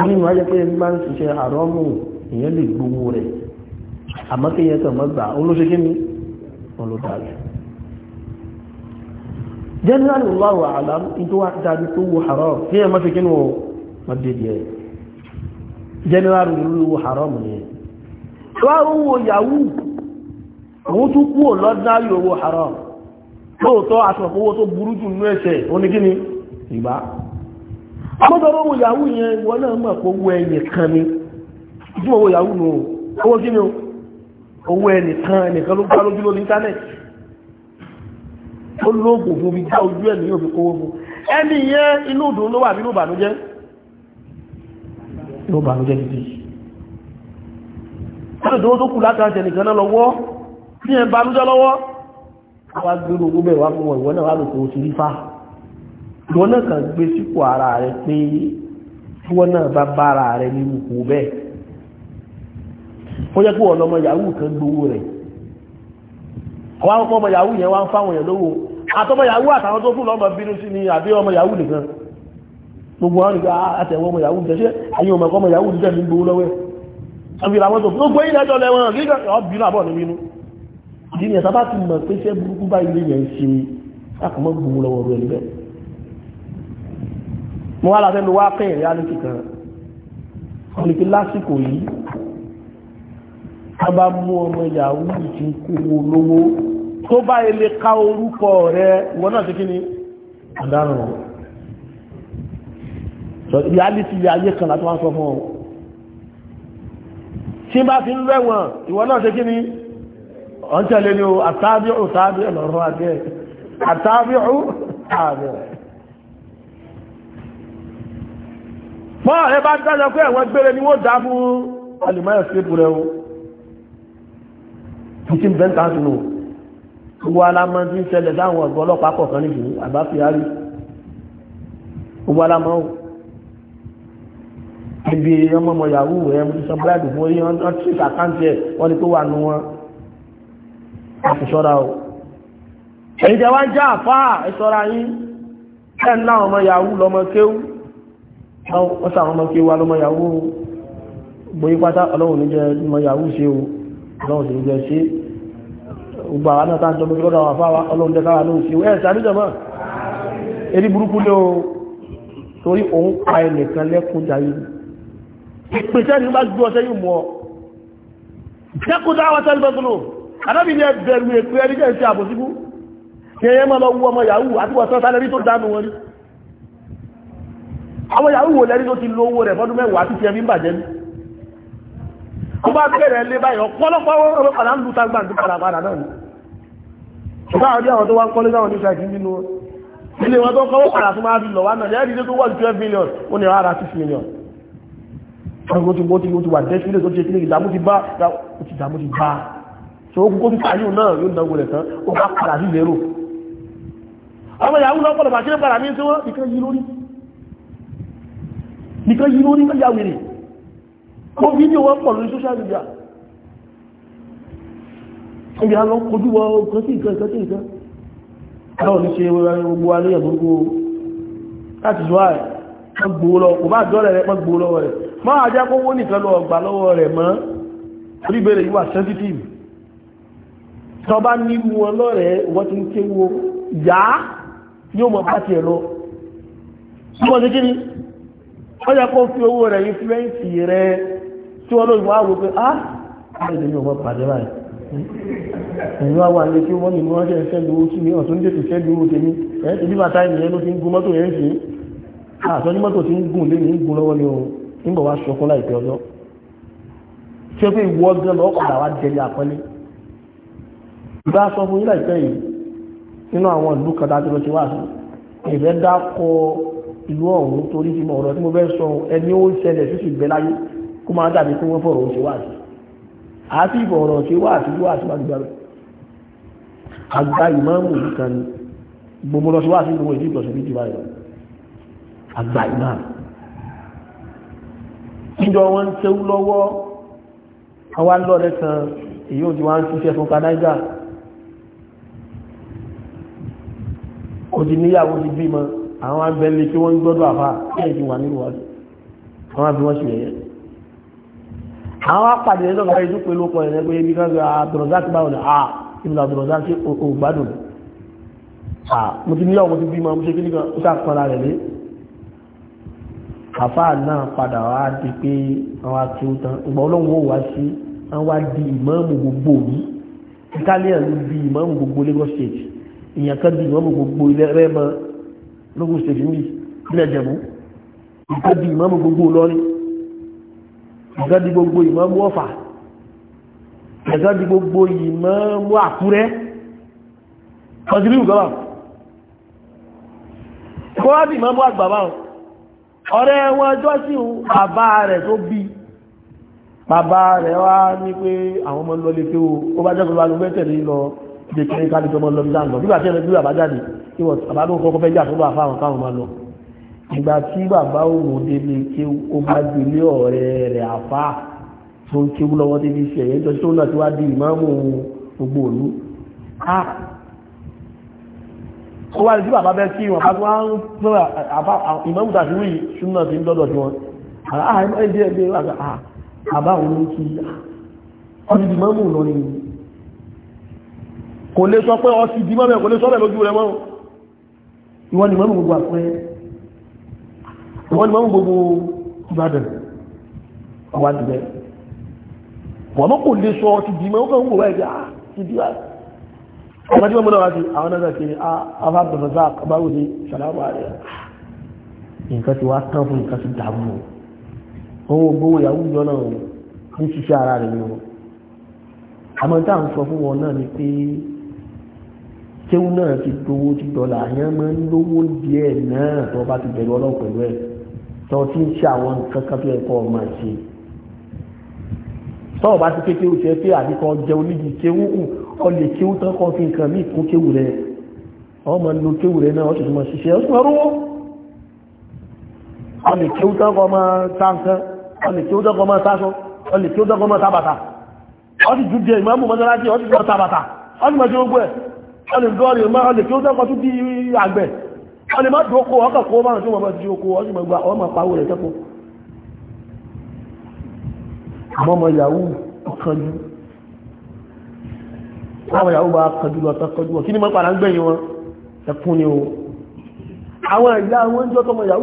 ó ní wáyé pé máa ń ṣiṣẹ́ àrọ́mù ìyẹn lè gbowó rẹ̀ àmọ́ olóṣe kí ni wọ́n a'lam tó wá dájú haram kí yẹn má fi kí ni haram nìyẹn. wá owó yahoo òun tún haram lóòótọ́ àtọ̀kówó tó burú jù ní ẹ̀ṣẹ̀ onígíní ìgbà ọmọdọ̀rọ̀ owó yahoo yẹn ìwọ náà mọ̀ pé owó ẹ̀yìn kan ni ìjúmọ̀ owó yahoo nù owó kí ni o owó ẹnìkan ẹnìkan ló gbá lójú lórí íńtánẹ̀tì ó lóògùn fún mi já ojú ẹ̀ nìyàn fi kówó fún ẹni yẹn inú ìdùn ló wà nínú ìbànújẹ́ wá gbérò owó bẹ́ẹ̀ wá fún wọn ìwọ náà wá lò kó o ti rí fá ìwọ náà kàn gbé sípò ara rẹ pé tí wọ́n náà bá bá ara rẹ nínú kò bẹ́ẹ̀ ó jẹ́ pé ọ̀nà ọmọ yahoo kan gbowó rẹ̀ àwọn ọmọ ọmọ yahoo yẹn wá ń fáwọn èèyàn lówó àtọmọ yahoo àtàwọn tó fún lọ́mọ bínú sí ni àbí ọmọ yahoo nìkan gbogbo àwọn nìkan ah, àtẹ̀wọ́ ọmọ yahoo jẹ́ ṣé ẹ̀yin ọmọ ọmọ yahoo jẹ́ mi gbowó lọ́wọ́ ẹ̀ ìdí ni ẹ̀sábà ti mọ̀ pé iṣẹ́ burúkú bá ilé yẹn ṣe lákòmọ́ gbogbo lọ́wọ́ rẹ̀ níbẹ̀ mo wá láti ẹnu wá pẹ́ reality kan wọ́n ní pé lásìkò yìí a bá mú ọmọ yahoo ti kó owó lówó tó bá ilé ka orúkọ rẹ̀ ìwọ náà ti kí ni àdáràn reality yẹ ayé kan láti wá sọ fún ọ tí n bá fi ń lẹ́wọ̀n ìwọ náà ti kí ni ọ̀n tẹ̀lé ní o àtàbíọ̀ tàbíọ̀ lọ́rọ̀ àbẹ́ àtàbíọ̀ tàbíọ̀ pọ́ ẹ bá dájọ pé ẹ̀wọ̀n gbére ni wọ́n dá fún alìmọ́yà sípò rẹ̀ o títí bẹ́ńtà sí o gbogbo alamọ́ ti ń ṣẹlẹ̀ láwọn ọ̀gbọ́n ọlọ́pàá kọ̀ọ̀kan nìyí àbáfíárì gbogbo alamọ́ o ibi ọmọ ọmọ yahoo ẹ̀ mo orí wọn tí ìsàkáǹtì ẹ̀ wọ́n ni tó wà nù wọn láti ṣọ́ra o ẹ̀yin tẹ́ wá ń já àfáà ẹ ṣọ́ra yín ẹ̀ ń láwọn ọmọ yahoo lọmọ kéwú wọ́n sàwọn ọmọ kéwú wa lọmọ yahoo gbóyí pátá ọlọ́run ní jẹ́ lọmọ yahoo ṣe o ọlọ́run sì ń jẹ ṣe gbogbo àwọn náà táà ń jọmọ lọ́dọ̀ àwọn afáwa ọlọ́run jẹ́ káwa ló ń ṣe ìpèsè ni bá gbé ọṣẹ yìí mú ọ kẹ́kùn dáwọ́ tẹ́lifẹ̀kùn anábì ní ẹbẹ̀rù ètò ẹni jẹ́ ìṣẹ́ àbòsíkú kí ẹyẹ mọ́ lọ wú ọmọ yahoo àti wọ̀tán sálẹ́rí tó dánú wọn àwọn yahoo wò lẹ́rí tó ti lo owó rẹ̀ fọ́dún mẹ́wàá àti tiẹ̀ fi ń bàjẹ́ ní kó bá bẹ̀rẹ̀ lé báyọ̀ pọ́lọ́pọ́ ọlọ́pàá ń lu tágbà ń dúpàdà padà náà ni ṣùgbọ́n àwọn àwọn tó wá ń kọ́lé náà ní ṣàkí nínú ilé wọn tó kọ́wọ́ padà fún máa fi lọ wá náà lẹ́rí tó wọ́n 12 million ó ní ara 6 million ọgbọ́n ti wà dẹ́sílẹ̀ tó ti ṣe kí ní ìdàmú ti bá so gbogbo títà yóò náà yóò dánwò rẹ̀ tán ó bá padà sí lérò ọmọ ìyàwó náà pọ̀lọ̀ bàṣẹ́ padà ní tí wọ́n nìkan yí lórí nìkan yí lórí lọ́jà wèrè ó fídíò wọ́n pọ̀ lórí social media ibi a lọ kojú wọ nǹkan sí nǹkan sí nǹkan ẹ̀rọ ní ṣe gbogbo alẹ́ ẹ̀gbogbo láti ṣọ́ ààrẹ wọ́n gbòó lọ kò bá jọ́rẹ̀ rẹ̀ wọ́n gbòó lọ́wọ́ rẹ̀ máa jẹ́ kó wó nìkan lọ ọgbà lọ́wọ́ rẹ̀ mọ́ sensitive tó bá nílù wọn lọ́rẹ̀ẹ́ wọ́n ti ń ké wo yá yóò mọ̀ bá tiẹ̀ lọ wọ́n ti kí ni wọ́n yẹ kó fi owó rẹ̀ influence rẹ̀ tí wọ́n lóyún wá wò pé ah báyìí lè ní ọmọ pàdé báyìí ẹ̀yìn wá wà ní kí wọ́n nínú ọjọ́ ìfẹ́ lówó sí ní ọ̀tún dé ti fẹ́ lówó tèmi ẹ̀ ti bí bàtà ìyẹn ló ti ń gun mọ́tò yẹn sí àtọ́ ah, ní mọ́tò ti ń gùn lé ní gun lọ́wọ́ ni òun nígbà wá sọkún bá sọ fún ilẹ̀ ìpẹ́ yìí nínú àwọn ìlú kan dájú lọ sí wá sí ìfẹ́ dákọ ìlú ọ̀hún torí ti mọ̀ ọ̀rọ̀ tí mo fẹ́ sọ ẹni ó ṣẹlẹ̀ sí ìgbẹ́ láyé kó máa dàbí pé wọ́n fọ̀rọ̀ sí wá sí àti ìbọ̀ ọ̀rọ̀ sí wá sí wá sí wájú gbàgbé àgbà ìmáàmù yìí kan ní gbogbo lọ sí wá sí gbogbo ìdí ìtọ̀sí bí ti wáyé àgbà ìmáàmù níjọ wọn ń tẹ́wú lọ́wọ́ àwa lọ́rẹ́ kan èyí ò ti wá ń ṣiṣẹ́ fún kanáíjà ó ti níyàwó ti bímọ àwọn abẹ́lé tí wọ́n ń gbọ́dọ̀ àfà ẹ̀ ti wà nínú wájú àwọn àbí wọ́n sì yẹ̀yẹ́ àwọn apàdé ẹ̀ lọ́gbà ìdú pẹ̀lú ọkọ̀ ẹ̀rẹ́ pé ibi kan gba àbùrọ̀záàkì báwo ni à ìbùdó àbùrọ̀záàkì ògbádùn à mo ti níyàwó mo ti bímọ mo ṣe kí nìkan ó sàkọ́ra rẹ̀ lé àfáà náà padà wá di pé àwọn akéwù tán ìgbà ọlọ́run ó wá sí àwọn wá di gbogbo yìí èèyàn kan di ìmọ̀mù gbogbo ilẹ̀ rẹ́mọ lógún stéjì ní ilẹ̀ jẹ̀bú ìkan di ìmọ̀mù gbogbo lọ́rin ìkan di gbogbo ìmọ̀mù ọ̀fà ìkan di gbogbo ìmọ̀mù àkúrẹ́ kọ̀dírí ìgbọ́bà kọ́wádìí ìmọ̀mù àgbàbà ọ̀rẹ́ wọn ọjọ́ sí bàbá rẹ̀ tó bí bàbá rẹ̀ wá ní pé àwọn ọmọ lọlé pé ó bá jẹ́ lè kéré ká lójọ́ mọ́ lọ bí dáńgọ́ nígbà tí ẹni bí bàbá jáde ìwọ̀n bàbá ló kọ́kọ́ fẹ́ jà tó bá fáwọn káwọn máa lọ ìgbà tí bàbá òun délé kí ó bá délé ọ̀rẹ́ rẹ̀ àfá tó ń kéwú lọ́wọ́ débi ṣe ẹ̀yẹ́ jọ tó náà ti wá di ìmáàmù gbogbo òlu ó wá lè tí bàbá bẹ́ kí wọn bá tó ń pẹ́ ìmáàmù tàbí wí ṣúná ti ń dọ́dọ̀ tí wọn àbáwọn ló kí ọdún ìmáàmù lọ ni kò lè sọ pé ọtí di mọ́bẹ̀ kò lè sọ́bẹ̀ lójú rẹ mọ́ ìwọ́n ni mọ́mù gbogbo àpẹ́ ìwọ́n ni mọ́mù gbogbo ìbàdàn ọwà dìbẹ̀ wọ́n mọ́ kò lè sọ ọtí di mọ́ ọkọ̀ ògbò wáyé ah ti di wáyé ọmọ tí wọ́n múlọ wá sí àwọn náà ṣe ah, ni afa bẹ̀rẹ̀ sáà kábàrò ní ṣàlámà rẹ̀ nǹkan ti wá tán fún nǹkan ti dààmú òun ò gbowó ìyàwó ìjọ náà ń ṣiṣẹ́ ara rẹ̀ ni wọn àmọ́ táà ń sọ fún wọn náà ni pé kéwù náà ti dowó ti dọ́là àyàn máa ń lówó díẹ̀ náà tó bá ti bẹ̀rù ọlọ́run pẹ̀lú ẹ̀ tó ti ń ṣe àwọn nǹkan kan tó yẹ kó máa ṣe tó o bá ti ké kéwù tiẹ̀ pé àdìkọ́ jẹun níbi kéwù kù ọ lè kéwù tán kọ́ fi nǹkan míì kún kéwù rẹ̀ ọmọ lo kéwù rẹ̀ náà ó sì tún máa ṣiṣẹ́ ó sì máa rówó ọ lè kéwù tán kọ́ máa ta nǹkan ọ lè kéwù tán kọ́ máa wọ́n máa lè kí ó dẹ́kọ̀ tó bí àgbẹ̀ wọ́n lè má dókó ọkàkó márùn tí wọ́n bá ti okó ọdún mọ̀gbà wọ́n máa pàwọ́ rẹ̀ tẹ́kọ́ àmọ́mọ̀ yahoo kanjú àwọn o àwọn ìyá wọn jọ tọmọ náà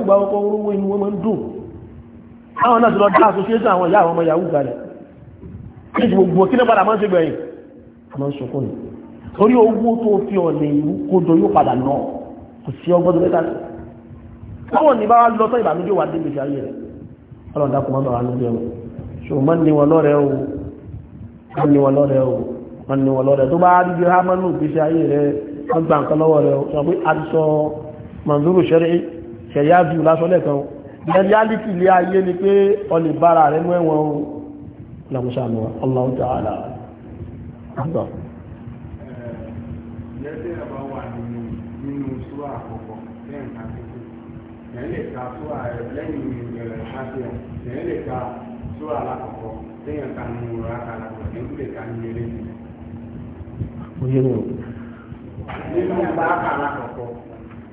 ti lọ dá association àwọn ìyá àwọn ọmọ yahoo kalẹ̀ kí gbogbo kí ni padà máa ń gbẹ̀yìn àmọ́ ń sunkún ni torí owó tó fi ọ̀lẹ̀ ìlú kodo yóò padà nà kò sí ọgbọ́n tó lẹ́tà sí káwọn ní bá wá lọ sọ ìbànújẹ́ wà débi sí ayé rẹ̀ ọlọ́run dákun mọ́ bàbá lójú ẹ̀wọ̀n ṣùgbọ́n ní wọn lọ́rẹ̀ o wọ́n ní wọn lọ́rẹ̀ o wọ́n ní wọn lọ́rẹ̀ tó bá rí bí hámánù ìgbésí ayé rẹ̀ wọ́n gba nǹkan lọ́wọ́ rẹ̀ o sọ pé a ti sọ mọ̀nzúrù ṣẹ́rí ṣẹ̀rí ájú lásán lẹ́kan o reality ilé ayé ni pé ọlè bára rẹ̀ mú ẹ̀wọ̀n o làmúṣàmù ìjẹ́sẹ̀ ọba wà nínú nínú àkọ́kọ́ lẹ́yìn kásìkò ka súwà lẹ́yìn ìrẹ̀lẹ̀ lẹ́yìn ka súwà lẹ́yìn ka nínú ọ̀rọ̀ lẹ́yìn ka nínú eré yìí. oye lẹ́yìn ka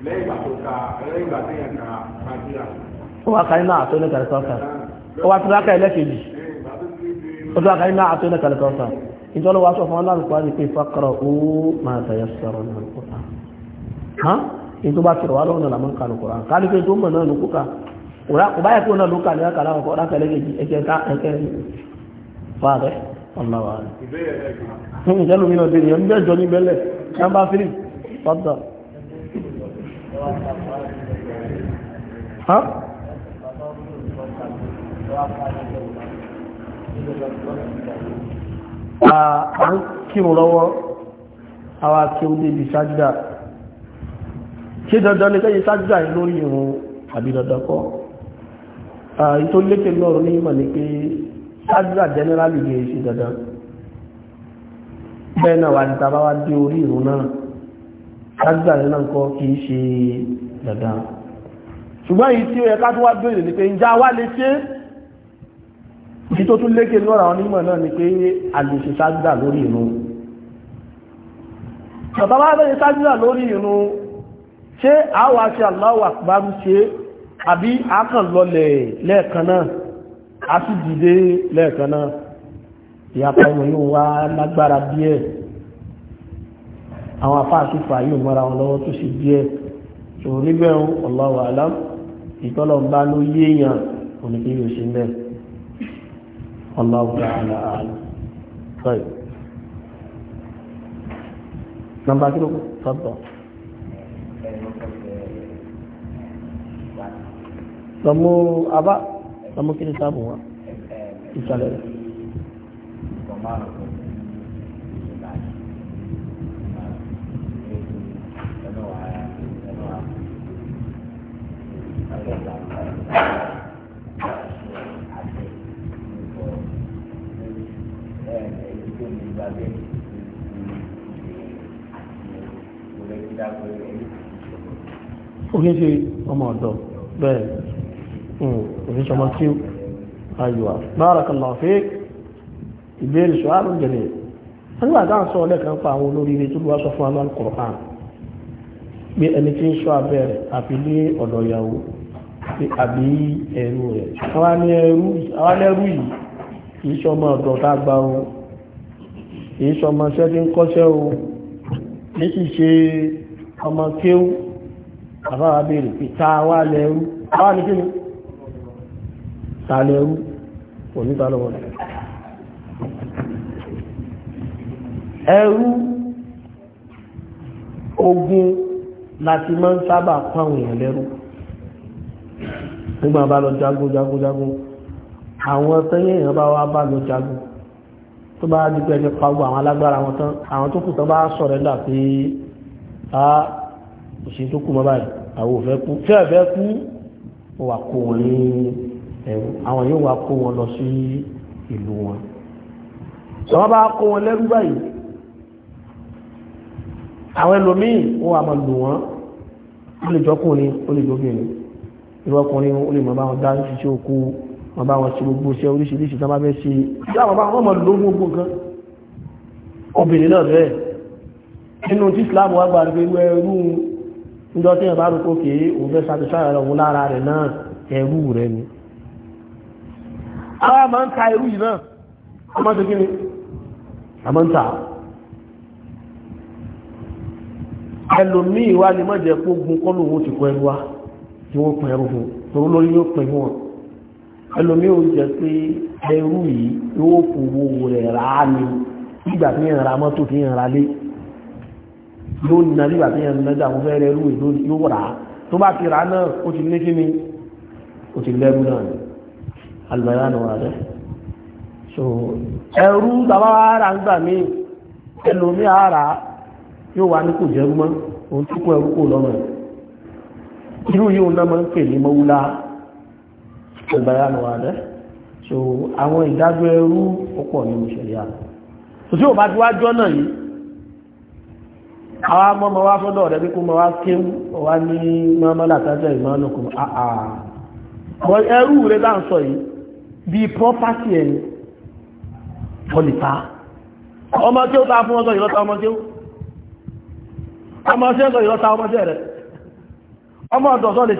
lẹ́yìn ìgbà tó yẹn ka kásìkò. ó wà ìjọlọ wa sọ fún aláàrùkọ́ ní pé fàkàrà owó máa tẹ̀yẹ sọ̀rọ̀ ní ọ̀pọ̀ta hàn ní tó bá tẹ̀rọ wá lọ́wọ́ nàlàmọ́ nǹkan lùkọ́ rán káàdì pé tó mọ̀ náà lùkú ká kò báyẹ̀ kó náà lùkà ní àkàrà ọkọ̀ rákẹ̀lẹ́ kejì a ń kírun lọ́wọ́ àwọn akíun débi sájúdà ṣe dandan ní kẹ́yìn sájúdà yìí lórí ìrun àbí dandan kọ́ ìtò lékè lọ́rùn ní ìmọ̀ ní pé sájúdà jẹ́nẹ́rálì ní ṣe dandan bẹ́ẹ̀ náà wà ní tàbá wá dé orí ìrun náà sájúdà yìí náà kọ́ kìí ṣe dandan ṣùgbọ́n èyí tí ó ní pé ǹjẹ́ wá lè ṣe ní tó tún lékè lọ́ra àwọn onímọ̀ náà ni pé àlèṣe sájúdà lórí ìrun bàbá bá bẹ́ẹ̀ sájúdà lórí ìrun ṣé àwọn àti Allahu Akbar ṣe àbí àkàn lọlẹ̀ lẹ́ẹ̀kan náà a sì dìde lẹ́ẹ̀kan náà ìyapa ìwọ̀n yóò wá lágbára díẹ̀ àwọn afáàsùfà yóò mọ́ra wọn lọ́wọ́ tó sì díẹ̀ ṣòro níbẹ̀ Allahu alam ìtọ́lọ̀ ń bá ló yéèyàn òní kí yóò ṣe bẹ́ẹ̀ الله تعالى أعلم طيب نمبر كده تفضل Kamu apa? Kamu kini sabu ha? Inshallah. Thank you. ìgbàgbé ó kí ń ṣe ọmọ ọ̀dọ́ bẹ́ẹ̀ hmm, òfin ṣọmọ tí ó ayọ̀wà bárakàlá fi ìbéèrè ṣọ́árùn jẹ̀lẹ̀ nígbà tá à ń sọ lẹ́ẹ̀kan pa àwọn olóríire tó lọ́wọ́ sọ fún aláàlú kọ̀ọ̀kan pé ẹni tí ń ṣọ́ abẹ́rẹ́ àfi ní ọ̀dọ̀ ìyàwó àbí ẹrú rẹ̀ àwọn ẹrú yìí kì í ṣọmọ ọ̀dọ́ tá a gba ohun kìí ṣọmọṣẹ́ tí ń kọ́ṣẹ́ o ní sì ṣe ọmọ kéwú àbáwá béèrè pé ta wá lẹ́rú àwa ní kíni ta lẹ́rú kò ní ta lọ́wọ́ rẹ̀ ẹrú ogun láti máa ń sábà kọ́ àwọn èèyàn lẹ́rú nígbà bá lọ jagun jagun jagun àwọn tẹ́yìn èèyàn bá wá bá lọ jagun tó bá di pẹ́ẹ́ni pa gbogbo àwọn alágbára wọn tán àwọn tó kù tán bá sọ̀rẹ́ndà pé a òṣì tó kù mọ́ báyìí àwọn ò fẹ́ kú tí ẹ̀ fẹ́ kú ó wà kó wọn ní ẹ̀rù àwọn yóò wà kó wọn lọ sí ìlú wọn sọ́wọ́n bá kó wọn lẹ́rú báyìí àwọn ẹlòmíì ó wà máa lù wọ́n ó lè jọkùnrin ó lè jọbìnrin irú ó lè mọ̀ bá wọn dá ṣiṣẹ́ òkú wọ́n bá wọn ṣe gbogbo iṣẹ́ oríṣiríṣi tán bá fẹ́ ṣe láwọn bá wọ́n mọ̀ ló gbogbo nǹkan obìnrin náà bẹ́ẹ̀ nínú tí Islam wà gbà pé ẹrú níjọ́ tí ẹ̀bá rúkọ kì òun fẹ́ satisfy rẹ̀ lára rẹ̀ náà ẹrú rẹ̀ ni àwọn àmọ́ ń ta ẹrú yìí náà àmọ́ tó kí ni àmọ́ ń ta ẹlòmíì wá ní mọ́jẹ̀ kó gun kọ́lù òun ti kọ ẹrú wa tí wọ́n pẹ̀ fún torí lórí yóò pẹ̀ wọn ẹlòmí ò jẹ́ pé ẹrú yìí yóò fòwò rẹ̀ rà á ni nígbà tí yẹn ra mọ́tò tí yẹn ra lé yóò nà nígbà tí yẹn mẹ́ta àwọn fẹ́rẹ̀ ẹrú yìí yóò rà á tó bá ti rà á náà ó ti ní kíni ó ti lẹ́rú náà ni alùpàdé náà wà rẹ̀ so ẹrú bàbá wa rà ń gbà mí ẹlòmí àrà yóò wá ní kò jẹ́rú mọ́ òun tún kó ẹrú kò lọ́mọ irú yìí ó náà máa ń pè ní mọ́wúlá البيان واضح so àwọn ìdájọ́ ẹrú ọ̀pọ̀ nínú ìṣẹ̀lẹ̀ àná so tí ó bá ti wá jọ́ náà yìí àwọn ọmọ ọmọ wá fọ́dọ̀ ọ̀rẹ́ bí kó mọ wá kéwú ọwá ní mọ́mọ́lá tájọ́ ìmọ̀ọ́nà kò àà ẹrú rẹ̀ bá ń sọ yìí bí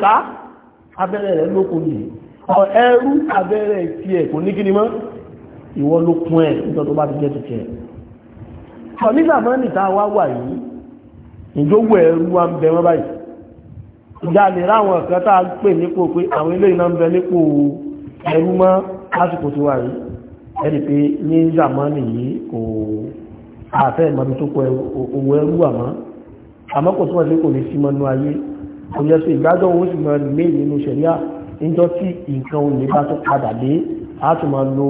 ta fún rẹ̀ lókun yìí ọ ẹrú abẹ́rẹ́ ti ẹ̀ kò ní kí ni mọ́ ìwọ ló kún ẹ̀ nígbà tó bá ti jẹ́ tuntun ẹ̀ ọ nígbà mọ́ nìta wá wà yìí ìjówó ẹrú wa ń bẹ wọ́n báyìí ìjà lè ráwọn ọ̀kan tá a pè nípò pé àwọn ilé iná ń bẹ nípò ẹrú mọ́ lásìkò tó wà yìí ẹni pé ní zamani yìí kò àfẹ́ ìmọ̀bí tó kọ owó ẹrú àmọ́ àmọ́ kò túnmọ̀ sí kò ní símọ́nú ayé kò yẹ níjọ́ tí nǹkan olè bá tó padà dé a tún máa lo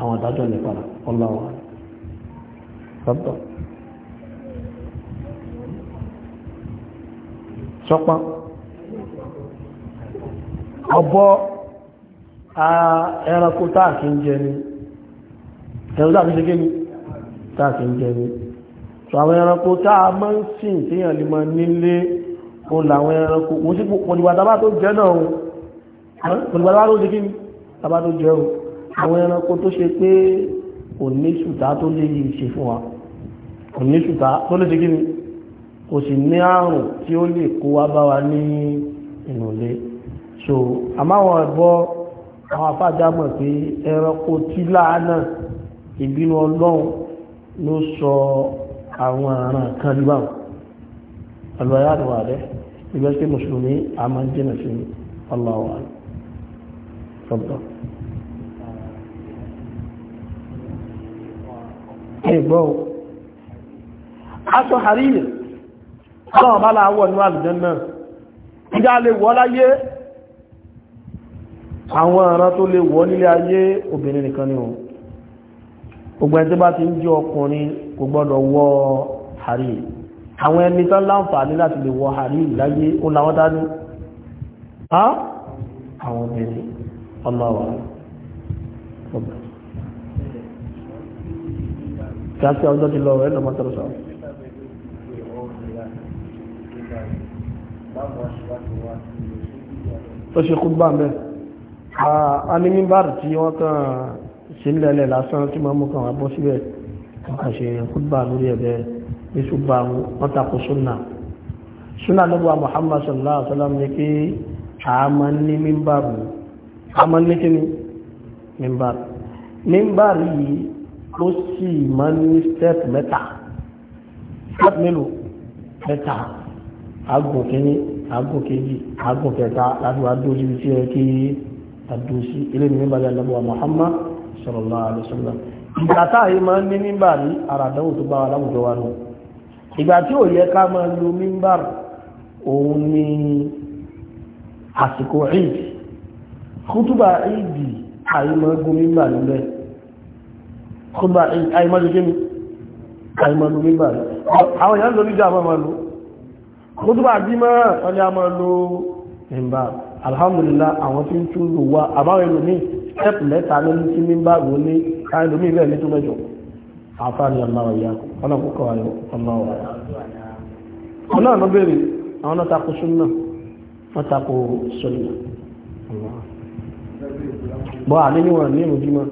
àwọn àdájọ́ yẹn padà ọlọ́wọ́ sọ́tọ̀ sọ́pọ́n ẹranko táàkì ń jẹ ni ẹ̀rọ tàbí ṣe kéni táàkì ń jẹ ni so àwọn ẹranko táà mọ́ ń sìn tíyàn lè mọ́ nílé òun làwọn ẹranko wọ́n sí pòpò nígbàtàbà tó jẹ́ náà gbogbo aláwọ̀ ló kí ni bàbá tó jẹ́ o àwọn ẹranko tó ṣe pé òní ṣùtá tó lè yìí ṣe fún wa òní ṣùtá tó lè ṣe kí ni kò sì ní àrùn tí ó lè kó wá bá wa ní ìnùlé so àmáwọn ẹ̀bọ àwọn afáàjá mọ̀ pé ẹranko tí láàánà ìbínú ọlọ́run ló sọ àwọn àràn kan nígbà ọlọ́yà àdúrà rẹ̀ ìgbésẹ̀ mùsùlùmí àmọ́ jìnnà sí ọlọ́wọ́ àná tọ́lọ́. ẹgbọ́ o aṣọ àríyìn ọlọ́wọ́ bá láwọ̀ ní àlùjẹ́ náà ìdá lè wọ́ láyé àwọn ọ̀ràn tó lè wọ́ nílé ayé obìnrin nìkan ni ohun ogun ẹjẹ́ bá ti ń jẹ́ ọkùnrin kò gbọ́dọ̀ wọ́ àríyìn àwọn ẹni tán láǹfààní láti lè wọ́ àríyìn láyé ó láwọ́ dání àwọn obìnrin الله أعلم تفضل كافي أوضاع الله وين لما ترسل tó ṣe kúgbà mẹ́ a ní mímbàrì tí wọ́n kàn sílẹ̀lẹ̀ lásán tí ma mú kàn wá bọ́ síbẹ̀ àṣẹ kúgbà lórí ẹ̀bẹ̀ ní ṣùgbà wọ́n tako súnà súnà lọ́gbà Muhammad sallallahu alaihi wasallam ní kí a máa àmọ́ ní kí ni mímbàr mímbàr yìí ló sì máa ní step mẹ́ta step mélòó mẹ́ta àgùn kìíní àgùn kejì àgùn kẹta láti wá dójú sí ẹ kí àdúsí ilé ní mímbàr yà lọ́wọ́ Muhammad sallallahu alaihi wasallam ìgbà táàrí máa ń ní mímbàr ní àràdánwò tó bá wa láwùjọ wa nù ìgbà tí ò yẹ ká máa lo mímbàr òun ni àsìkò ìdí kútùbà ìdì àìmọ́gún mímbà nílẹ̀ kútùbà àìmọ́gún àìmọ́gún mímbà àwọn èèyàn lórí jà máa lò kútùbà bí mọ́ ọlẹ́ a máa lò mímbà alhamdulillah àwọn tí ń tún lò wá àbáwọn ẹlòmí step lẹ́ta ló ní sí mímbà rò ní ẹlòmí rẹ̀ ní tó mẹ́jọ àfáàní ọlọ́wọ̀ ìyá ọlọ́kùnkọ̀ ọlọ́wọ̀ ọlọ́run bèèrè àwọn ọlọ́takùn súnmọ̀ ọlọ́takùn súnmọ̀ bọ́ àníníwọ̀n ní ìmójúmọ́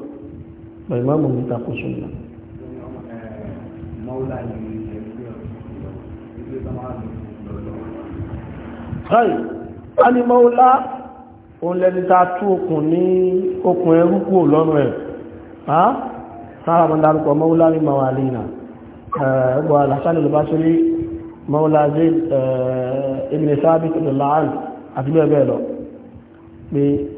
pẹ̀lú mọ́mù ní takoso náà ṣáyì a ní mọ́ọ́lá òun lẹ́ni ta tú okùn ní okùn ẹrú kúrò lọ́rùn ẹ̀ ha sára mọ́ dárúkọ mọ́ọ́lá ní mawalina ẹgbọ́ alásánì ló bá sórí mọ́ọ́lá Zaid àti bẹ́ẹ̀ bẹ́ẹ̀ lọ pé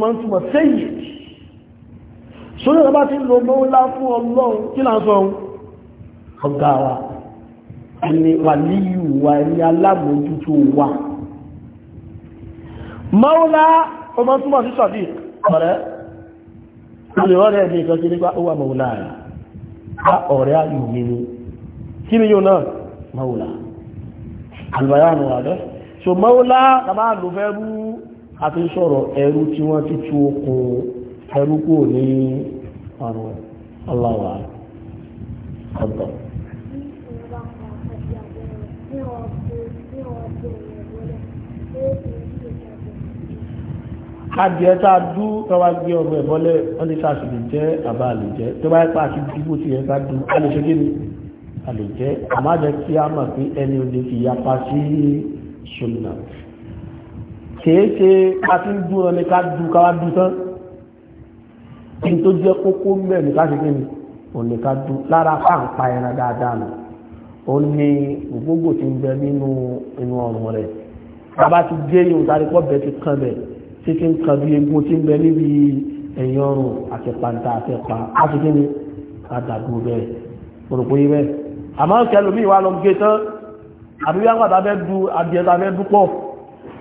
máa ń sẹ́yìn sórí ọba tí ń lo mọ́lá fún ọlọ́run kí là sọ ọ̀gá wa ẹni wàlíyù wa ẹni alámòójútó wa mọ́lá ọmọ túmọ̀ sí sọ̀dí ọ̀rẹ́ olùrọ̀rẹ́ ẹ̀dẹ́ ìkan sí nípa ó wà mọ́lá rẹ̀ a ọ̀rẹ́ ayùmí kí ni yóò náà mọ́lá alùbáyà nù wà lẹ́ a fi ń sọ̀rọ̀ ẹrú tí wọ́n ti tú okùn ẹrú ní ọ̀rọ̀ ọlọ́wà ọ̀tọ̀. adìẹ tá a dú tọ́wá gbé ọmọ ẹ̀bọ́lẹ̀ wọ́n lè sáà sì lè jẹ́ àbá lè jẹ́ tó bá pa àti dìbò tí ẹ̀ka dú a lè ṣe kí ni a lè jẹ́ àmájẹ́ kí a mọ̀ pé ẹni olè fi yapa sí ṣùgbọ́n kìí ṣe ká ti ń dúró ní ká du ká wá du tán kí n tó jẹ́ kókó mẹ́rin ní ká ṣe kíni òun ní ká du lára pàǹpá ẹran dáadáa nù ó ní gbogbo tí ń bẹ nínú inú ọrùn rẹ̀ bàbá ti gé ihun tàbí pọ̀ bẹ́ẹ̀ ti kàn bẹ̀ tí ti ń kàn bí egun tí ń bẹ níbi ẹ̀yìn ọrùn àti pàǹtà àti ẹ̀pà á ṣe kíni ká dàgbò bẹ́ẹ̀ òròpó yí bẹ́ẹ̀ àmọ́ kẹlòmíì wà lọ gé tán àbí wíwá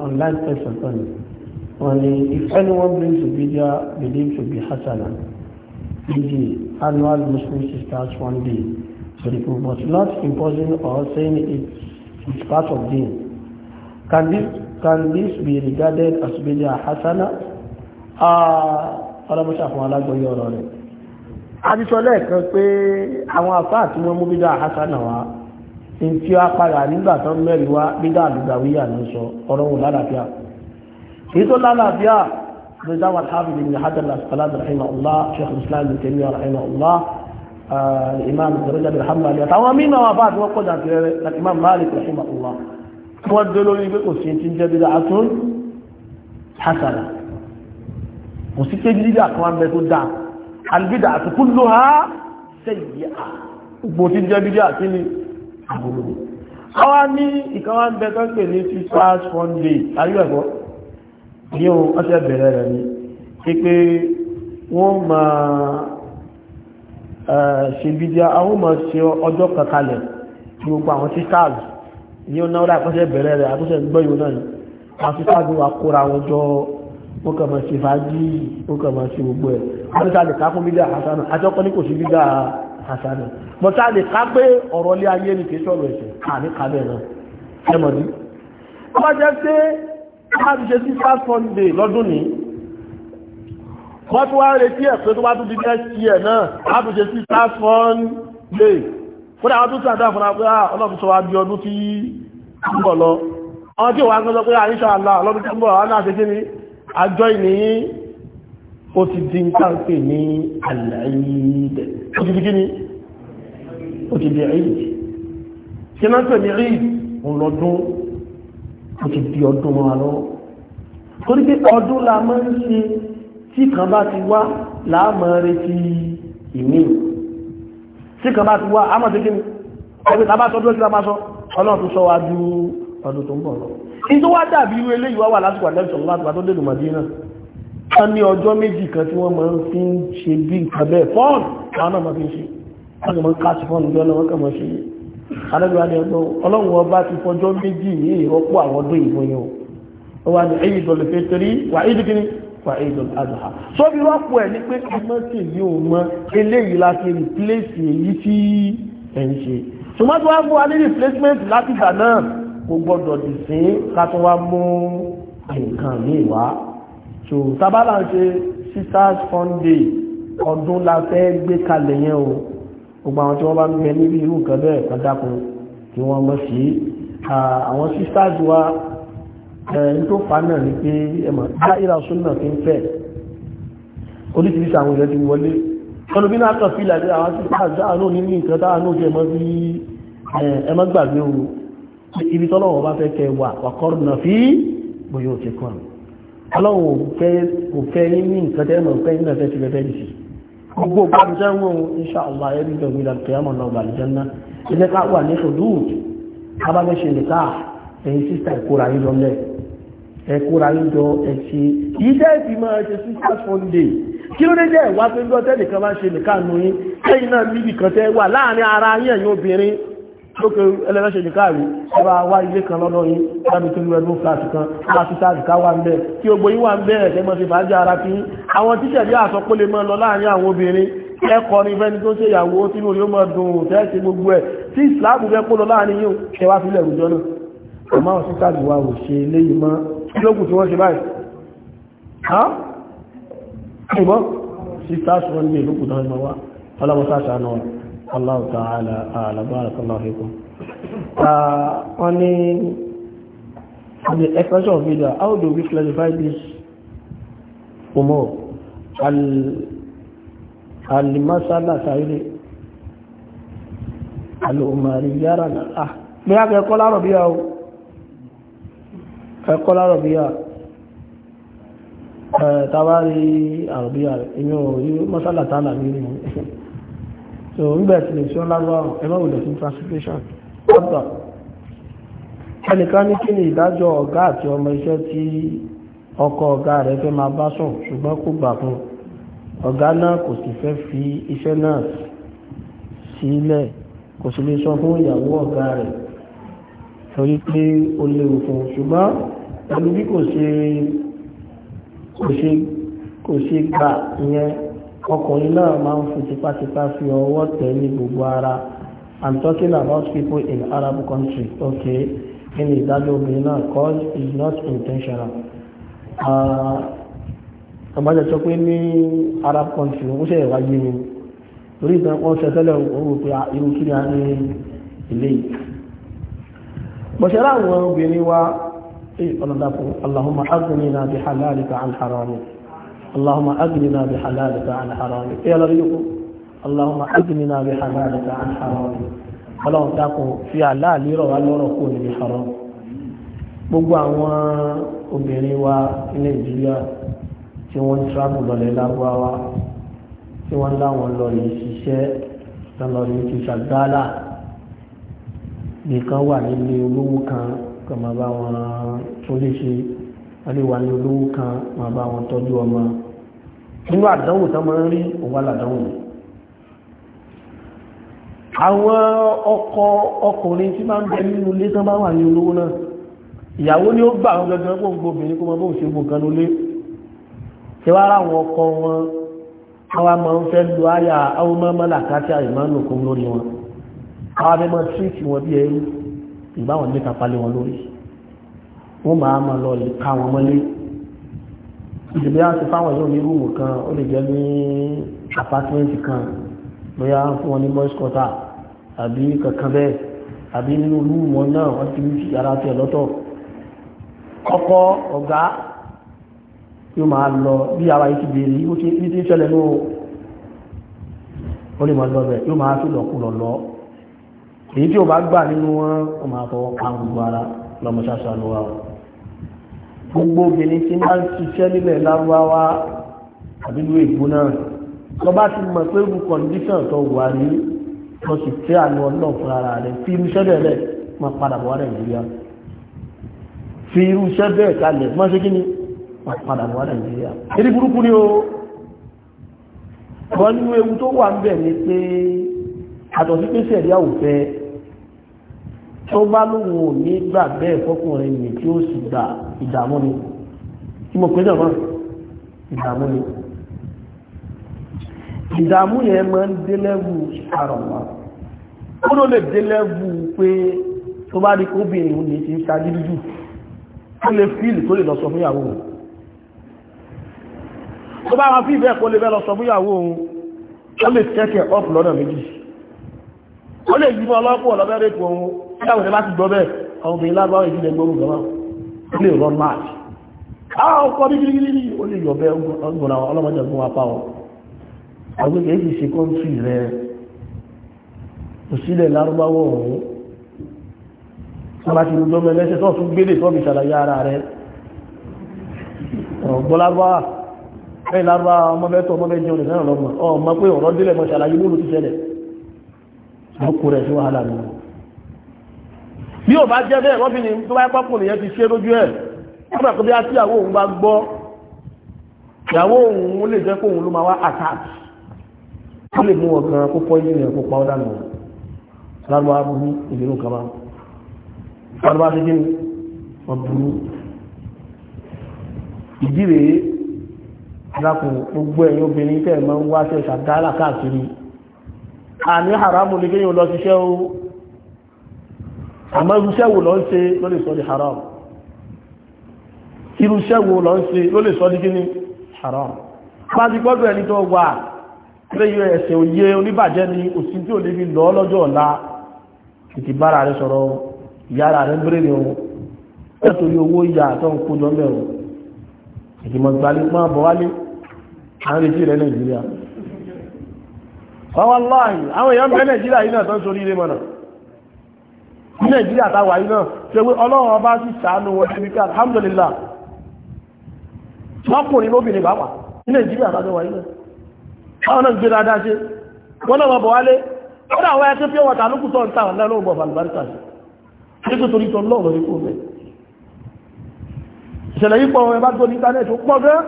online person on only if anyone brings a video believed to be hasana e.g. annual Muslim sisters one day to the group but not imposing or saying it's is part of deen can this can this be regarded as bidia hasana ọlọ́mọṣà fún alágbóyé ọ̀rọ̀ rẹ̀ a ti sọ lẹ́ẹ̀kan pé àwọn àfáà tí wọ́n mú bidia hasana wá ntí wá padà nígbà tó mẹ́rin wá nígbà àdúgbàwíyà ló sọ ọ̀rọ̀ wò lálàáfíà èyí tó lálàáfíà ló dáwà tábìlì ní hajar al-asqalani rahimahullah sheikh islam ibn taymiyyah rahimahullah uh, imam daraja bin hanbali àtàwọn mímọ wà bá àtiwọn kọjá tirẹ rẹ láti imam malik rahimahullah wọn dé lórí pé kò sí ti ń jẹ bídà àtún hasana kò sí kéjì bídà kan wà ń bẹ tó dáa albidà àti kulluha sayyi'a gbòtí ń jẹ bídà àti ni àbúrò rẹ̀ àwa ní ìkanwá ń bẹ tó pè ní fifas one day ayé ẹ̀kọ́ ní ohun ọ̀sẹ̀ bẹ̀rẹ̀ rẹ̀ ni pípé wọ́n máa ṣe bídíà àwọn máa ṣe ọjọ́ kankalẹ̀ tí gbogbo àwọn sisters ní ọ̀nà ọ̀dà àkọsẹ̀ bẹ̀rẹ̀ rẹ̀ àkọsẹ̀ gbọ́yò náà ni àwọn sisters wà kóra wọn jọ ó kàn máa ṣe fàájì ó kàn máa ṣe gbogbo ẹ̀ àti sáà lè kákún bídíà àtàkùn ní hasanu mọ̀tá lè ká pé ọ̀rọ̀ lé ayé ní kìí sọ̀rọ̀ ẹ̀sẹ̀ àní kàbẹ̀ náà ẹmọ̀ ní ọba jẹ́ pé láti ṣe sísá sunday lọ́dún ní wọ́n tó wá retí ẹ̀ pé tó bá tún di next year náà láti ṣe sísá sunday kódà wọ́n tún sí àdá fúnra pé ah, ọlọ́run sọ wá bí ọdún tí ń bọ̀ lọ àwọn tí ò wá ń gbọ́ pé àyíṣà àlá ọlọ́run tó ń bọ̀ wá náà ṣe kí ni àjọ ìnìyí ó ti di ń káńpé ní al-Eid ó ti di kí ni ó ti di Eid kí náà pè ní Eid ńlọdún ó ti di ọdún wa lọ torí pé ọdún la máa ń ṣe tí kan bá ti wá láàmọ́ retí ìmí tí kan bá ti wá àmọ́ tó kí ni ẹgbẹ́ tàbá sọ dúró sí lápá sọ ọlọ́run tó sọ wá ju ọdún tó ń bọ̀ lọ. ìtọ́wádà bí wọ́n ní ọjọ́ méjì kan tí wọ́n máa ń fi ń ṣe bí nǹkan bẹ́ẹ̀ fọ́ọ̀nù àwọn náà máa fi ń ṣe wọ́n máa ń káàsì fọ́ọ̀nù bí ọlọ́wọ́n kàn máa ṣe yé adájọ́ ni ọgbọ́n ọlọ́run ọba ti fọjọ́ méjì ní ìrọ́pò àwọn ọdún ìbò yẹn o ó wà ní ẹ̀yìn ìdọ̀lẹ̀ fẹ́tẹ̀rí wà éjì kí ni wà éjì ìdọ̀lẹ̀ àdùhà sọ bí rọ́pò ẹ̀ ní pé ìmọ̀tì ní òun eléyìí láti rìpléṣì èyí tí ẹ̀ ń ṣe ṣùgbọ́n tí wọ́n fún wa ní rìpléṣmẹ́ǹt láti ìgbà náà kò gbọ́dọ̀ dì sí ká tó wá mú nǹkan míì wá so tábàlà ń ṣe sisters sunday ọdún la fẹ́ gbé kalẹ̀ yẹn o gbogbo àwọn tí wọ́n bá ń gbẹ níbi irú nǹkan bẹ́ẹ̀ kan dákun kí wọ́n mọ̀ sí àwọn sisters wa ẹ̀yìn tó fa náà ni pé ẹ̀mọ̀ dáìrà súnà fi ń fẹ́ oríṣiríṣi àwọn ìrẹ́ ti wọlé ọdún bí náà kàn fi ìlàdé àwọn sisters dáhà náà ní ní nǹkan dáhà náà jẹ́ mọ́ sí ẹ̀mọ́ gbàgbé o ibi tọ́lọ́wọ́ bá fẹ́ kẹ wà wàkọ́rùn-ún náà fi bóyá ò ti kọ́ àmì ọlọ́run òfẹ́ òfẹ́ yín ní nǹkan tẹ́ mọ̀ pé nínú ẹ̀fẹ́ ti fẹ́fẹ́ yìí sí gbogbo gbàgbọ́n wọn insha Allah ẹ̀rí ìjọba ìlànà kẹyàmọ̀ náà gbà lìjẹ́ ńlá ilé ká wà ní ṣòdú abáfẹ́ṣe nìka ẹ̀yìn sísà ìkóra yín lọ́lẹ̀ ẹ̀kóra yín jọ ẹ̀ṣe yìí jẹ́ ìfìmọ̀ ẹ̀ṣe sisters Sunday kí ló dé jẹ́ ìwà pé ń gbọ́ obìnrin lókè ẹlẹ́rẹ́ṣẹ́ ní káàrí ẹba wá ilé kan lọ́dọ̀ yìí láti tó lọ ẹdún fúláàtì kan láti sáàrì ká wà ń bẹ̀ kí ogbò yìí wà ń bẹ̀rẹ̀ tẹ́ mọ́ sí fàájì ara kí àwọn tíṣẹ̀ bí àsọ pé lè mọ́ lọ láàrin àwọn obìnrin ẹkọ ni fẹ́ni tó ṣe ìyàwó tínú rí ó mọ́ dùn tẹ́ẹ̀sì gbogbo ẹ̀ tí ìsìláàmù fẹ́ kó lọ láàrin yóò ṣe wá sílẹ̀ rújọ náà àmọ́ àwọn sísáàjì wa ò ṣe léyìí mọ́ lókùn tí wọ́n ṣe báyìí ṣùgbọ́n sísáàjì wọn ní ìlú kùtàn ìmọ̀ wa ọlọ́mọ sáà ṣàánú wa Allahu ta'ala a'lam barakallahu fikum on the on the expression of bid'ah how do we clarify this umur al al ah, eh, masala sayri al umariya ran ah bí a kẹ́kọ́ lárọ̀ bí a o kẹ́kọ́ lárọ̀ bí a tàbárí àrọ̀bíyà rẹ̀ inú masala tánà nínú so nígbà tí lè ṣọ́ lágbára ẹ̀rọ òlẹ̀ fún transportation ọ̀tọ̀ ẹnìkan ní kí ni ìdájọ́ ọ̀gá àti ọmọ iṣẹ́ tí ọkọ ọ̀gá rẹ̀ fẹ́ máa bá sùn ṣùgbọ́n kò gbà fún ọ̀gá náà kò sì fẹ́ fi iṣẹ́ náà sílẹ̀ kò sì lè sọ fún ìyàwó ọ̀gá rẹ̀ torí pé ó léwu fún ṣùgbọ́n pẹ̀lú bí kò ṣe kò ṣe gbà ìyẹn ọkùnrin náà máa ń fi tipátipá fi ọwọ́ tẹ̀ gbogbo ara i'm talking about people in arab country okay nínú ìdájọ́ obìnrin náà cause is not intentional ah, ọmọdé sọ pé ní arab country ó ṣe ìwà yé torí ìtàn wọn ṣe tẹ́lẹ̀ òun pé ah, irú kí ni a ní ilé wa eh, ọlọ́dà fún allahumma agbóni náà bí halalika an اللهم أغننا بحلالك عن حرامك يا لغيكم اللهم أغننا بحلالك عن حرامك ọlọ́run dákun fi àláàlì rọ̀ wá lọ́rọ̀ kó níbi haram gbogbo àwọn obìnrin wa ní nàìjíríà tí wọ́n ń tíráàbù lọ́lẹ̀ lábúwáwá tí wọ́n láwọn lọ rí ṣiṣẹ́ lọ́lọ́ rí ti ṣàgbáàlà nìkan wà nílé olówó kan kan máa bá wọn tó lè ṣe wọ́n lè wà ní olówó kan máa bá wọn tọ́jú ọmọ nínú àdánwò tán máa ń rí òun aládánwò àwọn ọkọ ọkùnrin tí máa ń bẹ nínú ilé tán bá wà ní olówó náà ìyàwó ni ó gbà àwọn gbẹgbẹ pọ̀ gbogbo obìnrin kó máa bóun ṣe gbogbo kan lé tí wá ra àwọn ọkọ wọn àwa máa ń fẹ́ lo àyà àwọn mọ́mọ́lá káàkiri àìmánù kún lórí wọn àwa fẹ́ máa tíìtì wọn bí ẹrú ìbáwọn ní kápálẹ̀ wọn lórí wọ́n máa máa lọ lè ká wọn mọ́lé ìdìbò yà ń ṣe fáwọn èèyàn ní rúùmù kan ó lè jẹ́ ní apátímẹ́ǹtì kan bóyá fún wọn ní boys quarter àbí kankan bẹ́ẹ̀ àbí nínú rúùmù náà wọ́n ti fi yàrá tiẹ̀ lọ́tọ̀ ọkọ ọ̀gá yóò máa lọ bí ara yìí ti béèrè yóò ṣe ní ti ń ṣẹlẹ̀ ní o ó lè máa lọ bẹ̀ yóò máa fi lọ́kù lọ lọ èyí tí ò bá gbà nínú gbogbo obìnrin tí máa ń ṣiṣẹ́ nílẹ̀ lárúbáwá àbílú èkó náà tó bá ti mọ̀ pé irú kọ̀ǹdíṣàn tó wà ní lọ sì tẹ́ àánú ọlọ́ọ̀ fún ara rẹ̀ fi irú iṣẹ́ bẹ́ẹ̀ lẹ̀ máa padà bọ̀ nàìjíríà fi irú bẹ́ẹ̀ kalẹ̀ máa ṣe kí ni máa padà bọ̀ nàìjíríà eré burúkú ni o wọ́n nínú ewu tó wà ń bẹ̀ ni pé àtọ̀sí pé ò fẹ́ tó bá lóhun ò ní gbà bẹ́ẹ̀ fọkùnrin mi tí ó sì gba ìdààmú ni tí mo pè é dọ̀rọ̀ ìdààmú ni ìdààmú yẹn máa ń délẹ́wù àrọ̀mọ́ ó ló lè délẹ́wù pé tó bá rí kóbìnrin òun ní ti ń ṣáájú jù ó lè fíìlì tó lè lọ sọ fúnyàwó òun tó bá wọn fíìlì bẹ́ẹ̀ kó lè bẹ́ẹ̀ lọ sọ fúnyàwó òun ó lè tẹ́kẹ̀ ọ́pù lọ́nà méjì ó lè yí mọ́ ọlọ́pù ọ̀lọ́bẹ̀rẹ̀ tó òun Ìjọba ìjọba ti gbọ́ bẹ́ẹ̀, àwọn obìnrin lágbàwọ̀ ìdílé gbọ́rù gbọ́rù. Ó lè rọ máa. Àwọn ọkọ̀ bí gírígírí ní ó lè yọ̀bẹ́ ọgbọ̀nà ọlọ́mọdé ọgbọ̀n apá wọn. Àwọn èyí ti ṣe kọ́ńtì rẹ̀. Kò sílẹ̀ lárúbáwọ̀ ọ̀hún. Sọlá ti rú jọmọ ẹlẹ́sẹ̀ tó tún gbélé tó fi ṣàlàyé ara rẹ̀. Ọ̀gbọ́n lárúbáwà. Bẹ́ẹ̀ lárúbáwà ọmọbẹ́tọ̀ ọmọbẹ́jọ́ rẹ̀ náà lọ́gbọ̀n. Ọmọ pé ọ̀rọ̀ délẹ̀ mọ́ ṣàlàyé bí o bá jẹ́ bẹ́ẹ̀ wọ́n fi ní tó wáyé pọ́pù nìyẹn ti ṣe lójú ẹ̀ nígbà tó bí a tí àwọn òun bá gbọ́ ìyàwó òun lè jẹ́ kó òun ló máa wá àtàkì ó lè mú ọ̀gán kó pọ́ ìlú yẹn kó pa ọ́dà nù lálọ́ aburú ìdèrò kan máa bá dédé wọ́n burú ìdí rèé alákùn gbogbo ẹ̀yìn obìnrin tẹ̀ máa ń wáṣẹ̀ ṣàdálà àmọ́ irúṣẹ́ wo lọ ń ṣe ló lè sọ di haram irúṣẹ́ wo lọ ń ṣe ló lè sọ di kíní haram bá ti gbọ́dọ̀ ẹni tó wà lẹ́yìn ẹ̀sẹ̀ òye oníbàjẹ́ ni òsì tí ò lè fi lọ lọ́jọ́ ọ̀la títí bára rẹ sọ̀rọ̀ ìyára rẹ bèrè ni òun nítorí owó ìyá àtọ́ ń kó jọ mẹ́rùn ìgbìmọ̀ gbalẹ̀ máa bọ̀ wálé à ń retí rẹ nàìjíríà wọ́n wá láàyè àwọn èèyàn bẹ́ẹ̀ nàìjíríà yìí náà tán sórí ilé mọ́nà ní nàìjíríà táwà yìí náà ṣe wé ọlọ́run ọba sì ṣàánú wọn ṣe wípé alhamdulillah lọ́kùnrin lóbìnrin bàbà ní nàìjíríà táwà yìí náà àwọn náà gbé dáadáa ṣe wọ́n náà bọ̀ wálé ó dà wáyé tó pé wọ́n tà lókùtọ̀ ń tàwọn náà lóògbọ̀ balùbáríkà ṣe ṣe tó torí tọ́ lọ́ọ̀rọ̀ ní kò mẹ́ ìṣẹ̀lẹ̀ yìí pọ̀ wọn bá tó ní internet ó pọ̀ gan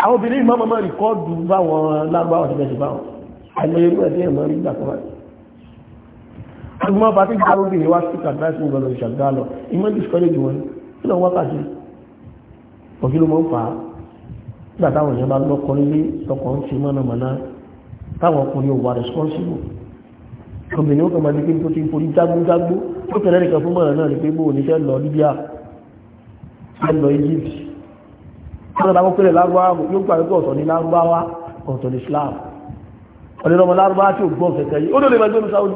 àwọn obìnrin mọ́mọ́mọ́ rìkọ́ọ̀dù báwọn lágbàwọ̀ ṣẹlẹ̀ ṣe báwọn àìmọye irú ẹ̀ agbọ́n bá ti dáró bí wá sí kàdáìsì ìgbọ̀lọ̀ ìṣàgbá lọ ìmọ̀ discourage wọn kí lọ wákàtí òkè ló mọ̀ ń fà á nígbà táwọn èèyàn bá lọ́kọ nílé lọ́kọ̀ ń ṣe mọ́nàmọ́ná táwọn ọkùnrin ò wà responsible obìnrin ó kàn máa di pé tó ti forí jágbójágbó tó tẹ̀lé nìkan fún mọ̀nà náà ni pé bóò ní fẹ́ lọ Islam ọ̀lẹ́lọ́mọ lárúbáwá tí ò gbọ́n kẹ̀kẹ́ yìí ó lè Saudi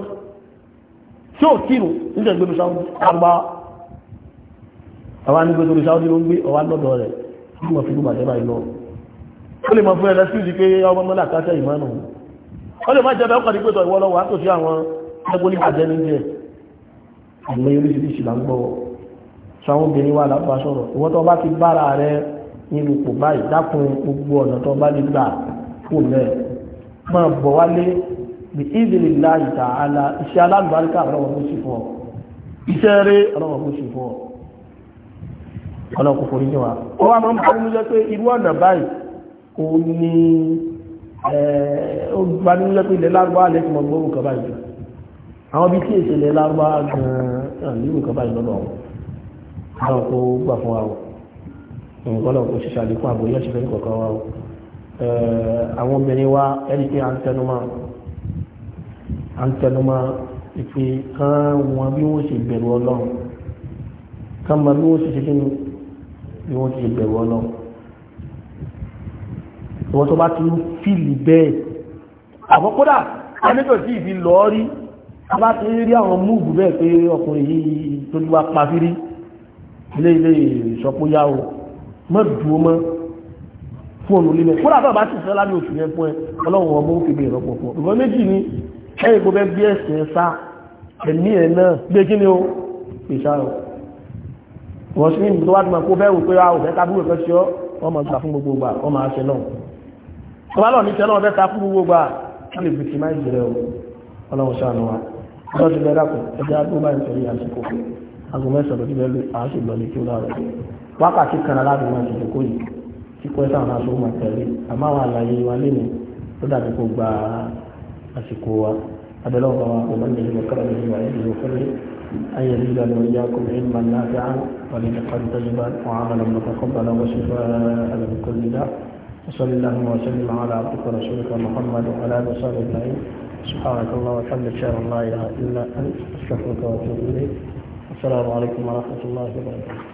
tí ó kírun níjẹ́ gbé sáwọ́dí àgbà àwọn anígbé torí sáwọ́dí ló ń gbé ọwá lọ́dọ̀ rẹ̀ tí wọ́n fi gbàjẹ́ báyìí lọ ó lè mọ̀ fún ẹ̀rẹ́ sílùú pé ọmọ mọ́lá káṣẹ́ ìmánu ó lè má jẹ́ bẹ́ẹ̀ kọ́ni pẹ́tọ̀ ìwọ́ lọ́wọ́ àtòsí àwọn ẹgbẹ́ onígbàjẹ́ ní jẹ́ àmọ́ oríṣiríṣi là ń gbọ́ sáwọn obìnrin wà lápá sọ̀rọ̀ ìwọ́n tó bá ti bára rẹ nínú ipò báyìí dákun gbogbo ọ̀nà tó bá lè gbà kò mẹ́ẹ̀ máa bọ̀ wálé bí ìdílé láì tààlà iṣẹ́ alágbàríkà ọlọ́wọ́ bó ṣe fọ́ iṣẹ́ rẹ̀ ọlọ́wọ́ bó ṣe fọ́ ọlọ́kùnkùn ní wa ó wá máa ń bọ́ nílẹ̀ pé irú ọ̀nà báyìí ó ní ó gba nílẹ̀ pé ilẹ̀ lárúbá alẹ́ tí mo gbọ́ nǹkan báyìí jù àwọn bí tí èsì ilẹ̀ lárúbá gan-an ní nǹkan báyìí lọ́dọ̀ àwọn kó gbà fún wa o nǹkan lọ́kùn ṣiṣẹ́ àlékún àbòyẹ́ ṣe fẹ́ nǹkan kan wa o àwọn obìnrin wa ẹni pé à ń tẹnu máa à ń tẹnumọ́ ìpè kán wọn bí wọ́n ṣe bẹ̀rù ọlọ́run kán mọ bí wọ́n ṣe ṣe kí ni bí wọ́n ṣe bẹ̀rù ọlọ́run ìwọ́n tó bá ti ń fìlì bẹ́ẹ̀ àmọ́ ẹnìkan sí ìfi lọ́ọ́ a bá ti rí àwọn múùbù bẹ́ẹ̀ pé ọkùnrin yìí tó ti wá pa fírí ilé ilé ìṣọ́póyá o mọ́ dùn ó mọ́ fóònù lílẹ̀ kódà tó bá ti sẹ́lá ní oṣù yẹn fún ẹ ọlọ́run ọmọ òkè bẹ̀rẹ̀ ọ̀pọ̀pọ̀ ìwọ́n méjì ni ẹ̀yìn gbogbo bí ẹ̀sìn sá ẹ̀mí ẹ̀ náà gbé kí ni ó ìṣàrò wọ́n sí ní tó wá dùn kó bẹ́ẹ̀ wò pé àwọn òfẹ́ tábúrò kan ṣọ́ wọ́n máa gbà fún gbogbo gbà wọ́n máa ṣe náà wọ́n lọ ní tẹ́lọ́ ọ̀fẹ́ ta fún gbogbo gbà wọ́n lè bìtì máa jìrẹ o ọlọ́run ṣàánú wa lọ́sí lẹ́dà kù ẹjẹ́ àgbó bá ìtọ́rí àsìkò àgọ́ mẹ́sàn lọ́dún lẹ́lú àásù lọ ní kí ó lára wákàtí kan aláàbò máa ṣe kó yìí tí kọ́ ẹ̀sán àwọn aṣọ máa tẹ̀lé àmọ́ àwọn àlàyé wa lé ní ó dàbí kó gba àsìkò wa abẹ́lẹ́ ọ̀gá wa kò máa ń yẹ̀yẹ́ lọ́kàrà أن يزيدنا وإياكم علما نافعا ولنقل طيبا وعملا متقبلا وشفاء من كل داء وصل اللهم وسلم على عبدك ورسولك محمد وعلى آله وصحبه أجمعين سبحانك الله وبحمدك أشهد أن لا إله إلا أنت أستغفرك وأتوب إليك السلام عليكم ورحمة الله وبركاته